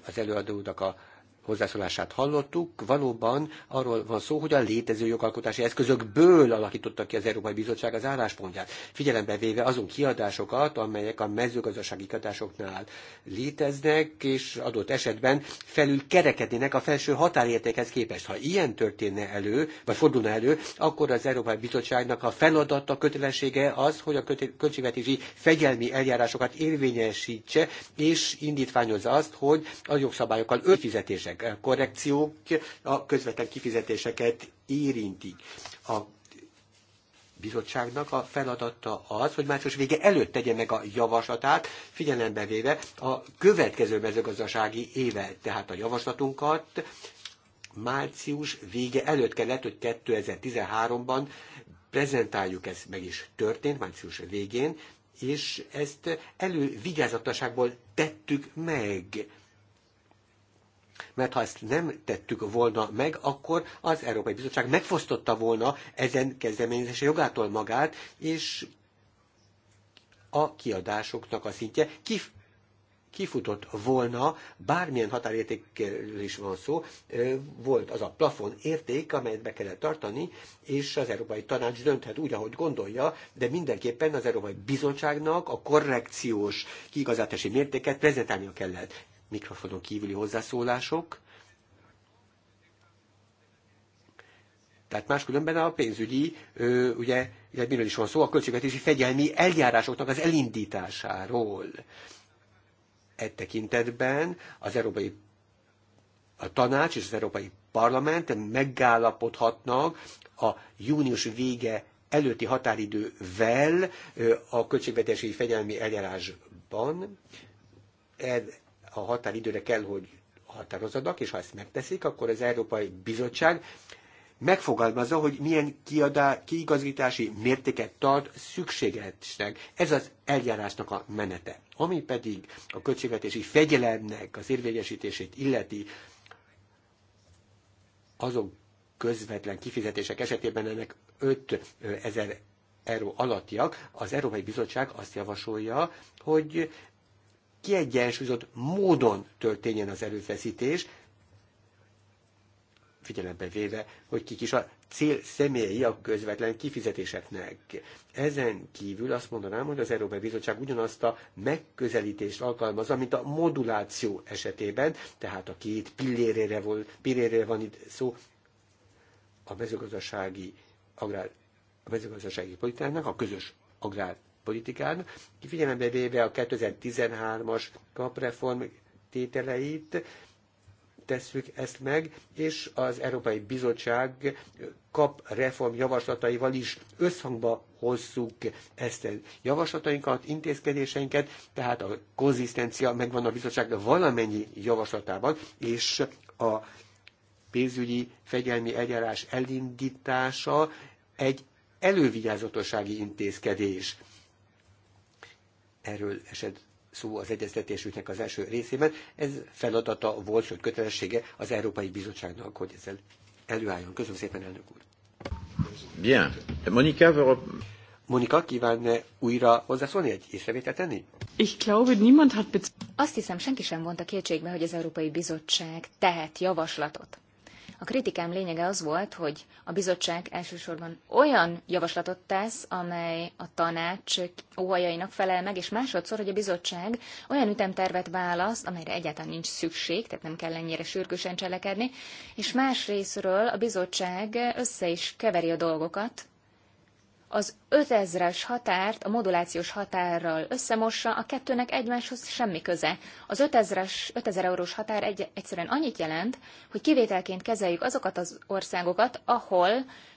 az előadónak a hozzászólását hallottuk, valóban arról van szó, hogy a létező jogalkotási eszközökből alakította ki az Európai Bizottság az álláspontját, figyelembe véve azon kiadásokat, amelyek a mezőgazdasági kiadásoknál léteznek, és adott esetben felül kerekednének a felső határértékhez képest. Ha ilyen történne elő, vagy fordulna elő, akkor az Európai Bizottságnak a feladata, kötelessége az, hogy a költségvetési fegyelmi eljárásokat érvényesítse, és indítványozza azt, hogy a jogszabályokkal önfizetések korrekciók a közvetlen kifizetéseket érintik. A bizottságnak a feladata az, hogy március vége előtt tegye meg a javaslatát, figyelembe véve a következő mezőgazdasági évet, tehát a javaslatunkat március vége előtt kellett, hogy 2013-ban prezentáljuk, ez meg is történt március végén, és ezt elővigyázatosságból tettük meg. Mert ha ezt nem tettük volna meg, akkor az Európai Bizottság megfosztotta volna ezen kezdeményezése jogától magát, és a kiadásoknak a szintje kif kifutott volna, bármilyen határértékkel is van szó, volt az a plafon érték, amelyet be kellett tartani, és az Európai Tanács dönthet úgy, ahogy gondolja, de mindenképpen az Európai Bizottságnak a korrekciós kiigazátási mértéket prezentálnia kellett mikrofonon kívüli hozzászólások. Tehát máskülönben a pénzügyi, ugye, ugye miről is van szó, a költségvetési fegyelmi eljárásoknak az elindításáról. E tekintetben az Európai a tanács és az Európai Parlament megállapodhatnak a június vége előtti határidővel a költségvetési fegyelmi eljárásban a határidőre kell, hogy határozzanak, és ha ezt megteszik, akkor az Európai Bizottság megfogalmazza, hogy milyen kiadá, kiigazítási mértéket tart szükségesnek. Ez az eljárásnak a menete. Ami pedig a költségvetési fegyelemnek az érvényesítését illeti, azok közvetlen kifizetések esetében ennek 5000 euró alattiak, az Európai Bizottság azt javasolja, hogy kiegyensúlyozott módon történjen az erőfeszítés, figyelembe véve, hogy kik is a cél személyi a közvetlen kifizetéseknek. Ezen kívül azt mondanám, hogy az Európai Bizottság ugyanazt a megközelítést alkalmazza, mint a moduláció esetében, tehát a két pillérére, volt, pillérére van itt szó, a mezőgazdasági agrár, a mezőgazdasági politikának, a közös agrár politikán, kifigyelembe véve a 2013-as kapreform tételeit, tesszük ezt meg, és az Európai Bizottság kap reform javaslataival is összhangba hozzuk ezt a javaslatainkat, intézkedéseinket, tehát a konzisztencia megvan a bizottság valamennyi javaslatában, és a pénzügyi fegyelmi eljárás elindítása egy elővigyázatossági intézkedés erről esett szó az egyeztetésüknek az első részében. Ez feladata volt, sőt kötelessége az Európai Bizottságnak, hogy ezzel előálljon. Köszönöm szépen, elnök úr. Bien. Monika, Monika, kívánne újra hozzászólni, egy észrevételt tenni? Ich glaube, niemand hat Azt hiszem, senki sem vonta kétségbe, hogy az Európai Bizottság tehet javaslatot. A kritikám lényege az volt, hogy a bizottság elsősorban olyan javaslatot tesz, amely a tanács óhajainak felel meg, és másodszor, hogy a bizottság olyan ütemtervet választ, amelyre egyáltalán nincs szükség, tehát nem kell ennyire sürgősen cselekedni, és másrésztről a bizottság össze is keveri a dolgokat, az 5000-es határt a modulációs határral összemossa, a kettőnek egymáshoz semmi köze. Az 5000-es, 5000 eurós határ egy, egyszerűen annyit jelent, hogy kivételként kezeljük azokat az országokat, ahol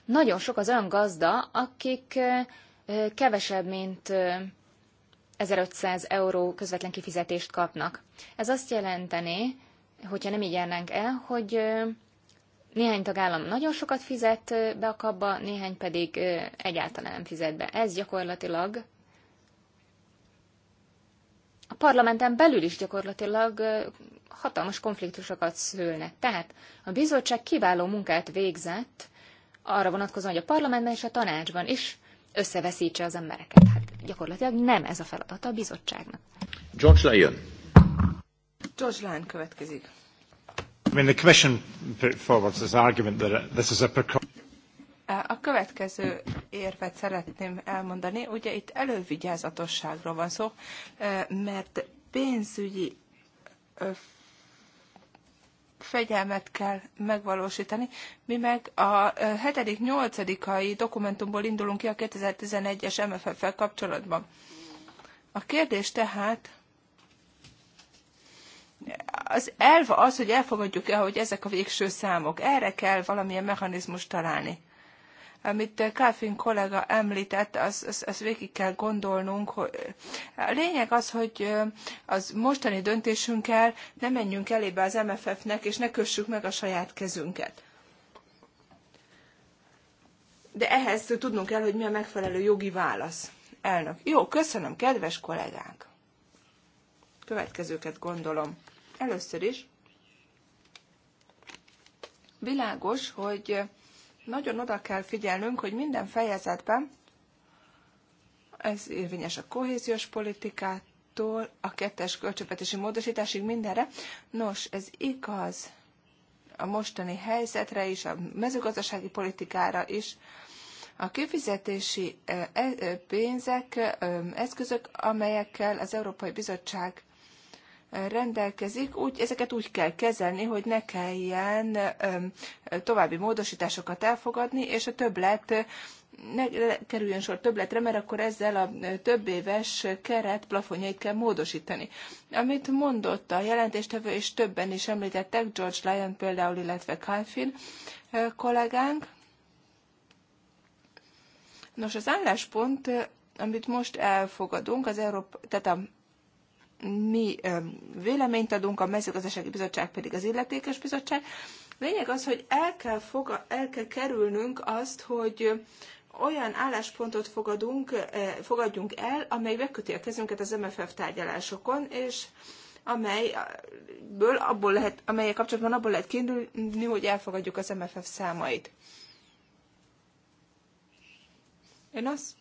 nagyon sok az olyan gazda, akik kevesebb, mint 1500 euró közvetlen kifizetést kapnak. Ez azt jelenteni, hogyha nem így járnánk el, hogy néhány tagállam nagyon sokat fizet be a kapba, néhány pedig egyáltalán nem fizet be. Ez gyakorlatilag a parlamenten belül is gyakorlatilag hatalmas konfliktusokat szülnek. Tehát a bizottság kiváló munkát végzett arra vonatkozóan, hogy a parlamentben és a tanácsban is összeveszítse az embereket. Hát gyakorlatilag nem ez a feladata a bizottságnak. George Lyon. George Lyon következik. A következő érvet szeretném elmondani. Ugye itt elővigyázatosságról van szó, uh, mert pénzügyi fegyelmet kell megvalósítani. Mi meg a 7 8 dokumentumból indulunk ki a 2011-es MFF-fel kapcsolatban. A kérdés tehát, az elv az, hogy elfogadjuk el, hogy ezek a végső számok. Erre kell valamilyen mechanizmust találni. Amit Káfin kollega említett, az, az, az végig kell gondolnunk. Hogy a lényeg az, hogy az mostani döntésünkkel ne menjünk elébe az MFF-nek, és ne kössük meg a saját kezünket. De ehhez tudnunk kell, hogy mi a megfelelő jogi válasz. Elnök. Jó, köszönöm, kedves kollégák! Következőket gondolom. Először is világos, hogy nagyon oda kell figyelnünk, hogy minden fejezetben, ez érvényes a kohéziós politikától, a kettes költségvetési módosításig mindenre. Nos, ez igaz a mostani helyzetre is, a mezőgazdasági politikára is, a kifizetési e, e, pénzek, eszközök, amelyekkel az Európai Bizottság rendelkezik, úgy, ezeket úgy kell kezelni, hogy ne kelljen további módosításokat elfogadni, és a többlet ne kerüljön sor többletre, mert akkor ezzel a több éves keret plafonjait kell módosítani. Amit mondott a jelentéstevő, és többen is említettek, George Lyon például, illetve Calfin kollégánk. Nos, az álláspont, amit most elfogadunk, az Európa, tehát a mi véleményt adunk, a mezőgazdasági bizottság pedig az illetékes bizottság. Lényeg az, hogy el kell, foga, el kell kerülnünk azt, hogy olyan álláspontot fogadunk, e, fogadjunk el, amely megköti a kezünket az MFF tárgyalásokon, és amelyből abból lehet, amelyek kapcsolatban abból lehet kiindulni, hogy elfogadjuk az MFF számait. Én azt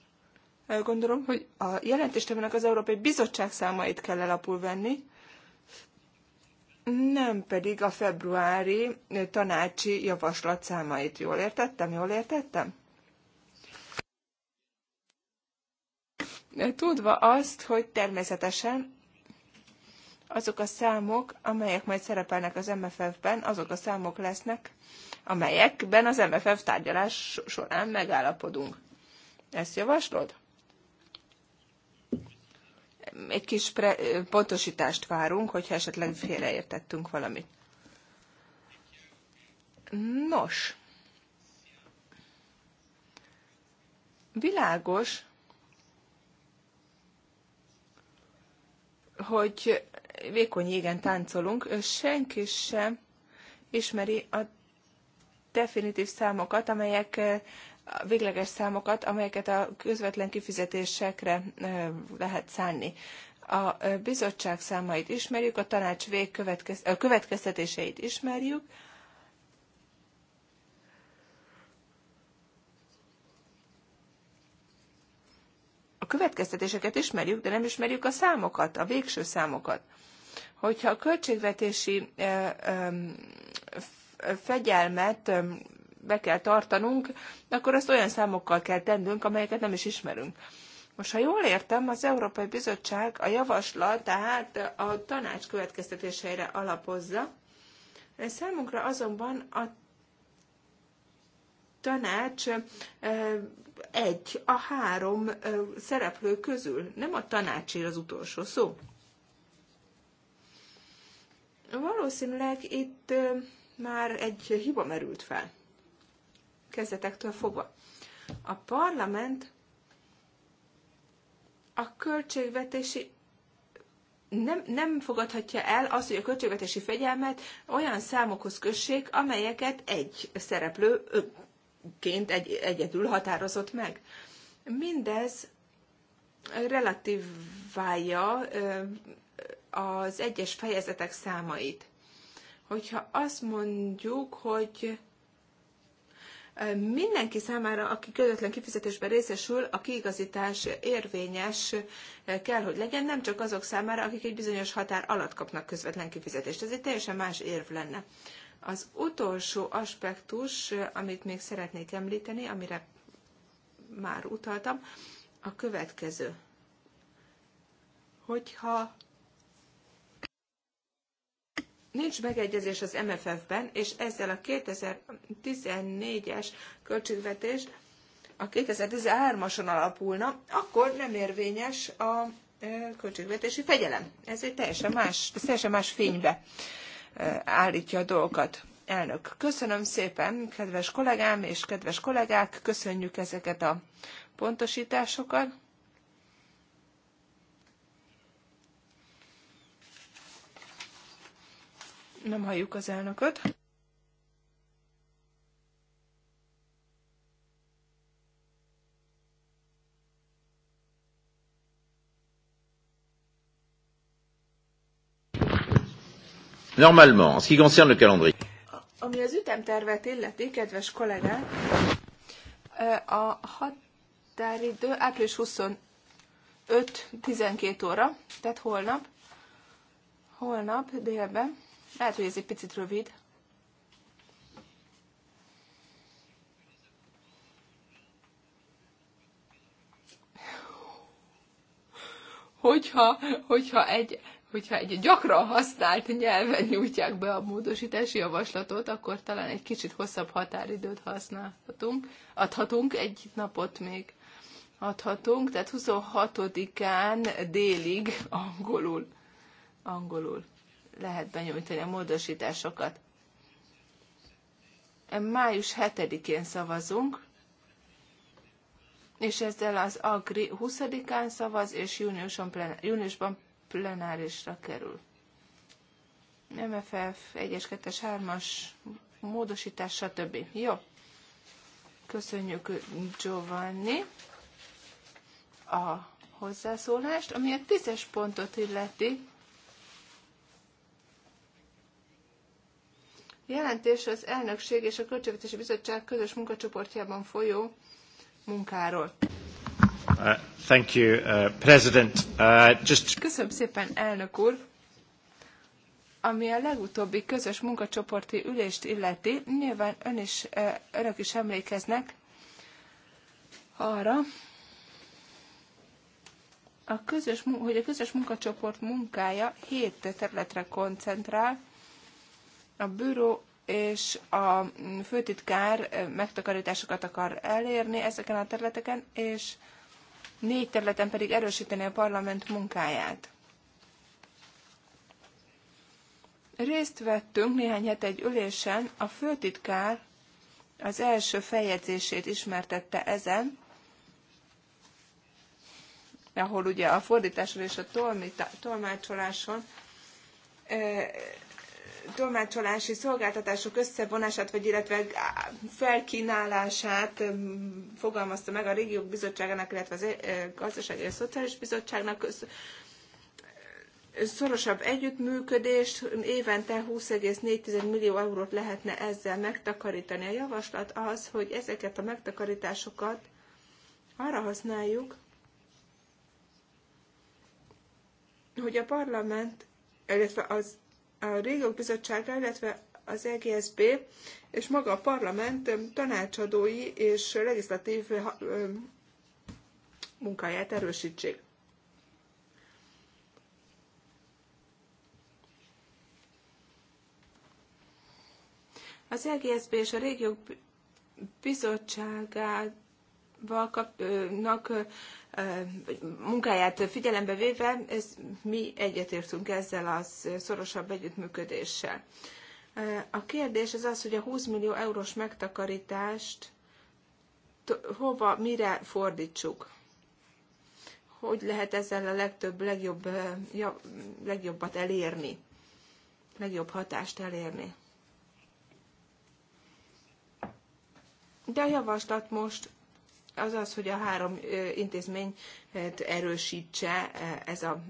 Gondolom, hogy a jelentéstevőnek az Európai Bizottság számait kell elapul venni, nem pedig a februári tanácsi javaslat számait. Jól értettem? Jól értettem? Tudva azt, hogy természetesen azok a számok, amelyek majd szerepelnek az MFF-ben, azok a számok lesznek, amelyekben az MFF tárgyalás során megállapodunk. Ezt javaslod? egy kis pre- pontosítást várunk, hogyha esetleg félreértettünk valamit. Nos, világos, hogy vékony égen táncolunk, senki sem ismeri a definitív számokat, amelyek végleges számokat, amelyeket a közvetlen kifizetésekre lehet szánni. A bizottság számait ismerjük, a tanács végkövetkez, következtetéseit ismerjük, A következtetéseket ismerjük, de nem ismerjük a számokat, a végső számokat. Hogyha a költségvetési fegyelmet be kell tartanunk, akkor azt olyan számokkal kell tennünk, amelyeket nem is ismerünk. Most, ha jól értem, az Európai Bizottság a javaslat, tehát a tanács következtetéseire alapozza. Számunkra azonban a tanács egy a három szereplő közül, nem a tanácsé az utolsó szó. Valószínűleg itt már egy hiba merült fel kezdetektől fogva. A parlament a költségvetési nem, nem fogadhatja el azt, hogy a költségvetési fegyelmet olyan számokhoz kössék, amelyeket egy szereplőként egy, egyedül határozott meg. Mindez relatíválja az egyes fejezetek számait. Hogyha azt mondjuk, hogy mindenki számára, aki közvetlen kifizetésben részesül, a kiigazítás érvényes kell, hogy legyen, nem csak azok számára, akik egy bizonyos határ alatt kapnak közvetlen kifizetést. Ez egy teljesen más érv lenne. Az utolsó aspektus, amit még szeretnék említeni, amire már utaltam, a következő. Hogyha Nincs megegyezés az MFF-ben, és ezzel a 2014-es költségvetés a 2013-ason alapulna, akkor nem érvényes a költségvetési fegyelem. Ez egy teljesen más, teljesen más fénybe állítja a dolgokat. Elnök, köszönöm szépen, kedves kollégám és kedves kollégák, köszönjük ezeket a pontosításokat. Nem halljuk az elnököt. Normalement, en ce qui concerne le calendrier. Ami az ütemtervet illeti, kedves kollégák, a határidő április 25-12 óra, tehát holnap, holnap délben lehet, hogy ez egy picit rövid. Hogyha, hogyha egy, hogyha egy gyakran használt nyelven nyújtják be a módosítási javaslatot, akkor talán egy kicsit hosszabb határidőt használhatunk, adhatunk, egy napot még adhatunk, tehát 26-án délig angolul. Angolul lehet benyújtani a módosításokat. Május 7-én szavazunk, és ezzel az Agri 20-án szavaz, és júniuson plen- júniusban plenárisra kerül. MFF 1-es, 2-es, 3-as módosítás, stb. Jó. Köszönjük Giovanni a hozzászólást, ami a tízes pontot illeti. jelentés az elnökség és a Költségvetési Bizottság közös munkacsoportjában folyó munkáról. Uh, thank you, uh, President. Uh, just... Köszönöm szépen, elnök úr! Ami a legutóbbi közös munkacsoporti ülést illeti, nyilván ön is, uh, önök is emlékeznek arra, a közös, hogy a közös munkacsoport munkája hét területre koncentrál, a bűró és a főtitkár megtakarításokat akar elérni ezeken a területeken, és négy területen pedig erősíteni a parlament munkáját. Részt vettünk néhány hete egy ülésen, a főtitkár az első feljegyzését ismertette ezen, ahol ugye a fordításról és a tolmácsoláson tolmácsolási szolgáltatások összevonását, vagy illetve felkínálását fogalmazta meg a Régiók Bizottságának, illetve az Gazdasági és Szociális Bizottságnak szorosabb együttműködést, évente 20,4 millió eurót lehetne ezzel megtakarítani. A javaslat az, hogy ezeket a megtakarításokat arra használjuk, hogy a parlament, illetve az a Régiók Bizottsága, illetve az EGSB és maga a parlament um, tanácsadói és legislatív um, munkáját erősítsék. Az EGSB és a Régiók Bizottságát kapnak munkáját figyelembe véve, ez, mi egyetértünk ezzel az szorosabb együttműködéssel. A kérdés az az, hogy a 20 millió eurós megtakarítást hova, mire fordítsuk? Hogy lehet ezzel a legtöbb, legjobb, legjobbat elérni? Legjobb hatást elérni? De a javaslat most az az, hogy a három intézmény erősítse ez a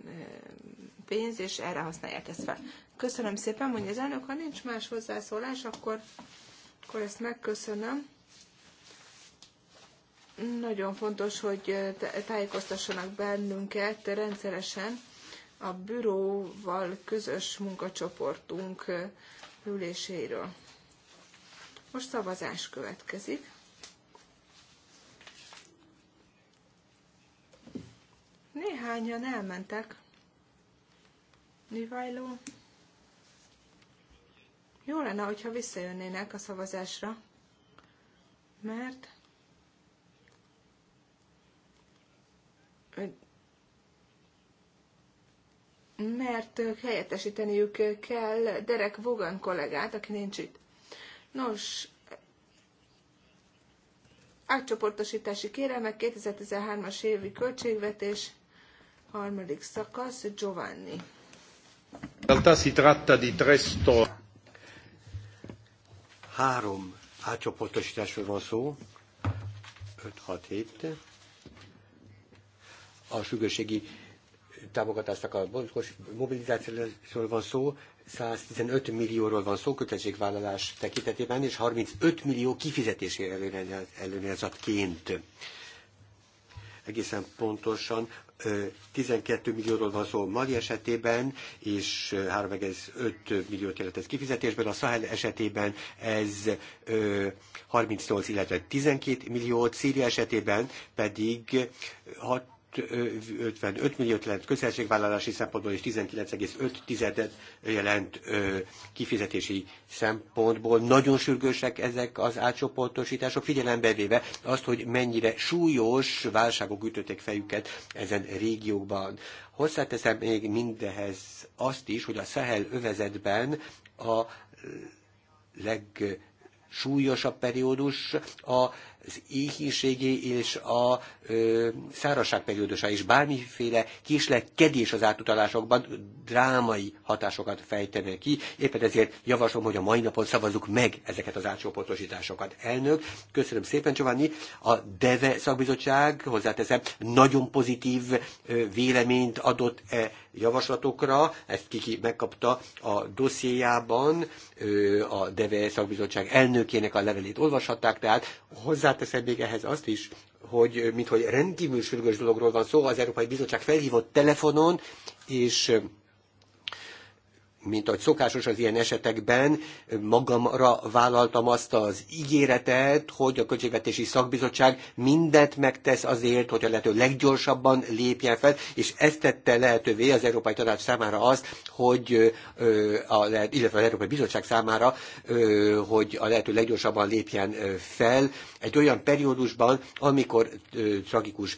pénz, és erre használják ezt fel. Köszönöm szépen, mondja az elnök, ha nincs más hozzászólás, akkor, akkor ezt megköszönöm. Nagyon fontos, hogy tájékoztassanak bennünket rendszeresen. A büróval közös munkacsoportunk üléséről. Most szavazás következik. Néhányan elmentek. Nivajló. Jó lenne, hogyha visszajönnének a szavazásra, mert mert helyettesíteniük kell Derek Vogan kollégát, aki nincs itt. Nos, átcsoportosítási kérelmek 2013-as évi költségvetés Harmadik szakasz, Giovanni. Három átcsoportosításról van szó, 5-6-7. A sürgősségi támogatásnak a bolykos mobilizációról van szó, 115 millióról van szó kötelezettségvállalás tekintetében, és 35 millió kifizetésére előrejelzatként. Előre egészen pontosan 12 millióról van szó Mali esetében, és 3,5 milliót jelentett kifizetésben, a Sahel esetében ez 38, illetve 12 millió Szíria esetében pedig 6 55 milliót jelent közelségvállalási szempontból, és 19,5 jelent kifizetési szempontból. Nagyon sürgősek ezek az átcsoportosítások, figyelembe véve azt, hogy mennyire súlyos válságok ütötték fejüket ezen régiókban. Hozzáteszem még mindehez azt is, hogy a Szahel övezetben a legsúlyosabb periódus a az éhínségé és a ö, szárazság periódusa és bármiféle késlekedés az átutalásokban drámai hatásokat fejtenek ki. Éppen ezért javaslom, hogy a mai napon szavazzuk meg ezeket az átcsoportosításokat. Elnök, köszönöm szépen Giovanni. A DEVE szakbizottság, hozzáteszem, nagyon pozitív véleményt adott e javaslatokra, ezt Kiki megkapta a dossziéjában, a DEVE szakbizottság elnökének a levelét olvashatták, tehát hozzá hozzáteszem még ehhez azt is, hogy minthogy rendkívül sürgős dologról van szó, az Európai Bizottság felhívott telefonon, és mint ahogy szokásos az ilyen esetekben, magamra vállaltam azt az ígéretet, hogy a Költségvetési Szakbizottság mindent megtesz azért, hogy a lehető leggyorsabban lépjen fel, és ezt tette lehetővé az Európai Tanács számára azt, hogy a, illetve az Európai Bizottság számára, hogy a lehető leggyorsabban lépjen fel egy olyan periódusban, amikor tragikus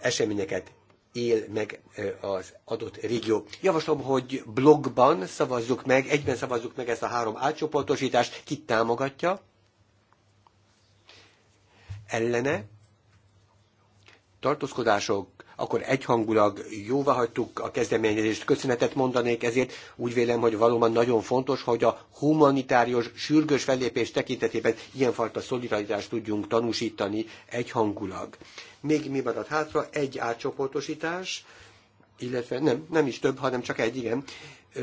eseményeket él meg az adott régió. Javaslom, hogy blogban szavazzuk meg, egyben szavazzuk meg ezt a három átcsoportosítást, kit támogatja, ellene, tartózkodások, akkor egyhangulag jóvá hagytuk a kezdeményezést, köszönetet mondanék ezért. Úgy vélem, hogy valóban nagyon fontos, hogy a humanitárius, sürgős fellépés tekintetében ilyenfajta szolidaritást tudjunk tanúsítani egyhangulag még mi maradt hátra, egy átcsoportosítás, illetve nem, nem is több, hanem csak egy, igen.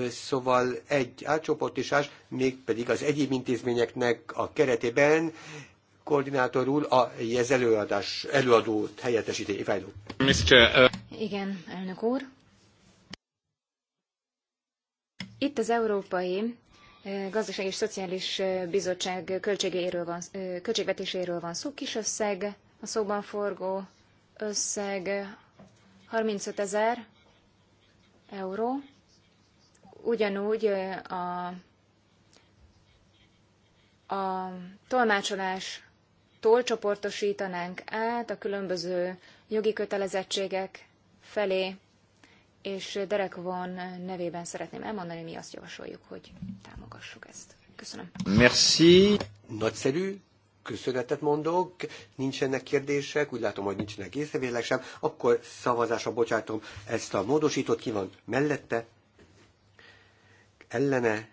Szóval egy átcsoportosítás, mégpedig az egyéb intézményeknek a keretében koordinátorul a jez előadás, előadót helyettesíti. Iványló. Igen, elnök úr. Itt az Európai Gazdasági és Szociális Bizottság van, költségvetéséről van szó, kis összeg, a szóban forgó összeg 35 ezer euró, ugyanúgy a, a tolmácsolás csoportosítanánk át a különböző jogi kötelezettségek felé, és Derek von nevében szeretném elmondani, mi azt javasoljuk, hogy támogassuk ezt. Köszönöm. Merci. Nagyszerű köszönetet mondok, nincsenek kérdések, úgy látom, hogy nincsenek észrevélek sem, akkor szavazásra bocsátom ezt a módosítót, ki van mellette, ellene,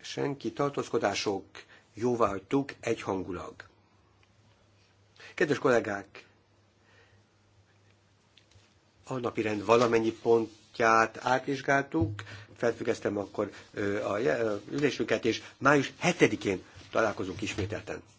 senki, tartózkodások, jóvá hagytuk egyhangulag. Kedves kollégák, a napi rend valamennyi pontját átvizsgáltuk, felfüggesztem akkor a ülésünket, és május 7-én találkozunk ismételten.